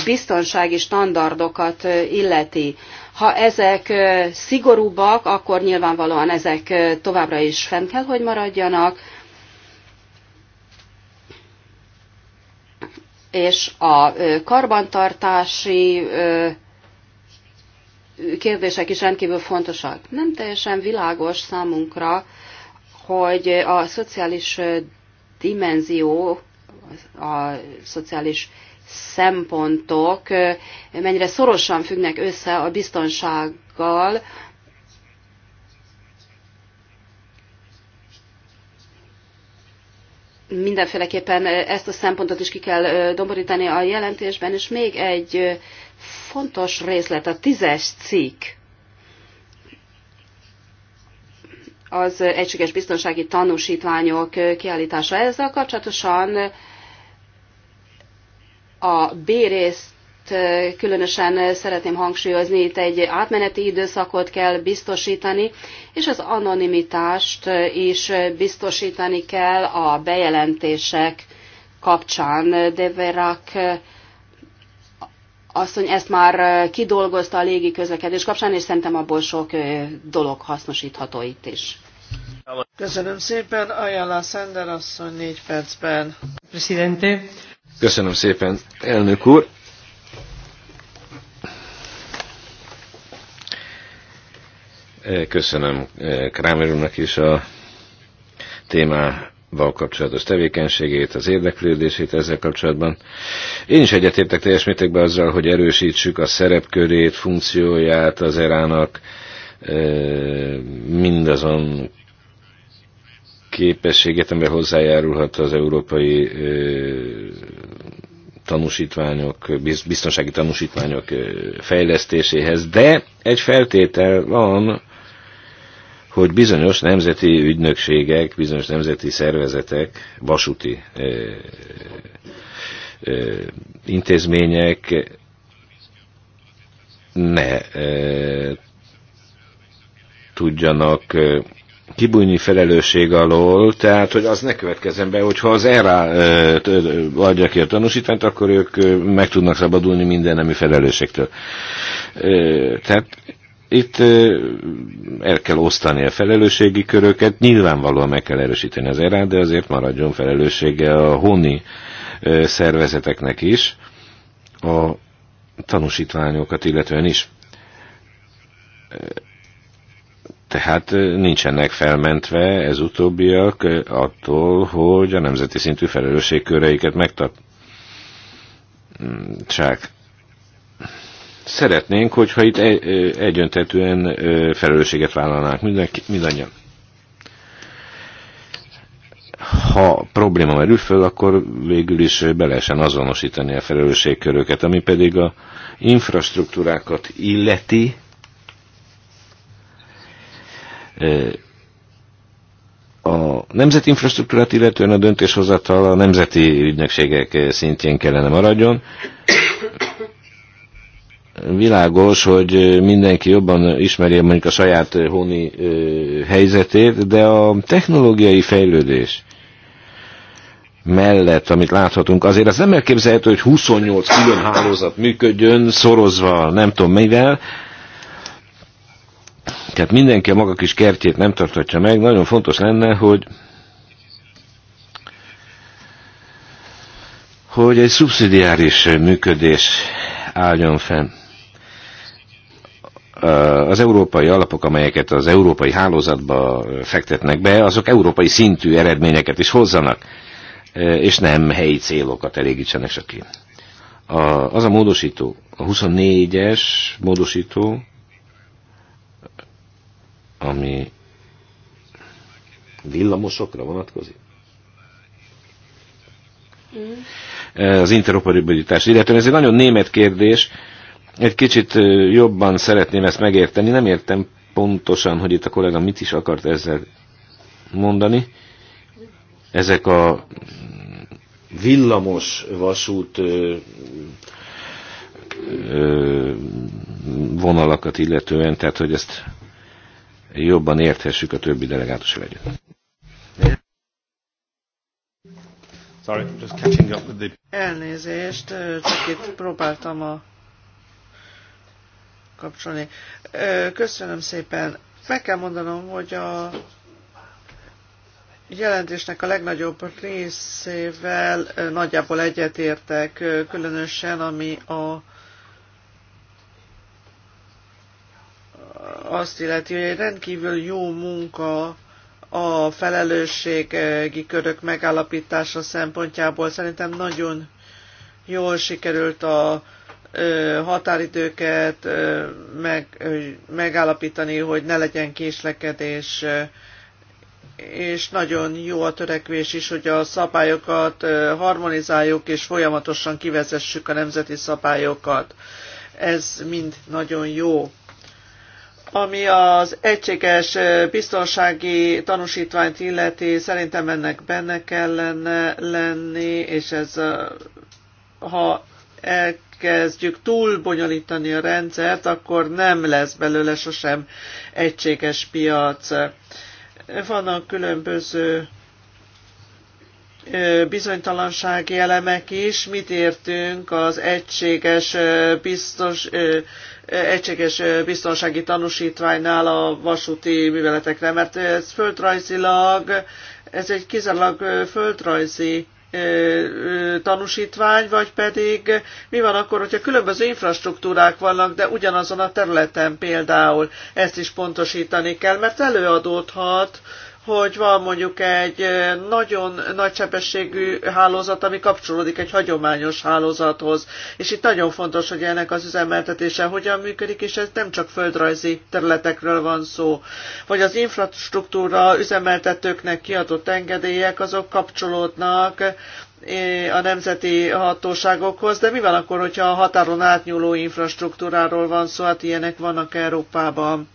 biztonsági standardokat illeti. Ha ezek szigorúbbak, akkor nyilvánvalóan ezek továbbra is fenn kell, hogy maradjanak, és a karbantartási kérdések is rendkívül fontosak. Nem teljesen világos számunkra, hogy a szociális dimenzió, a szociális szempontok mennyire szorosan függnek össze a biztonsággal, mindenféleképpen ezt a szempontot is ki kell domborítani a jelentésben, és még egy fontos részlet, a tízes cikk. az egységes biztonsági tanúsítványok kiállítása. Ezzel kapcsolatosan a B részt különösen szeretném hangsúlyozni, itt egy átmeneti időszakot kell biztosítani, és az anonimitást is biztosítani kell a bejelentések kapcsán. De Verac asszony ezt már kidolgozta a légi közlekedés kapcsán, és szerintem abból sok dolog hasznosítható itt is. Köszönöm szépen, Ajala Szender asszony négy percben. Presidente. Köszönöm szépen, elnök úr. Köszönöm eh, Krámer úrnak is a témá val kapcsolatos tevékenységét, az érdeklődését ezzel kapcsolatban. Én is egyetértek teljes mértékben azzal, hogy erősítsük a szerepkörét, funkcióját az erának, mindazon képességet, amivel hozzájárulhat az európai tanúsítványok, biztonsági tanúsítványok fejlesztéséhez, de egy feltétel van, hogy bizonyos nemzeti ügynökségek, bizonyos nemzeti szervezetek, vasúti ö, ö, intézmények ne ö, tudjanak kibújni felelősség alól, tehát hogy az ne következzen be, hogyha az erre adja ki a tanúsítványt, akkor ők meg tudnak szabadulni minden nemi felelősségtől. Tehát itt el kell osztani a felelősségi köröket, nyilvánvalóan meg kell erősíteni az erát, de azért maradjon felelőssége a honi szervezeteknek is, a tanúsítványokat illetően is. Tehát nincsenek felmentve ez utóbbiak attól, hogy a nemzeti szintű felelősségköreiket megtartsák. Szeretnénk, hogyha itt egyöntetően felelősséget vállalnánk mindenki, mindannyian. Ha probléma merül föl, akkor végül is be lehessen azonosítani a felelősségköröket, ami pedig a infrastruktúrákat illeti, a nemzeti infrastruktúrát illetően a döntéshozatal a nemzeti ügynökségek szintjén kellene maradjon világos, hogy mindenki jobban ismeri mondjuk a saját honi helyzetét, de a technológiai fejlődés mellett, amit láthatunk, azért az nem elképzelhető, hogy 28 külön hálózat működjön, szorozva nem tudom mivel, tehát mindenki a maga kis kertjét nem tartatja meg, nagyon fontos lenne, hogy hogy egy szubszidiáris működés álljon fenn az európai alapok, amelyeket az európai hálózatba fektetnek be, azok európai szintű eredményeket is hozzanak, és nem helyi célokat elégítsenek csak ki. A, az a módosító, a 24-es módosító, ami villamosokra vonatkozik. Mm. Az interoperabilitás, illetve ez egy nagyon német kérdés, egy kicsit jobban szeretném ezt megérteni, nem értem pontosan, hogy itt a kollega mit is akart ezzel mondani. Ezek a villamos vasút ö, ö, vonalakat illetően, tehát hogy ezt jobban érthessük a többi delegátus legyen. Sorry, just catching up with the... Elnézést, csak itt próbáltam a kapcsolni. Köszönöm szépen. Meg kell mondanom, hogy a jelentésnek a legnagyobb részével nagyjából egyetértek, különösen ami a azt illeti, hogy egy rendkívül jó munka a felelősségi körök megállapítása szempontjából szerintem nagyon jól sikerült a határidőket meg, megállapítani, hogy ne legyen késlekedés, és nagyon jó a törekvés is, hogy a szabályokat harmonizáljuk, és folyamatosan kivezessük a nemzeti szabályokat. Ez mind nagyon jó ami az egységes biztonsági tanúsítványt illeti, szerintem ennek benne kellene lenni, és ez ha elkezdjük túl bonyolítani a rendszert, akkor nem lesz belőle sosem egységes piac. Vannak különböző bizonytalansági elemek is, mit értünk az egységes, biztos, egységes biztonsági tanúsítványnál a vasúti műveletekre, mert ez földrajzilag, ez egy kizárólag földrajzi tanúsítvány, vagy pedig mi van akkor, hogyha különböző infrastruktúrák vannak, de ugyanazon a területen például. Ezt is pontosítani kell, mert előadódhat, hogy van mondjuk egy nagyon nagy sebességű hálózat, ami kapcsolódik egy hagyományos hálózathoz. És itt nagyon fontos, hogy ennek az üzemeltetése hogyan működik, és ez nem csak földrajzi területekről van szó. Vagy az infrastruktúra üzemeltetőknek kiadott engedélyek, azok kapcsolódnak a nemzeti hatóságokhoz, de mi van akkor, hogyha a határon átnyúló infrastruktúráról van szó, hát ilyenek vannak Európában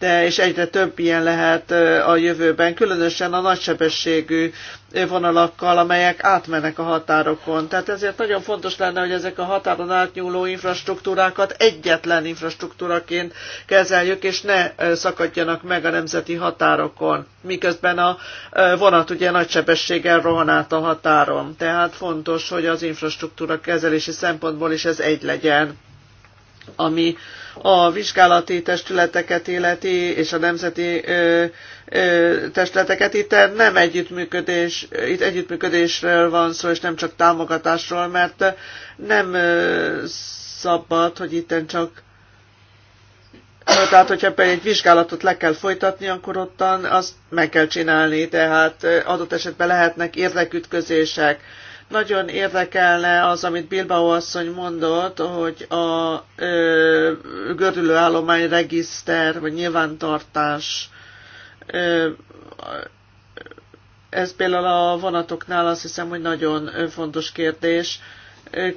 de és egyre több ilyen lehet a jövőben, különösen a nagysebességű vonalakkal, amelyek átmennek a határokon. Tehát ezért nagyon fontos lenne, hogy ezek a határon átnyúló infrastruktúrákat egyetlen infrastruktúraként kezeljük, és ne szakadjanak meg a nemzeti határokon, miközben a vonat ugye nagy sebességgel rohan át a határon. Tehát fontos, hogy az infrastruktúra kezelési szempontból is ez egy legyen, ami a vizsgálati testületeket illeti, és a nemzeti ö, ö, testületeket. Itt nem együttműködés, itt együttműködésről van szó, és nem csak támogatásról, mert nem ö, szabad, hogy itten csak tehát, hogyha például egy vizsgálatot le kell folytatni, akkor ottan azt meg kell csinálni, tehát adott esetben lehetnek érdekütközések, nagyon érdekelne az, amit Bilbao asszony mondott, hogy a ö, gördülőállomány regiszter, vagy nyilvántartás ö, ez például a vonatoknál azt hiszem, hogy nagyon fontos kérdés,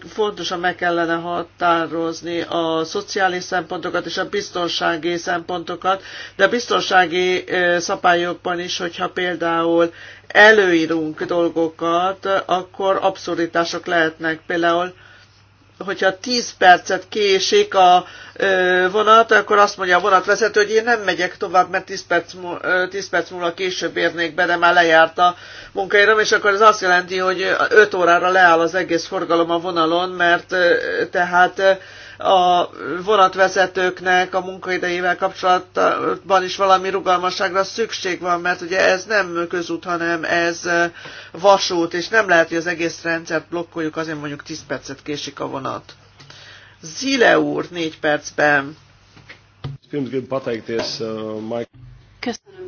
fontosan meg kellene határozni a szociális szempontokat és a biztonsági szempontokat, de biztonsági szabályokban is, hogyha például előírunk dolgokat, akkor abszurditások lehetnek. Például hogyha 10 percet késik a vonat, akkor azt mondja a vonatvezető, hogy én nem megyek tovább, mert 10 perc, 10 perc múlva később érnék be, de már lejárt a munkaérem, és akkor ez azt jelenti, hogy 5 órára leáll az egész forgalom a vonalon, mert tehát a vonatvezetőknek a munkaidejével kapcsolatban is valami rugalmasságra szükség van, mert ugye ez nem közút, hanem ez vasút, és nem lehet, hogy az egész rendszert blokkoljuk, azért mondjuk 10 percet késik a vonat. Zile úr, 4 percben. Köszönöm,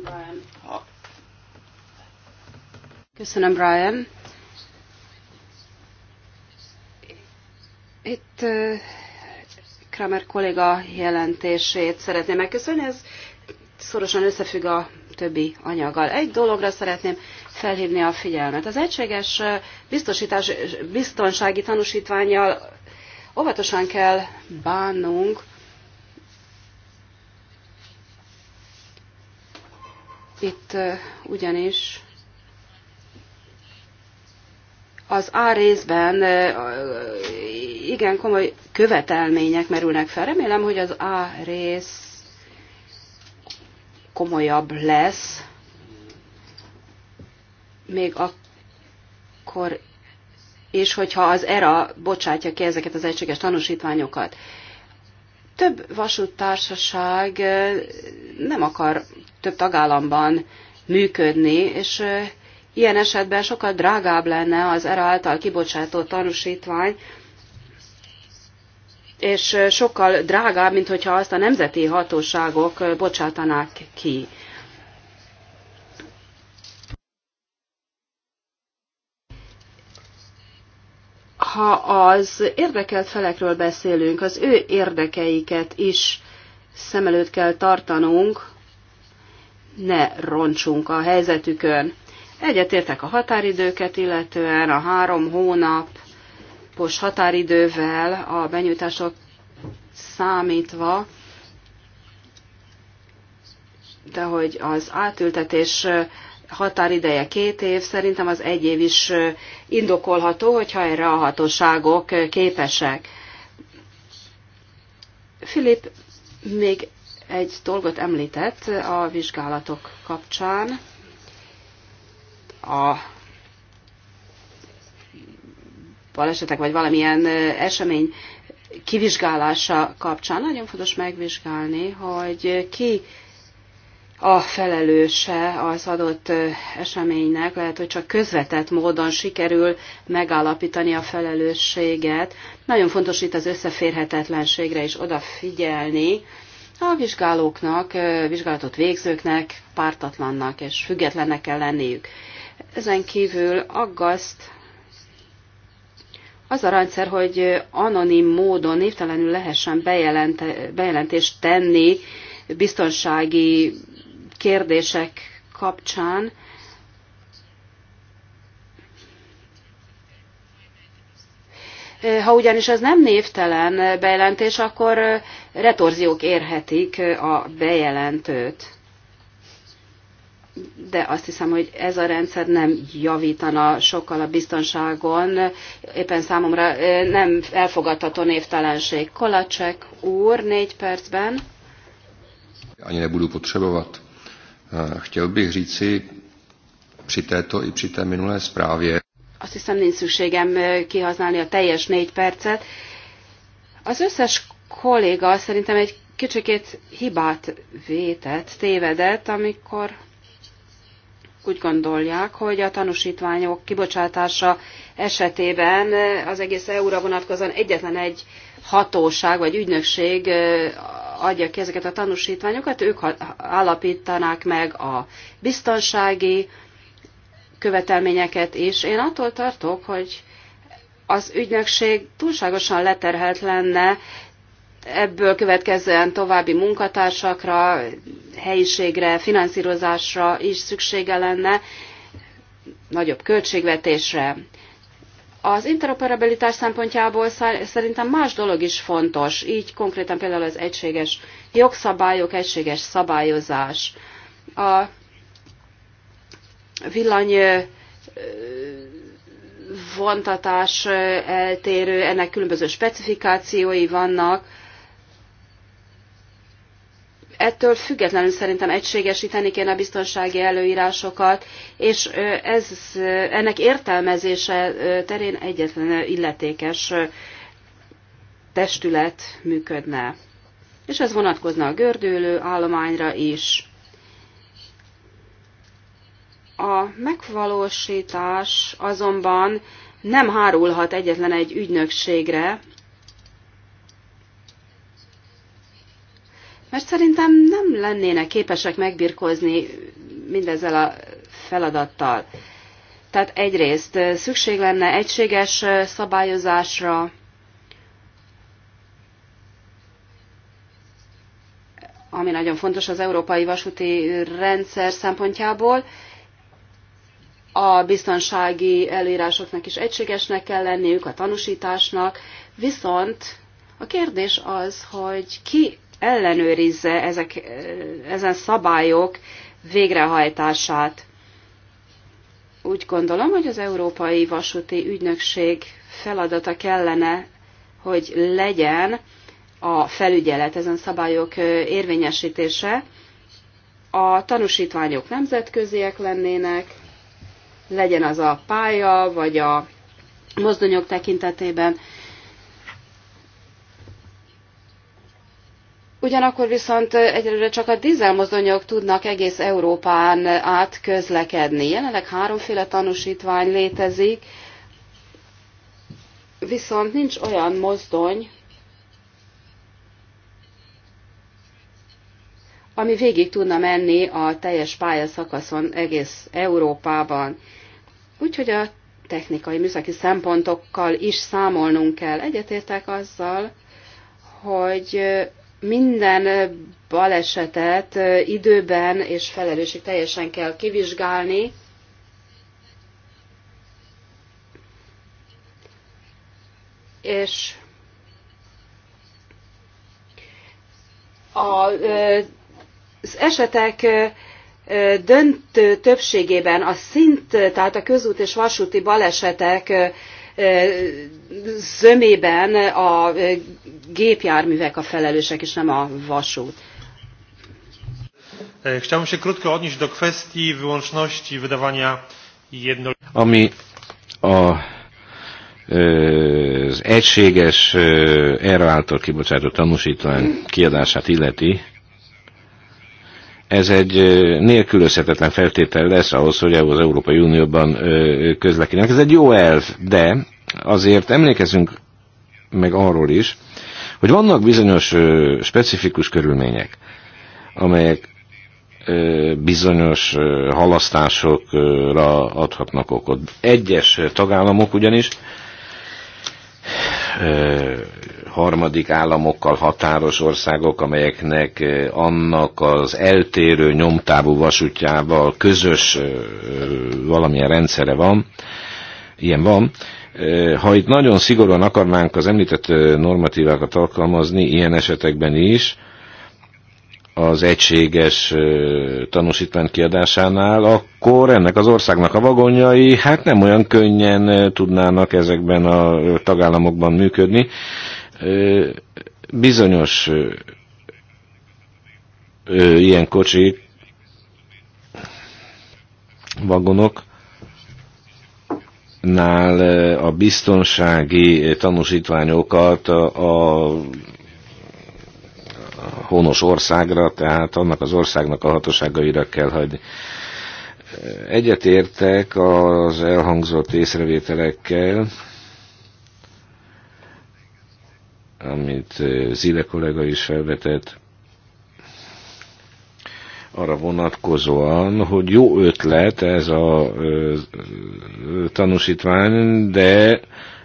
Brian. Köszönöm, Brian. Itt Kramer kolléga jelentését szeretném megköszönni, ez szorosan összefügg a többi anyaggal. Egy dologra szeretném felhívni a figyelmet. Az egységes biztosítás, biztonsági tanúsítványjal óvatosan kell bánnunk, itt ugyanis az A részben igen komoly követelmények merülnek fel. Remélem, hogy az A rész komolyabb lesz, még akkor és hogyha az ERA bocsátja ki ezeket az egységes tanúsítványokat. Több vasúttársaság nem akar több tagállamban működni, és Ilyen esetben sokkal drágább lenne az ERA által kibocsátott tanúsítvány, és sokkal drágább, mint hogyha azt a nemzeti hatóságok bocsátanák ki. ha az érdekelt felekről beszélünk, az ő érdekeiket is szem előtt kell tartanunk, ne roncsunk a helyzetükön. Egyetértek a határidőket, illetően a három hónapos határidővel a benyújtások számítva, de hogy az átültetés határideje két év, szerintem az egy év is indokolható, hogyha erre a hatóságok képesek. Filip még egy dolgot említett a vizsgálatok kapcsán a balesetek vagy valamilyen esemény kivizsgálása kapcsán nagyon fontos megvizsgálni, hogy ki a felelőse az adott eseménynek, lehet, hogy csak közvetett módon sikerül megállapítani a felelősséget. Nagyon fontos itt az összeférhetetlenségre is odafigyelni. A vizsgálóknak, vizsgálatot végzőknek, pártatlannak és függetlennek kell lenniük. Ezen kívül aggaszt az a rendszer, hogy anonim módon névtelenül lehessen bejelent, bejelentést tenni biztonsági kérdések kapcsán, Ha ugyanis ez nem névtelen bejelentés, akkor retorziók érhetik a bejelentőt de azt hiszem, hogy ez a rendszer nem javítana sokkal a biztonságon. Éppen számomra nem elfogadható névtelenség. Kolacsek úr, négy percben. Ani nebudu potřebovat. Eh, chtěl bych říci při této i při té minulé zprávě. Azt hiszem, nincs szükségem kihasználni a teljes négy percet. Az összes kolléga szerintem egy kicsikét hibát vétett, tévedett, amikor úgy gondolják, hogy a tanúsítványok kibocsátása esetében az egész EU-ra vonatkozóan egyetlen egy hatóság vagy ügynökség adja ki ezeket a tanúsítványokat, ők állapítanák meg a biztonsági követelményeket is. Én attól tartok, hogy az ügynökség túlságosan leterhelt lenne, ebből következően további munkatársakra, helyiségre, finanszírozásra is szüksége lenne, nagyobb költségvetésre. Az interoperabilitás szempontjából szerintem más dolog is fontos, így konkrétan például az egységes jogszabályok, egységes szabályozás. A villany vontatás eltérő, ennek különböző specifikációi vannak, ettől függetlenül szerintem egységesíteni kéne a biztonsági előírásokat, és ez, ennek értelmezése terén egyetlen illetékes testület működne. És ez vonatkozna a gördülő állományra is. A megvalósítás azonban nem hárulhat egyetlen egy ügynökségre, mert szerintem nem lennének képesek megbirkózni mindezzel a feladattal. Tehát egyrészt szükség lenne egységes szabályozásra, ami nagyon fontos az európai vasúti rendszer szempontjából. A biztonsági előírásoknak is egységesnek kell lenniük, a tanúsításnak, viszont a kérdés az, hogy ki ellenőrizze ezek, ezen szabályok végrehajtását. Úgy gondolom, hogy az Európai Vasúti Ügynökség feladata kellene, hogy legyen a felügyelet, ezen szabályok érvényesítése. A tanúsítványok nemzetköziek lennének, legyen az a pálya, vagy a mozdonyok tekintetében, Ugyanakkor viszont egyre csak a dízelmozdonyok tudnak egész Európán át közlekedni. Jelenleg háromféle tanúsítvány létezik, viszont nincs olyan mozdony, ami végig tudna menni a teljes pályaszakaszon egész Európában. Úgyhogy a technikai műszaki szempontokkal is számolnunk kell. Egyetértek azzal, hogy minden balesetet időben és felelősség teljesen kell kivizsgálni, és az esetek döntő többségében a szint, tehát a közút és vasúti balesetek zömében a gépjárművek a felelősek, és nem a vasút. E, chciałbym się krótko odnieść do kwestii wyłączności wydawania jedno... Ami a e, az egységes e, erre által kibocsátott tanúsítvány kiadását illeti, ez egy nélkülözhetetlen feltétel lesz ahhoz, hogy az Európai Unióban közlekedjenek. Ez egy jó elv, de azért emlékezünk meg arról is, hogy vannak bizonyos specifikus körülmények, amelyek bizonyos halasztásokra adhatnak okot. Egyes tagállamok ugyanis harmadik államokkal határos országok, amelyeknek eh, annak az eltérő nyomtávú vasútjával közös eh, valamilyen rendszere van, ilyen van, eh, ha itt nagyon szigorúan akarnánk az említett normatívákat alkalmazni, ilyen esetekben is, az egységes tanúsítvány kiadásánál, akkor ennek az országnak a vagonjai hát nem olyan könnyen tudnának ezekben a tagállamokban működni, bizonyos ilyen kocsik, vagonok, nál a biztonsági tanúsítványokat a honos országra, tehát annak az országnak a hatóságaira kell hagyni. Egyetértek az elhangzott észrevételekkel, amit eh, Zile kollega is felvetett, arra vonatkozóan, hogy jó ötlet ez a tanúsítvány, de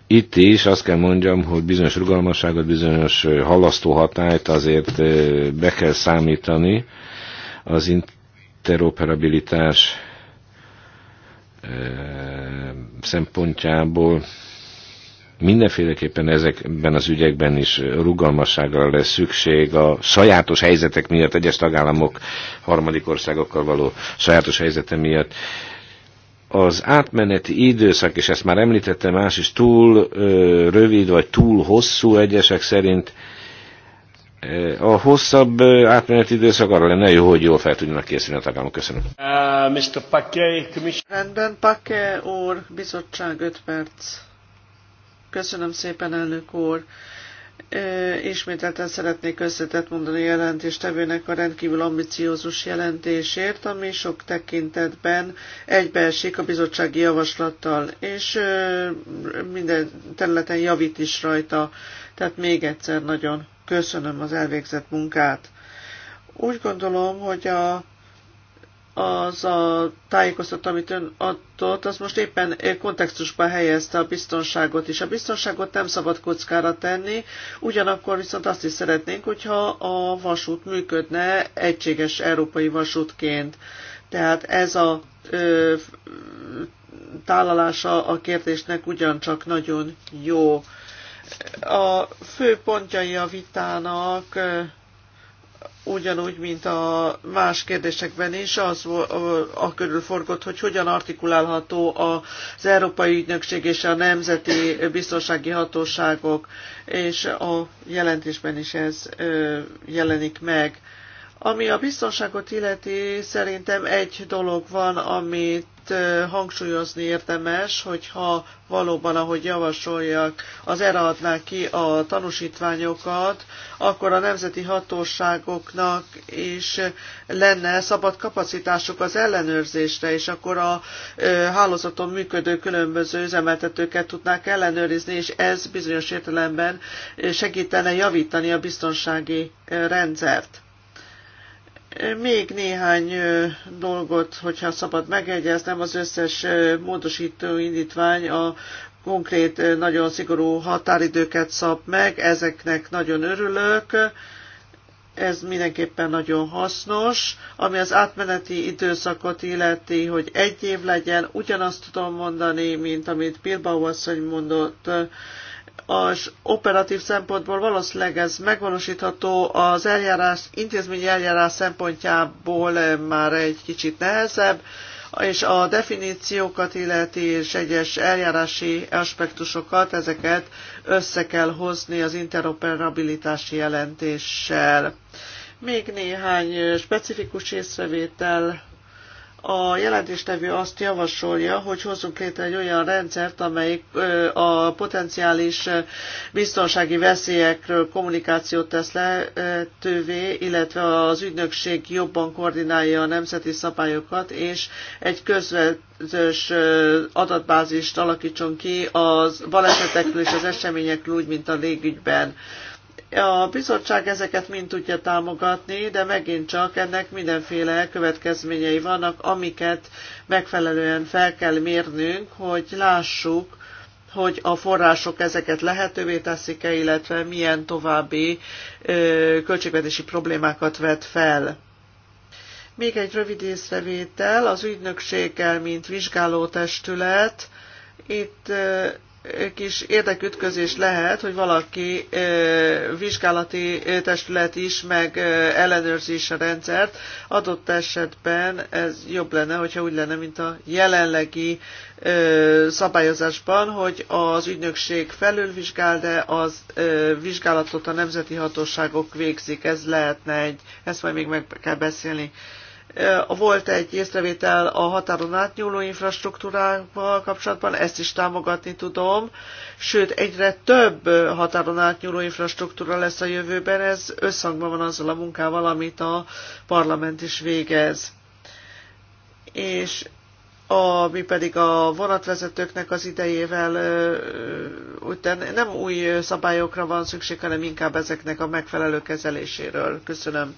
itt is azt kell mondjam, hogy bizonyos rugalmasságot, bizonyos halasztó hatályt azért be kell számítani az interoperabilitás szempontjából Mindenféleképpen ezekben az ügyekben is rugalmasságra lesz szükség a sajátos helyzetek miatt, egyes tagállamok harmadik országokkal való sajátos helyzete miatt az átmeneti időszak, és ezt már említettem, más is túl ö, rövid vagy túl hosszú egyesek szerint. A hosszabb átmeneti időszak arra lenne jó, hogy jól fel tudjanak készülni a tagállamok. Köszönöm. Uh, Mr. Paquet, Rendben, Paquet úr, bizottság 5 perc. Köszönöm szépen, elnök úr. Ismételten szeretnék összetett mondani a jelentéstevőnek a rendkívül ambiciózus jelentésért, ami sok tekintetben egybeesik a bizottsági javaslattal, és minden területen javít is rajta. Tehát még egyszer nagyon köszönöm az elvégzett munkát. Úgy gondolom, hogy a az a tájékoztató, amit ön adott, az most éppen kontextusban helyezte a biztonságot is. A biztonságot nem szabad kockára tenni, ugyanakkor viszont azt is szeretnénk, hogyha a vasút működne egységes európai vasútként. Tehát ez a ö, tálalása a kérdésnek ugyancsak nagyon jó. A fő pontjai a vitának ugyanúgy, mint a más kérdésekben is, az a körül forgott, hogy hogyan artikulálható az Európai Ügynökség és a Nemzeti Biztonsági Hatóságok, és a jelentésben is ez jelenik meg. Ami a biztonságot illeti, szerintem egy dolog van, amit hangsúlyozni érdemes, hogyha valóban, ahogy javasoljak, az ERA adná ki a tanúsítványokat, akkor a nemzeti hatóságoknak is lenne szabad kapacitásuk az ellenőrzésre, és akkor a hálózaton működő különböző üzemeltetőket tudnák ellenőrizni, és ez bizonyos értelemben segítene javítani a biztonsági rendszert még néhány dolgot, hogyha szabad megegyeznem, az összes módosító indítvány a konkrét, nagyon szigorú határidőket szab meg, ezeknek nagyon örülök ez mindenképpen nagyon hasznos. Ami az átmeneti időszakot illeti, hogy egy év legyen, ugyanazt tudom mondani, mint amit Bilbao asszony mondott, az operatív szempontból valószínűleg ez megvalósítható, az eljárás, intézményi eljárás szempontjából eh, már egy kicsit nehezebb, és a definíciókat illeti és egyes eljárási aspektusokat, ezeket össze kell hozni az interoperabilitási jelentéssel. Még néhány eh, specifikus észrevétel a jelentéstevő azt javasolja, hogy hozzunk létre egy olyan rendszert, amelyik a potenciális biztonsági veszélyekről kommunikációt tesz lehetővé, illetve az ügynökség jobban koordinálja a nemzeti szabályokat, és egy közvetős adatbázist alakítson ki az balesetekről és az eseményekről, úgy, mint a légügyben a bizottság ezeket mind tudja támogatni, de megint csak ennek mindenféle következményei vannak, amiket megfelelően fel kell mérnünk, hogy lássuk, hogy a források ezeket lehetővé teszik-e, illetve milyen további ö, költségvetési problémákat vet fel. Még egy rövid észrevétel, az ügynökséggel, mint vizsgálótestület, itt kis érdekütközés lehet, hogy valaki vizsgálati testület is, meg ellenőrzi is a rendszert. Adott esetben ez jobb lenne, hogyha úgy lenne, mint a jelenlegi szabályozásban, hogy az ügynökség felülvizsgál, de az vizsgálatot a nemzeti hatóságok végzik. Ez lehetne egy, ezt majd még meg kell beszélni. Volt egy észrevétel a határon átnyúló infrastruktúrával kapcsolatban, ezt is támogatni tudom, sőt egyre több határon átnyúló infrastruktúra lesz a jövőben, ez összhangban van azzal a munkával, amit a parlament is végez. És a, mi pedig a vonatvezetőknek az idejével után nem új szabályokra van szükség, hanem inkább ezeknek a megfelelő kezeléséről. Köszönöm.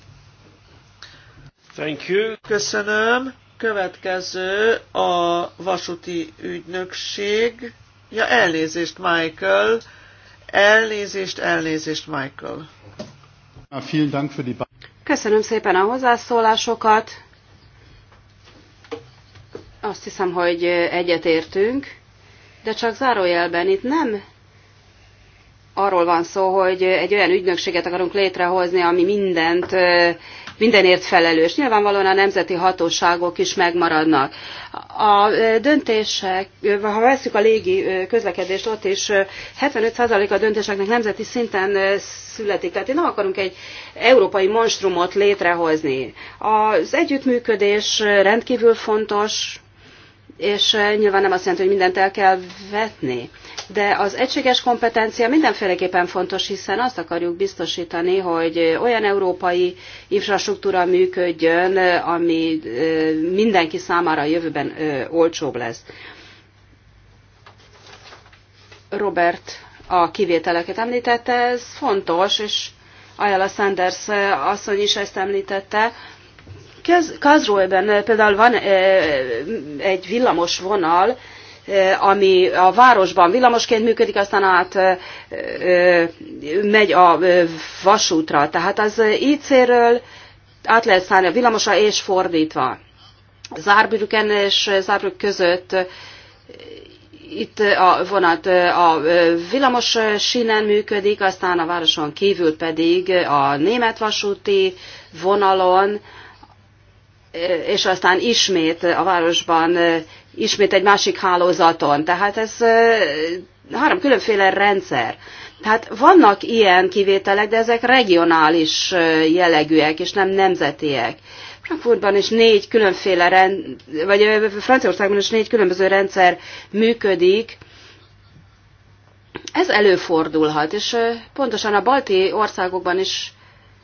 Thank you. Köszönöm. Következő a vasúti ügynökség. Ja, elnézést, Michael. Elnézést, elnézést, Michael. Köszönöm szépen a hozzászólásokat. Azt hiszem, hogy egyetértünk, de csak zárójelben itt nem arról van szó, hogy egy olyan ügynökséget akarunk létrehozni, ami mindent mindenért felelős. Nyilvánvalóan a nemzeti hatóságok is megmaradnak. A döntések, ha veszük a légi közlekedést, ott is 75% a döntéseknek nemzeti szinten születik. Tehát én nem akarunk egy európai monstrumot létrehozni. Az együttműködés rendkívül fontos, és nyilván nem azt jelenti, hogy mindent el kell vetni de az egységes kompetencia mindenféleképpen fontos, hiszen azt akarjuk biztosítani, hogy olyan európai infrastruktúra működjön, ami mindenki számára a jövőben olcsóbb lesz. Robert a kivételeket említette, ez fontos, és Ayala Sanders asszony is ezt említette. Kazróben például van egy villamos vonal, Eh, ami a városban villamosként működik, aztán át eh, eh, megy a vasútra. Tehát az IC-ről át lehet szállni a villamosra és fordítva. Zárbrücken és Zárbrück között itt a vonat a villamos sínen működik, aztán a városon kívül pedig a német vasúti vonalon, és aztán ismét a városban ismét egy másik hálózaton. Tehát ez három különféle rendszer. Tehát vannak ilyen kivételek, de ezek regionális jellegűek, és nem nemzetiek. Frankfurtban is négy különféle rend, vagy Franciaországban is négy különböző rendszer működik. Ez előfordulhat, és pontosan a balti országokban is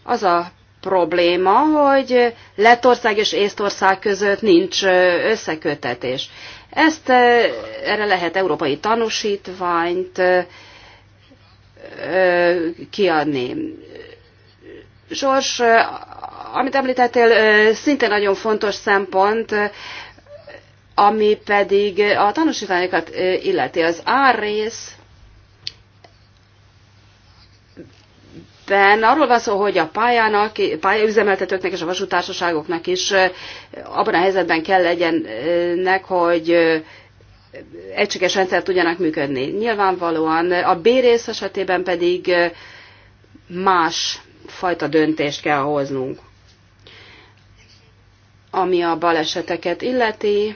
az a probléma, hogy Lettország és Észtország között nincs összekötetés. Ezt erre lehet európai tanúsítványt kiadni. Sors, amit említettél, szintén nagyon fontos szempont, ami pedig a tanúsítványokat illeti. Az A rész ebben arról van szó, hogy a pályának, pályaüzemeltetőknek és a vasútársaságoknak is abban a helyzetben kell legyennek, hogy egységes rendszer tudjanak működni. Nyilvánvalóan a B rész esetében pedig más fajta döntést kell hoznunk. Ami a baleseteket illeti,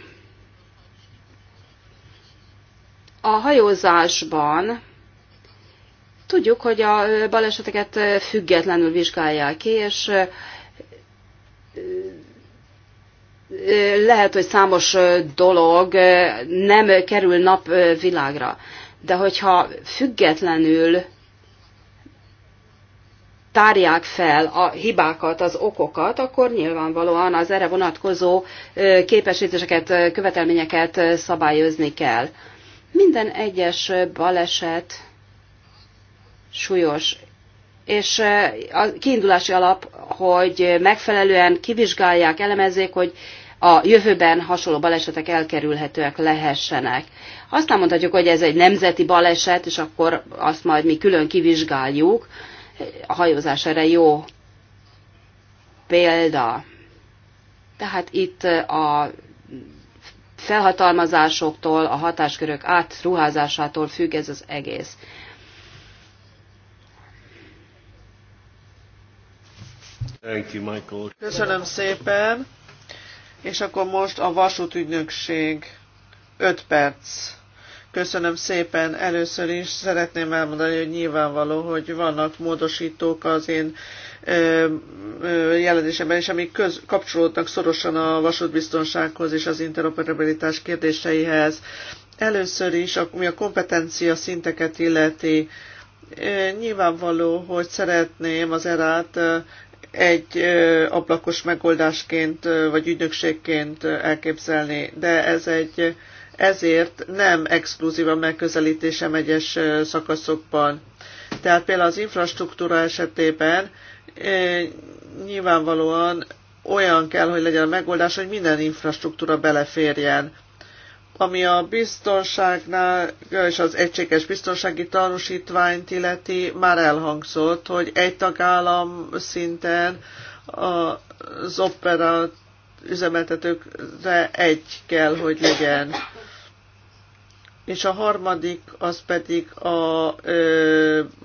a hajózásban Tudjuk, hogy a baleseteket függetlenül vizsgálják ki, és lehet, hogy számos dolog nem kerül napvilágra. De hogyha függetlenül tárják fel a hibákat, az okokat, akkor nyilvánvalóan az erre vonatkozó képesítéseket, követelményeket szabályozni kell. Minden egyes baleset súlyos. És a kiindulási alap, hogy megfelelően kivizsgálják, elemezzék, hogy a jövőben hasonló balesetek elkerülhetőek lehessenek. Aztán mondhatjuk, hogy ez egy nemzeti baleset, és akkor azt majd mi külön kivizsgáljuk. A hajózás erre jó példa. Tehát itt a felhatalmazásoktól, a hatáskörök átruházásától függ ez az egész. Thank you, Michael. Köszönöm szépen. És akkor most a vasútügynökség 5 perc. Köszönöm szépen. Először is szeretném elmondani, hogy nyilvánvaló, hogy vannak módosítók az én ö, ö, jelentésemben is, amik köz, kapcsolódnak szorosan a vasútbiztonsághoz és az interoperabilitás kérdéseihez. Először is, ami a kompetencia szinteket illeti, nyilvánvaló, hogy szeretném az erát egy ablakos megoldásként vagy ügynökségként elképzelni, de ez egy ezért nem exkluzív a megközelítésem egyes szakaszokban. Tehát például az infrastruktúra esetében nyilvánvalóan olyan kell, hogy legyen a megoldás, hogy minden infrastruktúra beleférjen ami a biztonságnál és az egységes biztonsági tanúsítványt illeti, már elhangzott, hogy egy tagállam szinten az opera üzemeltetőkre egy kell, hogy legyen. És a harmadik az pedig a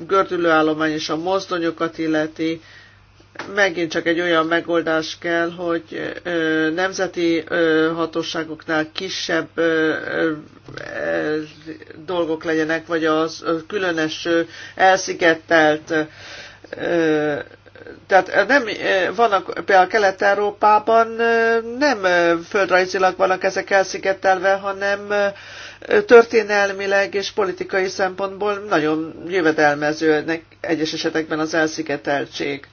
gördülőállomány és a mozdonyokat illeti, megint csak egy olyan megoldás kell, hogy nemzeti hatóságoknál kisebb dolgok legyenek, vagy az különös elszigetelt tehát nem, vannak például Kelet-Európában nem földrajzilag vannak ezek elszigetelve, hanem történelmileg és politikai szempontból nagyon jövedelmezőnek egyes esetekben az elszigeteltség.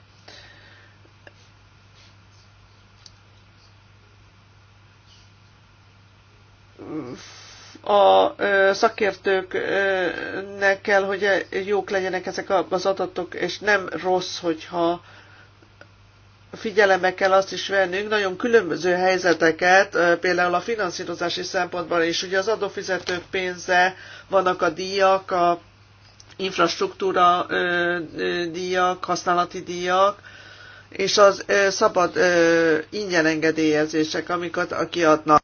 a szakértőknek kell, hogy jók legyenek ezek az adatok, és nem rossz, hogyha figyelembe kell azt is vennünk, nagyon különböző helyzeteket, például a finanszírozási szempontból is, ugye az adófizetők pénze, vannak a díjak, a infrastruktúra díjak, használati díjak, és az szabad ingyen engedélyezések, amiket kiadnak.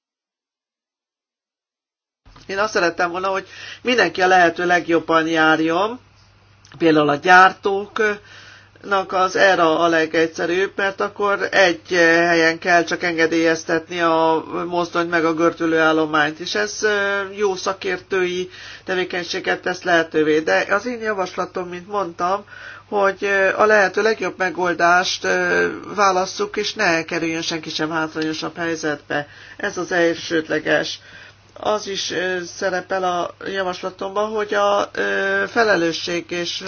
Én azt szerettem volna, hogy mindenki a lehető legjobban járjon, például a gyártók, az erre a legegyszerűbb, mert akkor egy helyen kell csak engedélyeztetni a mozdony meg a görtülő állományt, és ez jó szakértői tevékenységet tesz lehetővé. De az én javaslatom, mint mondtam, hogy a lehető legjobb megoldást válasszuk, és ne kerüljön senki sem hátrányosabb helyzetbe. Ez az elsődleges az is szerepel a javaslatomban, hogy a felelősség és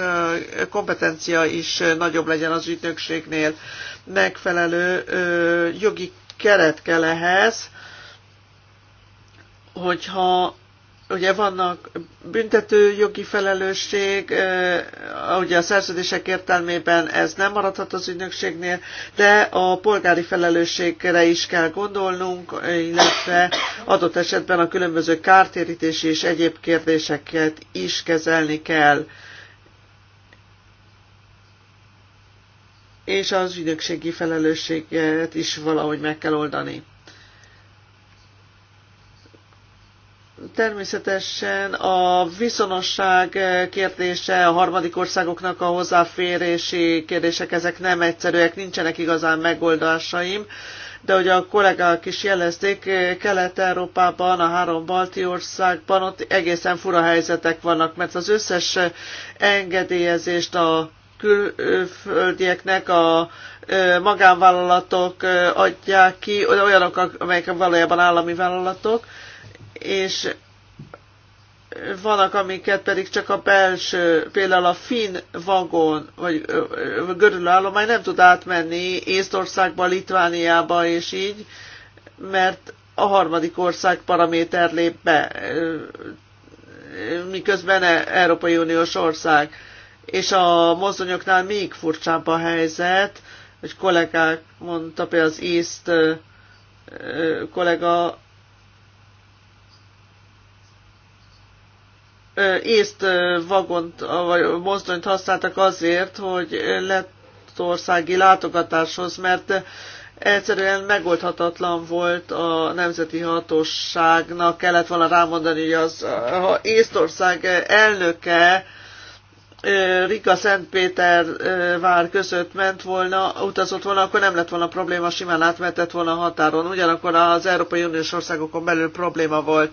kompetencia is nagyobb legyen az ügynökségnél. Megfelelő jogi keret kell ehhez, hogyha ugye vannak büntető jogi felelősség, ugye a szerződések értelmében ez nem maradhat az ügynökségnél, de a polgári felelősségre is kell gondolnunk, illetve adott esetben a különböző kártérítési és egyéb kérdéseket is kezelni kell. És az ügynökségi felelősséget is valahogy meg kell oldani. Természetesen a viszonosság kérdése, a harmadik országoknak a hozzáférési kérdések, ezek nem egyszerűek, nincsenek igazán megoldásaim, de ugye a kollégák is jelezték, Kelet-Európában, a három balti országban ott egészen fura helyzetek vannak, mert az összes engedélyezést a külföldieknek a magánvállalatok adják ki, olyanok, amelyek valójában állami vállalatok, és vannak, amiket pedig csak a belső, például a finn vagon, vagy állomány nem tud átmenni Észtországba, Litvániába, és így, mert a harmadik ország paraméter lép be, miközben e- Európai Uniós ország. És a mozdonyoknál még furcsább a helyzet, hogy kollégák mondta például az észt kollega, észt vagont vagy mozdonyt használtak azért, hogy lettországi látogatáshoz, mert egyszerűen megoldhatatlan volt a nemzeti hatóságnak, kellett volna rámondani, hogy az ha Észtország elnöke Rika vár között ment volna, utazott volna, akkor nem lett volna probléma, simán átmentett volna a határon. Ugyanakkor az Európai Uniós országokon belül probléma volt.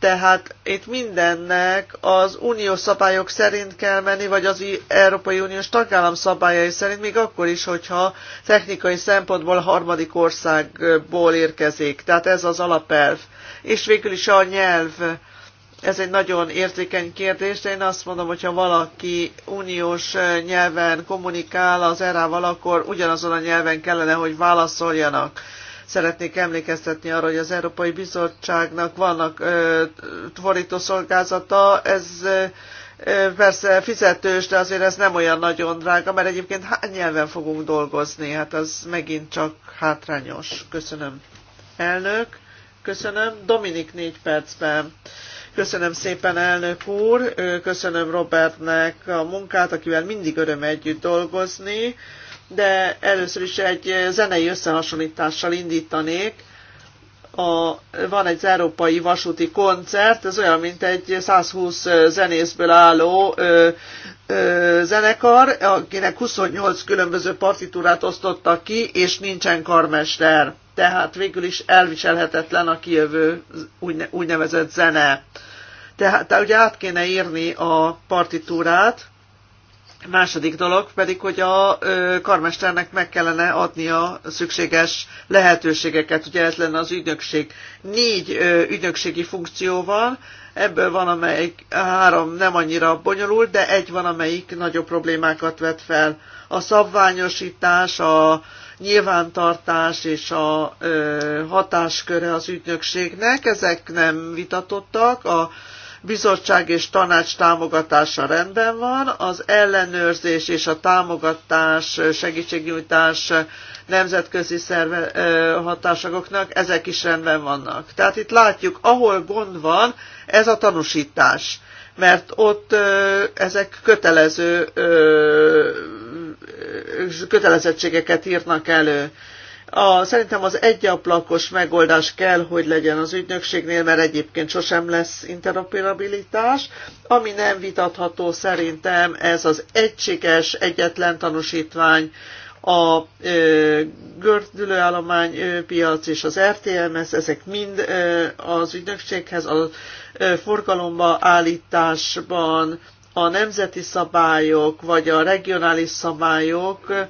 Tehát itt mindennek az uniós szabályok szerint kell menni, vagy az Európai Uniós tagállam szabályai szerint, még akkor is, hogyha technikai szempontból a harmadik országból érkezik. Tehát ez az alapelv. És végül is a nyelv. Ez egy nagyon értékeny kérdés, de én azt mondom, hogyha valaki uniós nyelven kommunikál az erával, akkor ugyanazon a nyelven kellene, hogy válaszoljanak Szeretnék emlékeztetni arra, hogy az Európai Bizottságnak vannak szolgázata, ez persze fizetős, de azért ez nem olyan nagyon drága, mert egyébként hány nyelven fogunk dolgozni, hát az megint csak hátrányos. Köszönöm. Elnök, köszönöm. Dominik négy percben. Köszönöm szépen, elnök úr, köszönöm Robertnek a munkát, akivel mindig öröm együtt dolgozni de először is egy zenei összehasonlítással indítanék. A, van egy európai vasúti koncert, ez olyan, mint egy 120 zenészből álló ö, ö, zenekar, akinek 28 különböző partitúrát osztottak ki, és nincsen karmester. Tehát végül is elviselhetetlen a kijövő úgyne, úgynevezett zene. Tehát ugye át kéne írni a partitúrát, Második dolog pedig, hogy a ö, karmesternek meg kellene adni a szükséges lehetőségeket, ugye ez lenne az ügynökség. Négy ö, ügynökségi funkció van, ebből van, amelyik három nem annyira bonyolult, de egy van, amelyik nagyobb problémákat vet fel. A szabványosítás, a nyilvántartás és a ö, hatásköre az ügynökségnek, ezek nem vitatottak, a bizottság és tanács támogatása rendben van, az ellenőrzés és a támogatás, segítségnyújtás nemzetközi szerve, hatásoknak, ezek is rendben vannak. Tehát itt látjuk, ahol gond van, ez a tanúsítás mert ott ö, ezek kötelező ö, kötelezettségeket írnak elő. A, szerintem az egyablakos megoldás kell, hogy legyen az ügynökségnél, mert egyébként sosem lesz interoperabilitás. Ami nem vitatható szerintem, ez az egységes, egyetlen tanúsítvány, a ö, gördülőállomány ö, piac és az RTMS, ezek mind ö, az ügynökséghez, a ö, forgalomba állításban a nemzeti szabályok vagy a regionális szabályok, ö,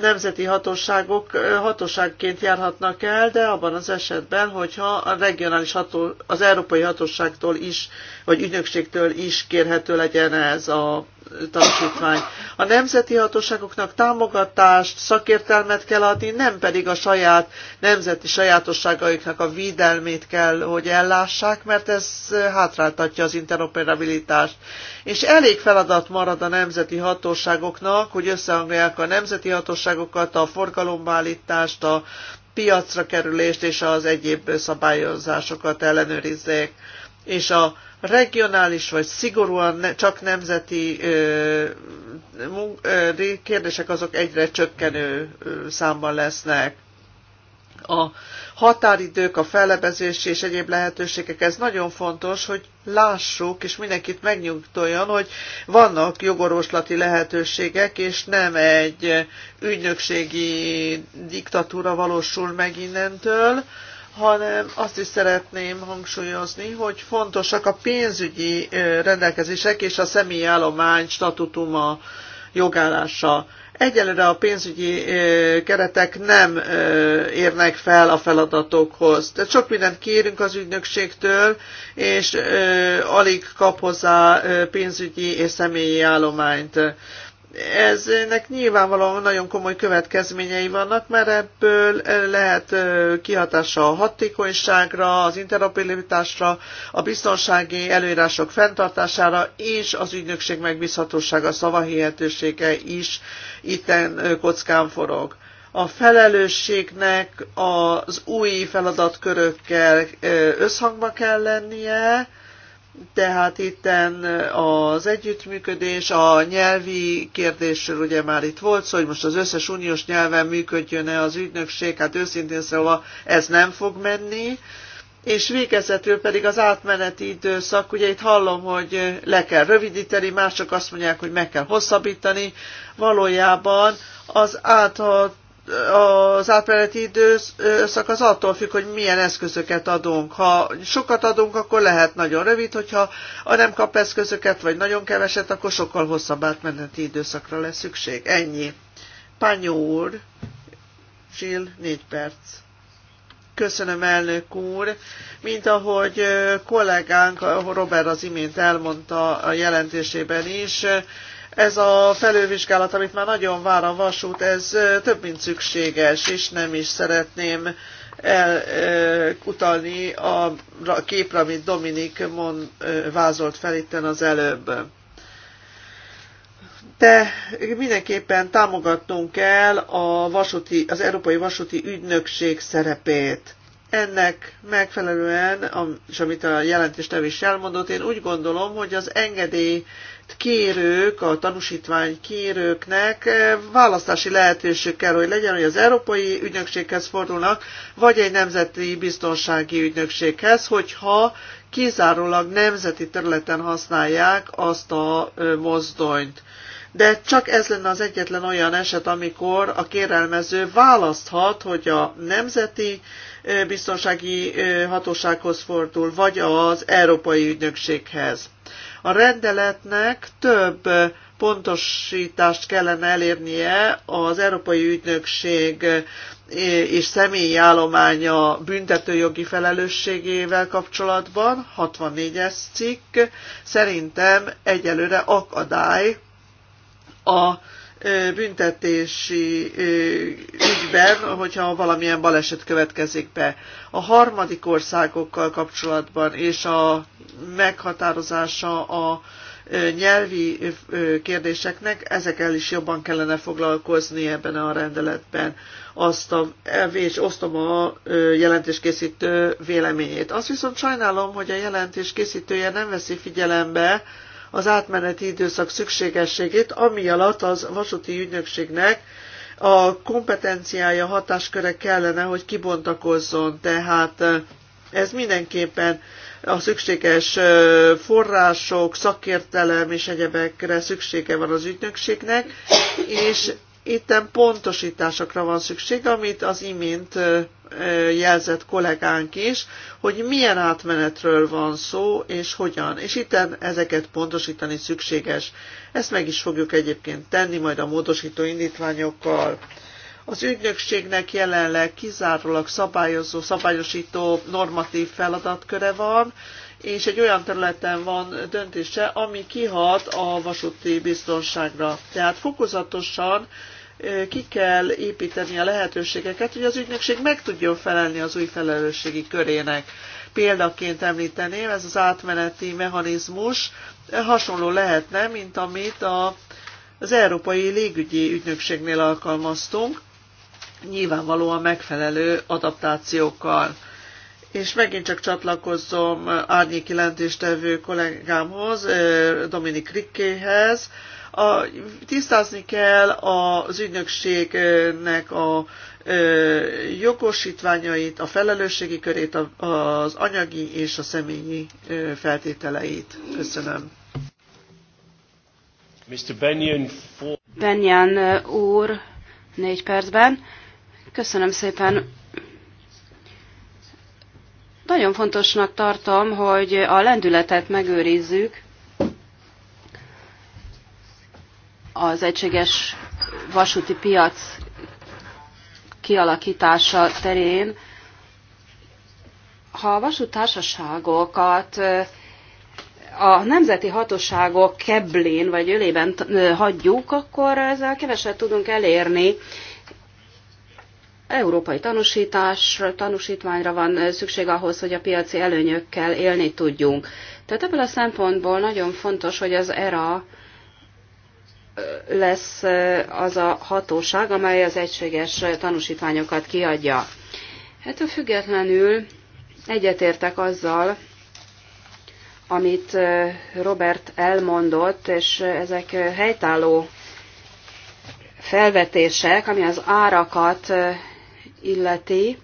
nemzeti hatóságok hatóságként járhatnak el, de abban az esetben, hogyha a regionális ható, az európai hatóságtól is, vagy ügynökségtől is kérhető legyen ez a tanúsítvány. A nemzeti hatóságoknak támogatást, szakértelmet kell adni, nem pedig a saját nemzeti sajátosságaiknak a védelmét kell, hogy ellássák, mert ez hátráltatja az interoperabilitást. És elég feladat marad a nemzeti hatóságoknak, hogy összehangolják a nemzeti hatóságokat, a forgalombálítást, a piacra kerülést és az egyéb szabályozásokat ellenőrizzék és a regionális vagy szigorúan ne, csak nemzeti ö, ö, kérdések azok egyre csökkenő ö, számban lesznek. A határidők, a fellebezés és egyéb lehetőségek, ez nagyon fontos, hogy lássuk, és mindenkit megnyugtoljon, hogy vannak jogorvoslati lehetőségek, és nem egy ügynökségi diktatúra valósul meg innentől, hanem azt is szeretném hangsúlyozni, hogy fontosak a pénzügyi rendelkezések és a személyi állomány statutuma jogállása. Egyelőre a pénzügyi keretek nem érnek fel a feladatokhoz. Tehát sok mindent kérünk az ügynökségtől, és alig kap hozzá pénzügyi és személyi állományt eznek nyilvánvalóan nagyon komoly következményei vannak, mert ebből lehet kihatása a hatékonyságra, az interoperabilitásra, a biztonsági előírások fenntartására és az ügynökség megbízhatósága szavahihetősége is itten kockán forog a felelősségnek az új feladatkörökkel összhangba kell lennie, tehát itten az együttműködés, a nyelvi kérdésről ugye már itt volt szó, hogy most az összes uniós nyelven működjön-e az ügynökség, hát őszintén szóval ez nem fog menni. És végezetül pedig az átmeneti időszak, ugye itt hallom, hogy le kell rövidíteni, mások azt mondják, hogy meg kell hosszabbítani. Valójában az áthat az átmeneti időszak az attól függ, hogy milyen eszközöket adunk. Ha sokat adunk, akkor lehet nagyon rövid, hogyha a nem kap eszközöket, vagy nagyon keveset, akkor sokkal hosszabb átmeneti időszakra lesz szükség. Ennyi. Pányó úr, Zsill, négy perc. Köszönöm, elnök úr. Mint ahogy kollégánk Robert az imént elmondta a jelentésében is, ez a felővizsgálat, amit már nagyon vár a vasút, ez több mint szükséges, és nem is szeretném elkutalni a képre, amit Dominik mond, vázolt fel itten az előbb. De mindenképpen támogatnunk kell a vasúti, az Európai Vasúti Ügynökség szerepét ennek megfelelően, és amit a jelentéstevő is elmondott, én úgy gondolom, hogy az engedélyt kérők, a tanúsítvány kérőknek eh, választási lehetőség kell, hogy legyen, hogy az Európai Ügynökséghez fordulnak, vagy egy Nemzeti Biztonsági Ügynökséghez, hogyha kizárólag nemzeti területen használják azt a eh, mozdonyt de csak ez lenne az egyetlen olyan eset, amikor a kérelmező választhat, hogy a nemzeti biztonsági hatósághoz fordul, vagy az európai ügynökséghez. A rendeletnek több pontosítást kellene elérnie az Európai Ügynökség és személyi állománya büntetőjogi felelősségével kapcsolatban, 64-es cikk, szerintem egyelőre akadály, a büntetési ügyben, hogyha valamilyen baleset következik be. A harmadik országokkal kapcsolatban és a meghatározása a nyelvi kérdéseknek, ezekkel is jobban kellene foglalkozni ebben a rendeletben. Azt a, e, és osztom a jelentéskészítő véleményét. Azt viszont sajnálom, hogy a jelentéskészítője nem veszi figyelembe, az átmeneti időszak szükségességét, ami alatt az vasúti ügynökségnek a kompetenciája, hatásköre kellene, hogy kibontakozzon. Tehát ez mindenképpen a szükséges források, szakértelem és egyebekre szüksége van az ügynökségnek, és Itten pontosításokra van szükség, amit az imént jelzett kollégánk is, hogy milyen átmenetről van szó, és hogyan. És itten ezeket pontosítani szükséges. Ezt meg is fogjuk egyébként tenni majd a módosító indítványokkal. Az ügynökségnek jelenleg kizárólag szabályozó, szabályosító normatív feladatköre van, és egy olyan területen van döntése, ami kihat a vasúti biztonságra. Tehát fokozatosan ki kell építeni a lehetőségeket, hogy az ügynökség meg tudjon felelni az új felelősségi körének. Példaként említeném, ez az átmeneti mechanizmus hasonló lehetne, mint amit a, az Európai Légügyi Ügynökségnél alkalmaztunk, nyilvánvalóan megfelelő adaptációkkal és megint csak csatlakozom árnyék jelentéstevő kollégámhoz, Dominik Rikkéhez. A, tisztázni kell az ügynökségnek a ö, jogosítványait, a felelősségi körét, a, az anyagi és a személyi ö, feltételeit. Köszönöm. Mr. Benyon, for... Benyon úr, négy percben. Köszönöm szépen, nagyon fontosnak tartom, hogy a lendületet megőrizzük az egységes vasúti piac kialakítása terén. Ha a vasútársaságokat a nemzeti hatóságok keblén vagy ölében hagyjuk, akkor ezzel keveset tudunk elérni, európai tanúsítás, tanúsítványra van eh, szükség ahhoz, hogy a piaci előnyökkel élni tudjunk. Tehát ebből a szempontból nagyon fontos, hogy az ERA eh, lesz eh, az a hatóság, amely az egységes tanúsítványokat kiadja. Hát a függetlenül egyetértek azzal, amit Robert elmondott, és ezek helytálló felvetések, ami az árakat illeti,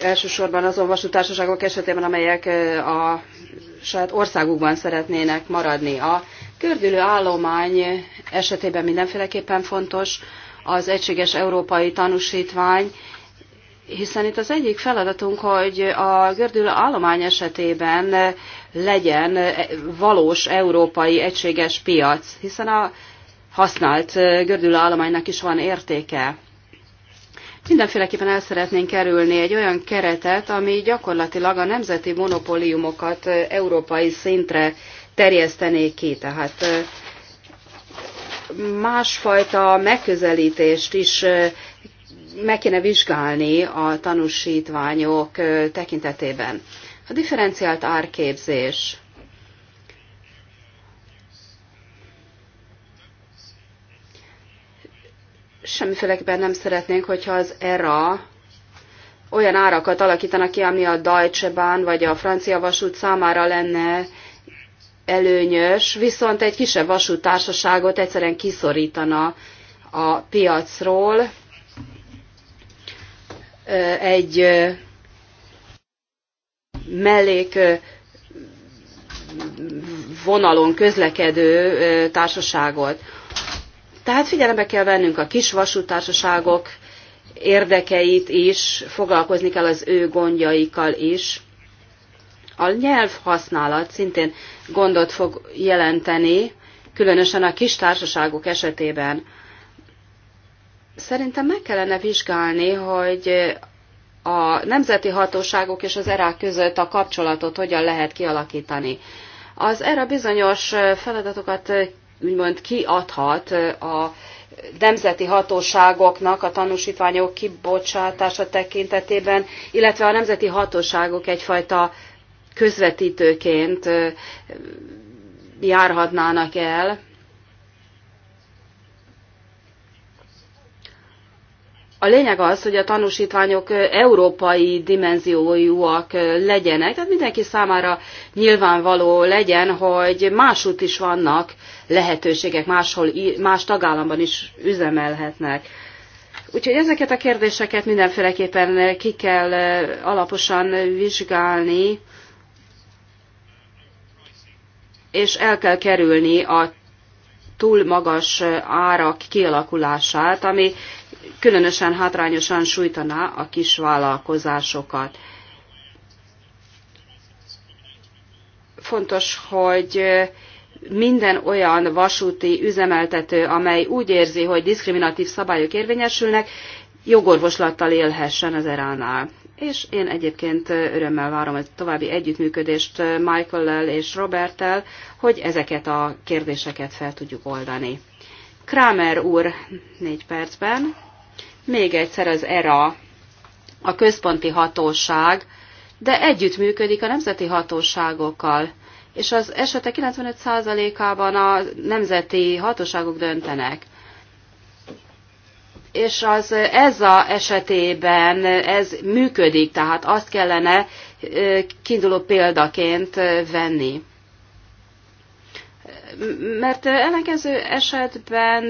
elsősorban azon vasútársaságok esetében, amelyek a saját országukban szeretnének maradni. A kördülő állomány esetében mindenféleképpen fontos az egységes európai tanúsítvány, hiszen itt az egyik feladatunk, hogy a gördülő állomány esetében legyen valós európai egységes piac, hiszen a használt gördülő állománynak is van értéke. Mindenféleképpen el szeretnénk kerülni egy olyan keretet, ami gyakorlatilag a nemzeti monopóliumokat európai szintre terjesztené ki. Tehát másfajta megközelítést is meg kéne vizsgálni a tanúsítványok tekintetében. A differenciált árképzés semmiféleképpen nem szeretnénk, hogyha az ERA olyan árakat alakítanak ki, ami a Deutsche Bahn vagy a francia vasút számára lenne előnyös, viszont egy kisebb vasútársaságot egyszerűen kiszorítana a piacról egy mellék vonalon közlekedő társaságot. Tehát figyelembe kell vennünk a kis vasútársaságok érdekeit is, foglalkozni kell az ő gondjaikkal is. A nyelvhasználat szintén gondot fog jelenteni, különösen a kis társaságok esetében. Szerintem meg kellene vizsgálni, hogy a nemzeti hatóságok és az erák között a kapcsolatot hogyan lehet kialakítani. Az erre bizonyos feladatokat úgymond kiadhat a nemzeti hatóságoknak a tanúsítványok kibocsátása tekintetében, illetve a nemzeti hatóságok egyfajta közvetítőként járhatnának el. A lényeg az, hogy a tanúsítványok európai dimenziójúak legyenek, tehát mindenki számára nyilvánvaló legyen, hogy másút is vannak lehetőségek, máshol, más tagállamban is üzemelhetnek. Úgyhogy ezeket a kérdéseket mindenféleképpen ki kell eh, alaposan vizsgálni, és el kell kerülni a túl magas árak kialakulását, ami különösen hátrányosan sújtaná a kisvállalkozásokat. Fontos, hogy minden olyan vasúti üzemeltető, amely úgy érzi, hogy diszkriminatív szabályok érvényesülnek, jogorvoslattal élhessen az eránál. És én egyébként örömmel várom a további együttműködést michael el és Robert-el, hogy ezeket a kérdéseket fel tudjuk oldani. Kramer úr, négy percben. Még egyszer az ERA, a központi hatóság, de együttműködik a nemzeti hatóságokkal, és az esetek 95%-ában a nemzeti hatóságok döntenek. És az e a esetében ez működik, tehát azt kellene kiinduló példaként venni mert ellenkező esetben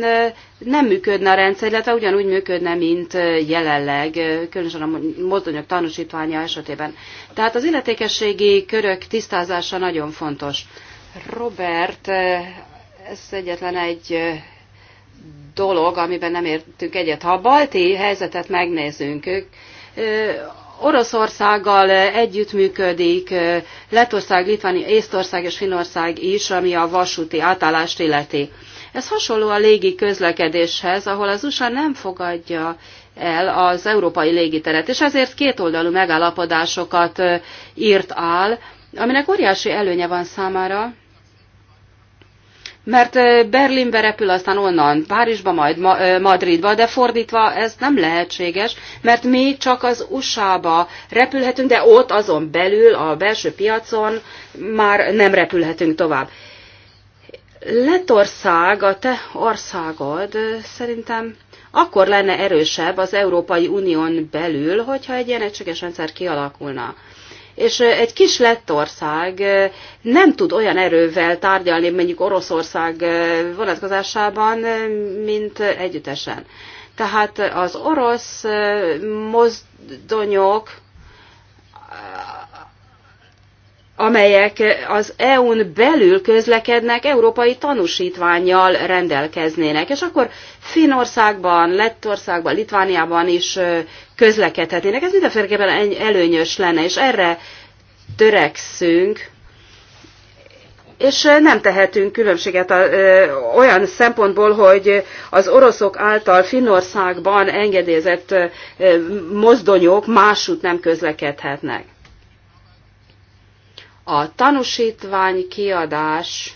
nem működne a rendszer, illetve ugyanúgy működne, mint jelenleg, különösen a mozdonyok tanúsítványa esetében. Tehát az illetékességi körök tisztázása nagyon fontos. Robert, ez egyetlen egy dolog, amiben nem értünk egyet. Ha a balti helyzetet megnézünk. ők Oroszországgal együttműködik Lettország, Litvánia, Észtország és Finország is, ami a vasúti átállást illeti. Ez hasonló a légi közlekedéshez, ahol az USA nem fogadja el az európai légiteret, és ezért kétoldalú megállapodásokat írt áll, aminek óriási előnye van számára, mert Berlinbe repül, aztán onnan Párizsba, majd Madridba, de fordítva ez nem lehetséges, mert mi csak az USA-ba repülhetünk, de ott azon belül, a belső piacon már nem repülhetünk tovább. Letország, a te országod szerintem akkor lenne erősebb az Európai Unión belül, hogyha egy ilyen egységes rendszer kialakulna és egy kis lett ország nem tud olyan erővel tárgyalni mondjuk Oroszország vonatkozásában, mint együttesen. Tehát az orosz mozdonyok amelyek az EU-n belül közlekednek, európai tanúsítványjal rendelkeznének. És akkor Finnországban, Lettországban, Litvániában is közlekedhetnének. Ez mindenféleképpen előnyös lenne, és erre törekszünk, és nem tehetünk különbséget a, ö, olyan szempontból, hogy az oroszok által Finnországban engedélyezett ö, mozdonyok másút nem közlekedhetnek. A tanúsítvány kiadás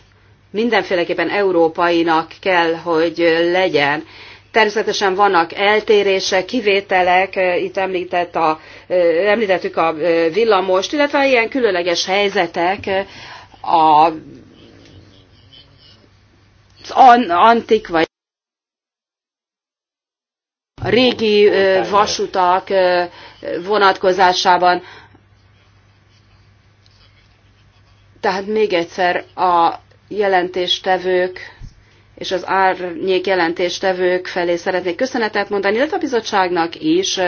mindenféleképpen európainak kell, hogy legyen. Természetesen vannak eltérések, kivételek, eh, itt említett a, eh, említettük a eh, villamost, illetve ilyen különleges helyzetek, a az antik vagy a régi vasutak vonatkozásában. Tehát még egyszer a jelentéstevők és az árnyék jelentéstevők felé szeretnék köszönetet mondani, illetve a bizottságnak is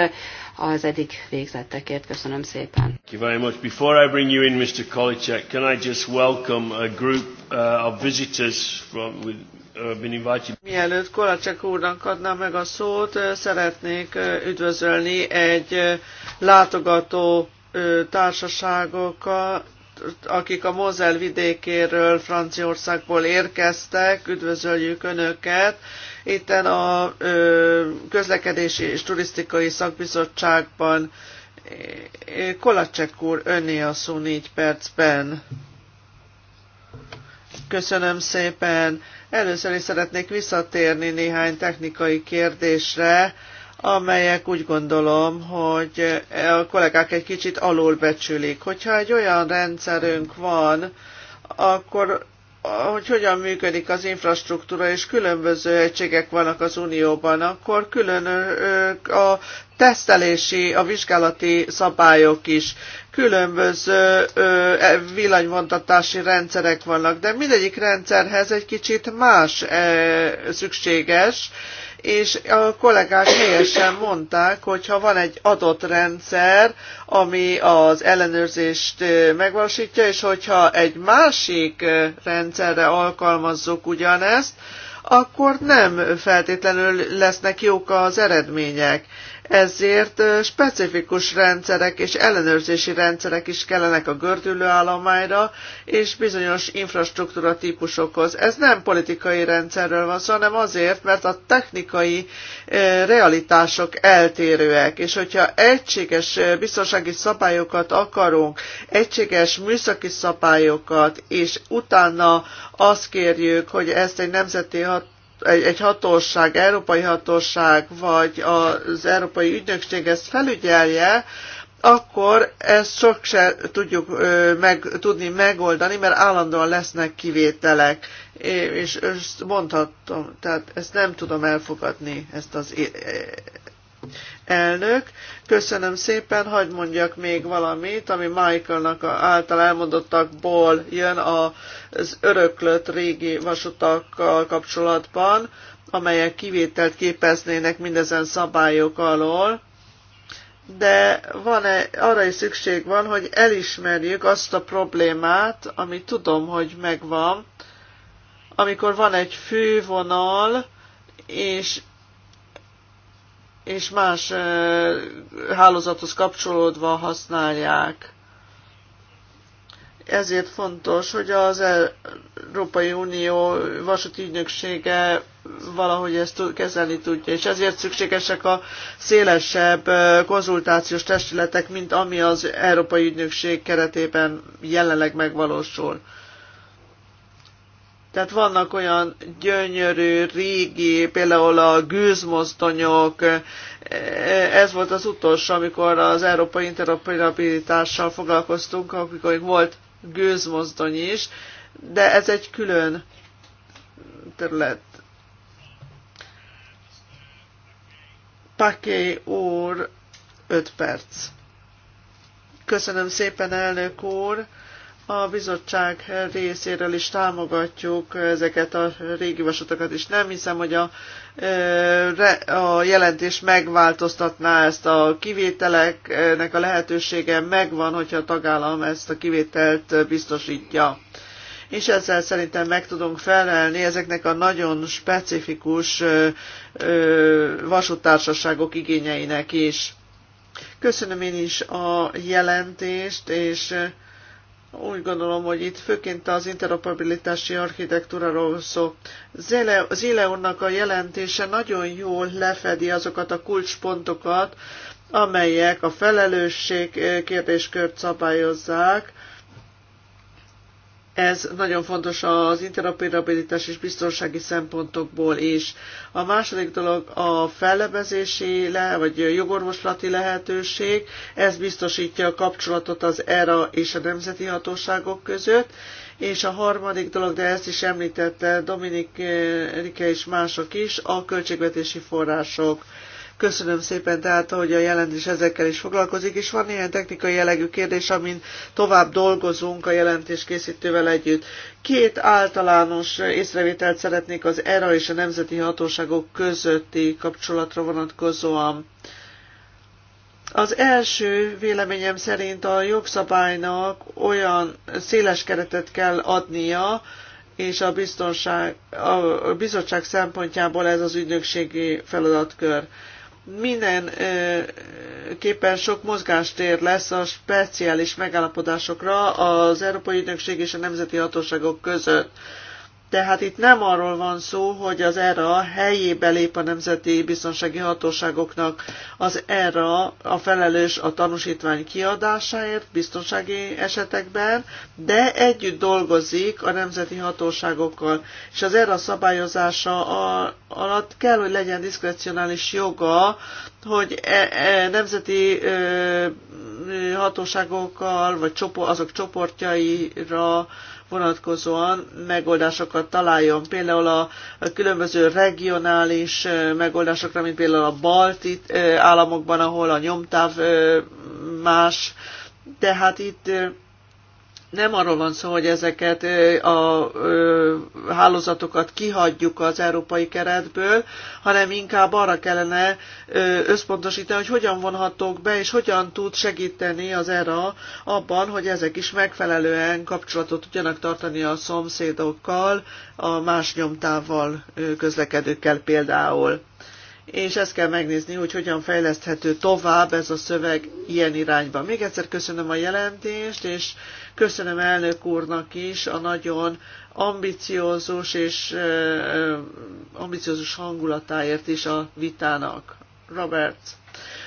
az eddig végzettekért. Köszönöm szépen. Thank you very much. Before I bring you in, Mr. Kolicek, can I just welcome a group uh, of visitors from, with, Mielőtt Kolacsek úrnak adnám meg a szót, szeretnék üdvözölni egy látogató társaságokkal, akik a Mozel vidékéről, Franciaországból érkeztek, üdvözöljük Önöket. Itten a közlekedési és turisztikai szakbizottságban Kolacsek úr, önné a szó négy percben. Köszönöm szépen. Először is szeretnék visszatérni néhány technikai kérdésre, amelyek úgy gondolom, hogy a kollégák egy kicsit alulbecsülik. Hogyha egy olyan rendszerünk van, akkor hogy hogyan működik az infrastruktúra, és különböző egységek vannak az Unióban, akkor külön a tesztelési, a vizsgálati szabályok is, különböző e, villanyvontatási rendszerek vannak, de mindegyik rendszerhez egy kicsit más e, szükséges, és a kollégák helyesen mondták, hogy ha van egy adott rendszer, ami az ellenőrzést megvalósítja, és hogyha egy másik rendszerre alkalmazzuk ugyanezt, akkor nem feltétlenül lesznek jók az eredmények ezért specifikus rendszerek és ellenőrzési rendszerek is kellenek a gördülő állományra és bizonyos infrastruktúra típusokhoz. Ez nem politikai rendszerről van szó, hanem azért, mert a technikai realitások eltérőek, és hogyha egységes biztonsági szabályokat akarunk, egységes műszaki szabályokat, és utána azt kérjük, hogy ezt egy nemzeti hat egy, egy hatóság, európai hatóság, vagy az európai ügynökség ezt felügyelje, akkor ezt sok se tudjuk meg, tudni megoldani, mert állandóan lesznek kivételek, és ezt mondhatom, tehát ezt nem tudom elfogadni, ezt az elnök. Köszönöm szépen, hagyd mondjak még valamit, ami Michaelnak által elmondottakból jön az öröklött régi vasutakkal kapcsolatban, amelyek kivételt képeznének mindezen szabályok alól de van -e, arra is szükség van, hogy elismerjük azt a problémát, ami tudom, hogy megvan, amikor van egy fővonal, és és más hálózathoz kapcsolódva használják. Ezért fontos, hogy az Európai Unió vasúti ügynöksége valahogy ezt kezelni tudja, és ezért szükségesek a szélesebb konzultációs testületek, mint ami az Európai Ügynökség keretében jelenleg megvalósul. Tehát vannak olyan gyönyörű, régi, például a gőzmozdonyok, ez volt az utolsó, amikor az európai interoperabilitással foglalkoztunk, amikor volt gőzmozdony is, de ez egy külön terület. Paké úr, 5 perc. Köszönöm szépen, elnök úr! a bizottság részéről is támogatjuk ezeket a régi vasatokat is. Nem hiszem, hogy a, a jelentés megváltoztatná ezt a kivételeknek a lehetősége megvan, hogyha a tagállam ezt a kivételt biztosítja. És ezzel szerintem meg tudunk felelni ezeknek a nagyon specifikus vasútársaságok igényeinek is. Köszönöm én is a jelentést, és úgy gondolom, hogy itt főként az interoperabilitási architektúráról szó. Zile, Zile úrnak a jelentése nagyon jól lefedi azokat a kulcspontokat, amelyek a felelősség eh, kérdéskört szabályozzák, ez nagyon fontos az interoperabilitás és biztonsági szempontokból is. A második dolog a fellebezési le, vagy jogorvoslati lehetőség. Ez biztosítja a kapcsolatot az ERA és a nemzeti hatóságok között. És a harmadik dolog, de ezt is említette Dominik eh, Rike és mások is, a költségvetési források Köszönöm szépen tehát, hogy a jelentés ezekkel is foglalkozik, és van ilyen technikai jellegű kérdés, amin tovább dolgozunk a jelentés készítővel együtt. Két általános észrevételt szeretnék az ERA és a nemzeti hatóságok közötti kapcsolatra vonatkozóan. Az első véleményem szerint a jogszabálynak olyan széles keretet kell adnia, és a, biztonság, a bizottság szempontjából ez az ügynökségi feladatkör minden képen sok mozgástér lesz a speciális megállapodásokra az Európai Ügynökség és a Nemzeti Hatóságok között. Tehát itt nem arról van szó, hogy az ERA helyébe lép a nemzeti biztonsági hatóságoknak. Az ERA a felelős a tanúsítvány kiadásáért biztonsági esetekben, de együtt dolgozik a nemzeti hatóságokkal. És az ERA szabályozása alatt kell, hogy legyen diszkrecionális joga, hogy e, e, nemzeti hatóságokkal, vagy azok csoportjaira, vonatkozóan megoldásokat találjon. Például a, a különböző regionális megoldásokra, mint például a balti államokban, ahol a nyomtáv más. Tehát itt nem arról van szó, hogy ezeket a hálózatokat kihagyjuk az európai keretből, hanem inkább arra kellene összpontosítani, hogy hogyan vonhatók be, és hogyan tud segíteni az ERA abban, hogy ezek is megfelelően kapcsolatot tudjanak tartani a szomszédokkal, a más nyomtával közlekedőkkel például és ezt kell megnézni, hogy hogyan fejleszthető tovább ez a szöveg ilyen irányba. Még egyszer köszönöm a jelentést, és köszönöm elnök úrnak is a nagyon ambiciózus és euh, ambiciózus hangulatáért is a vitának. Robert.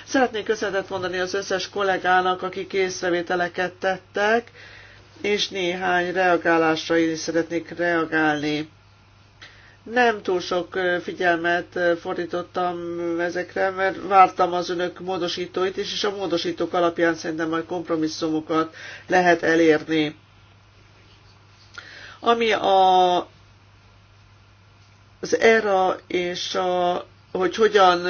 Szeretnék köszönetet mondani az összes kollégának, akik észrevételeket tettek, és néhány reagálásra én is szeretnék reagálni. Nem túl sok figyelmet fordítottam ezekre, mert vártam az önök módosítóit is, és a módosítók alapján szerintem majd kompromisszumokat lehet elérni. Ami a, az ERA és a hogy hogyan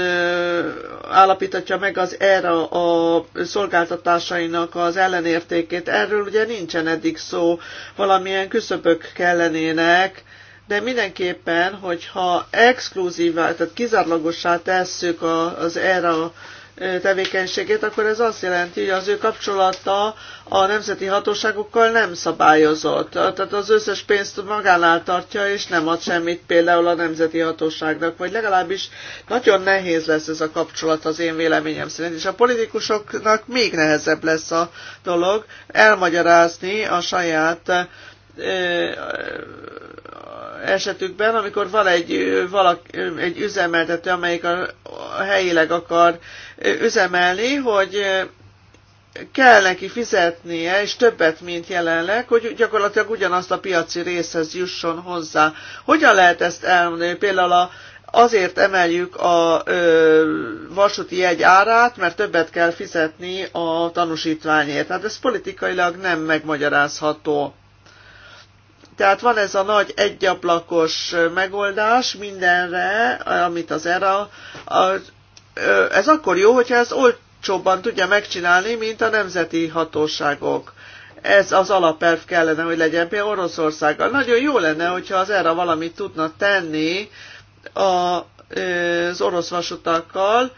állapítatja meg az erre a szolgáltatásainak az ellenértékét. Erről ugye nincsen eddig szó, valamilyen küszöbök kellenének, de mindenképpen, hogyha exkluzívvá, tehát kizárólagossá tesszük az erre a tevékenységét, akkor ez azt jelenti, hogy az ő kapcsolata a nemzeti hatóságokkal nem szabályozott. Tehát az összes pénzt magánál tartja, és nem ad semmit például a nemzeti hatóságnak, vagy legalábbis nagyon nehéz lesz ez a kapcsolat az én véleményem szerint, és a politikusoknak még nehezebb lesz a dolog elmagyarázni a saját esetükben, amikor van egy, valak, egy üzemeltető, amelyik a, a helyileg akar üzemelni, hogy kell neki fizetnie, és többet, mint jelenleg, hogy gyakorlatilag ugyanazt a piaci részhez jusson hozzá. Hogyan lehet ezt elmondani? Például a, azért emeljük a ö, vasúti jegy árát, mert többet kell fizetni a tanúsítványért. Hát ez politikailag nem megmagyarázható. Tehát van ez a nagy egyablakos megoldás mindenre, amit az ERA, a, ez akkor jó, hogyha ez olcsóbban tudja megcsinálni, mint a nemzeti hatóságok. Ez az alapelv kellene, hogy legyen például Oroszországgal. Nagyon jó lenne, hogyha az ERA valamit tudna tenni a, az orosz vasutakkal,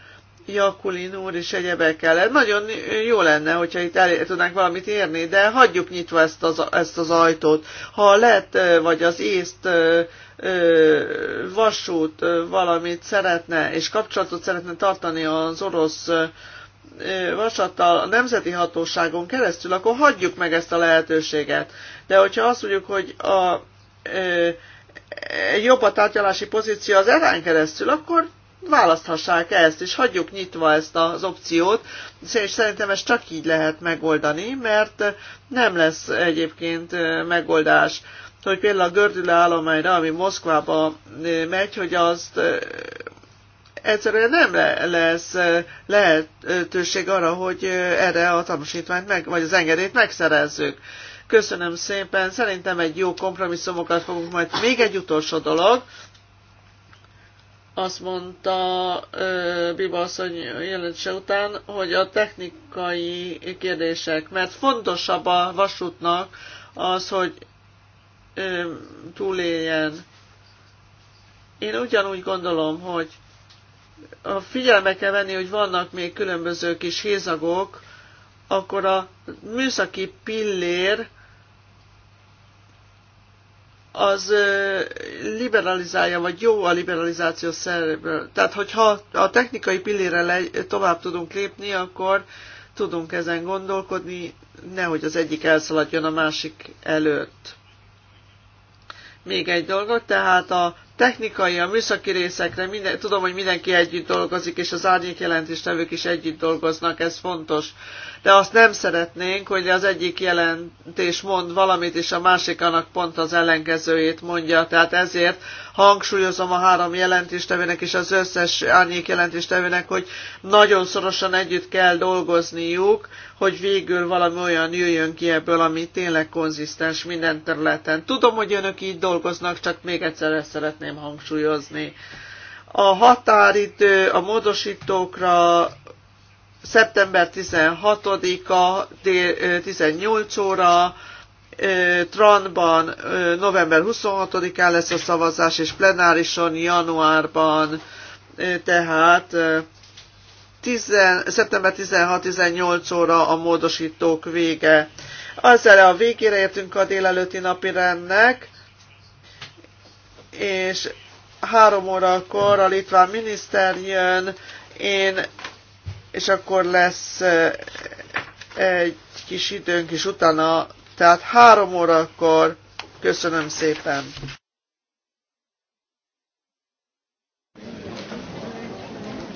Jakulin úr és egyebekkel. Nagyon jó lenne, hogyha itt el tudnánk valamit érni, de hagyjuk nyitva ezt az, ezt az ajtót. Ha lett, vagy az észt vasút valamit szeretne, és kapcsolatot szeretne tartani az orosz vasattal a nemzeti hatóságon keresztül, akkor hagyjuk meg ezt a lehetőséget. De hogyha azt mondjuk, hogy a, a jobb a tárgyalási pozíció az erán keresztül, akkor választhassák ezt, és hagyjuk nyitva ezt az opciót, és szerintem ezt csak így lehet megoldani, mert nem lesz egyébként megoldás, hogy például a gördüle állományra, ami Moszkvába megy, hogy azt egyszerűen nem lesz lehetőség arra, hogy erre a tanúsítványt, meg, vagy az engedélyt megszerezzük. Köszönöm szépen, szerintem egy jó kompromisszumokat fogunk majd. Még egy utolsó dolog, azt mondta Biba asszony jelentése után, hogy a technikai kérdések, mert fontosabb a vasútnak az, hogy túléljen. Én ugyanúgy gondolom, hogy a figyelme kell venni, hogy vannak még különböző kis hézagok, akkor a műszaki pillér az liberalizálja, vagy jó a liberalizáció szerepről. Tehát, hogyha a technikai pillére le, tovább tudunk lépni, akkor tudunk ezen gondolkodni, nehogy az egyik elszaladjon a másik előtt. Még egy dolgot, tehát a technikai, a műszaki részekre, minden, tudom, hogy mindenki együtt dolgozik, és az árnyékjelentéstevők is együtt dolgoznak, ez fontos. De azt nem szeretnénk, hogy az egyik jelentés mond valamit, és a másik annak pont az ellenkezőjét mondja. Tehát ezért hangsúlyozom a három jelentéstevőnek és az összes árnyékjelentéstevőnek, hogy nagyon szorosan együtt kell dolgozniuk, hogy végül valami olyan jöjjön ki ebből, ami tényleg konzisztens minden területen. Tudom, hogy önök így dolgoznak, csak még egyszer ezt szeretném szeretném hangsúlyozni. A határidő a módosítókra szeptember 16-a, 18 óra, Tranban november 26-án lesz a szavazás, és plenárison januárban, tehát 10, szeptember 16-18 óra a módosítók vége. Azzal a végére értünk a délelőtti napi rendnek és három órakor a litván miniszter jön, én, és akkor lesz egy kis időnk, és utána, tehát három órakor. Köszönöm szépen!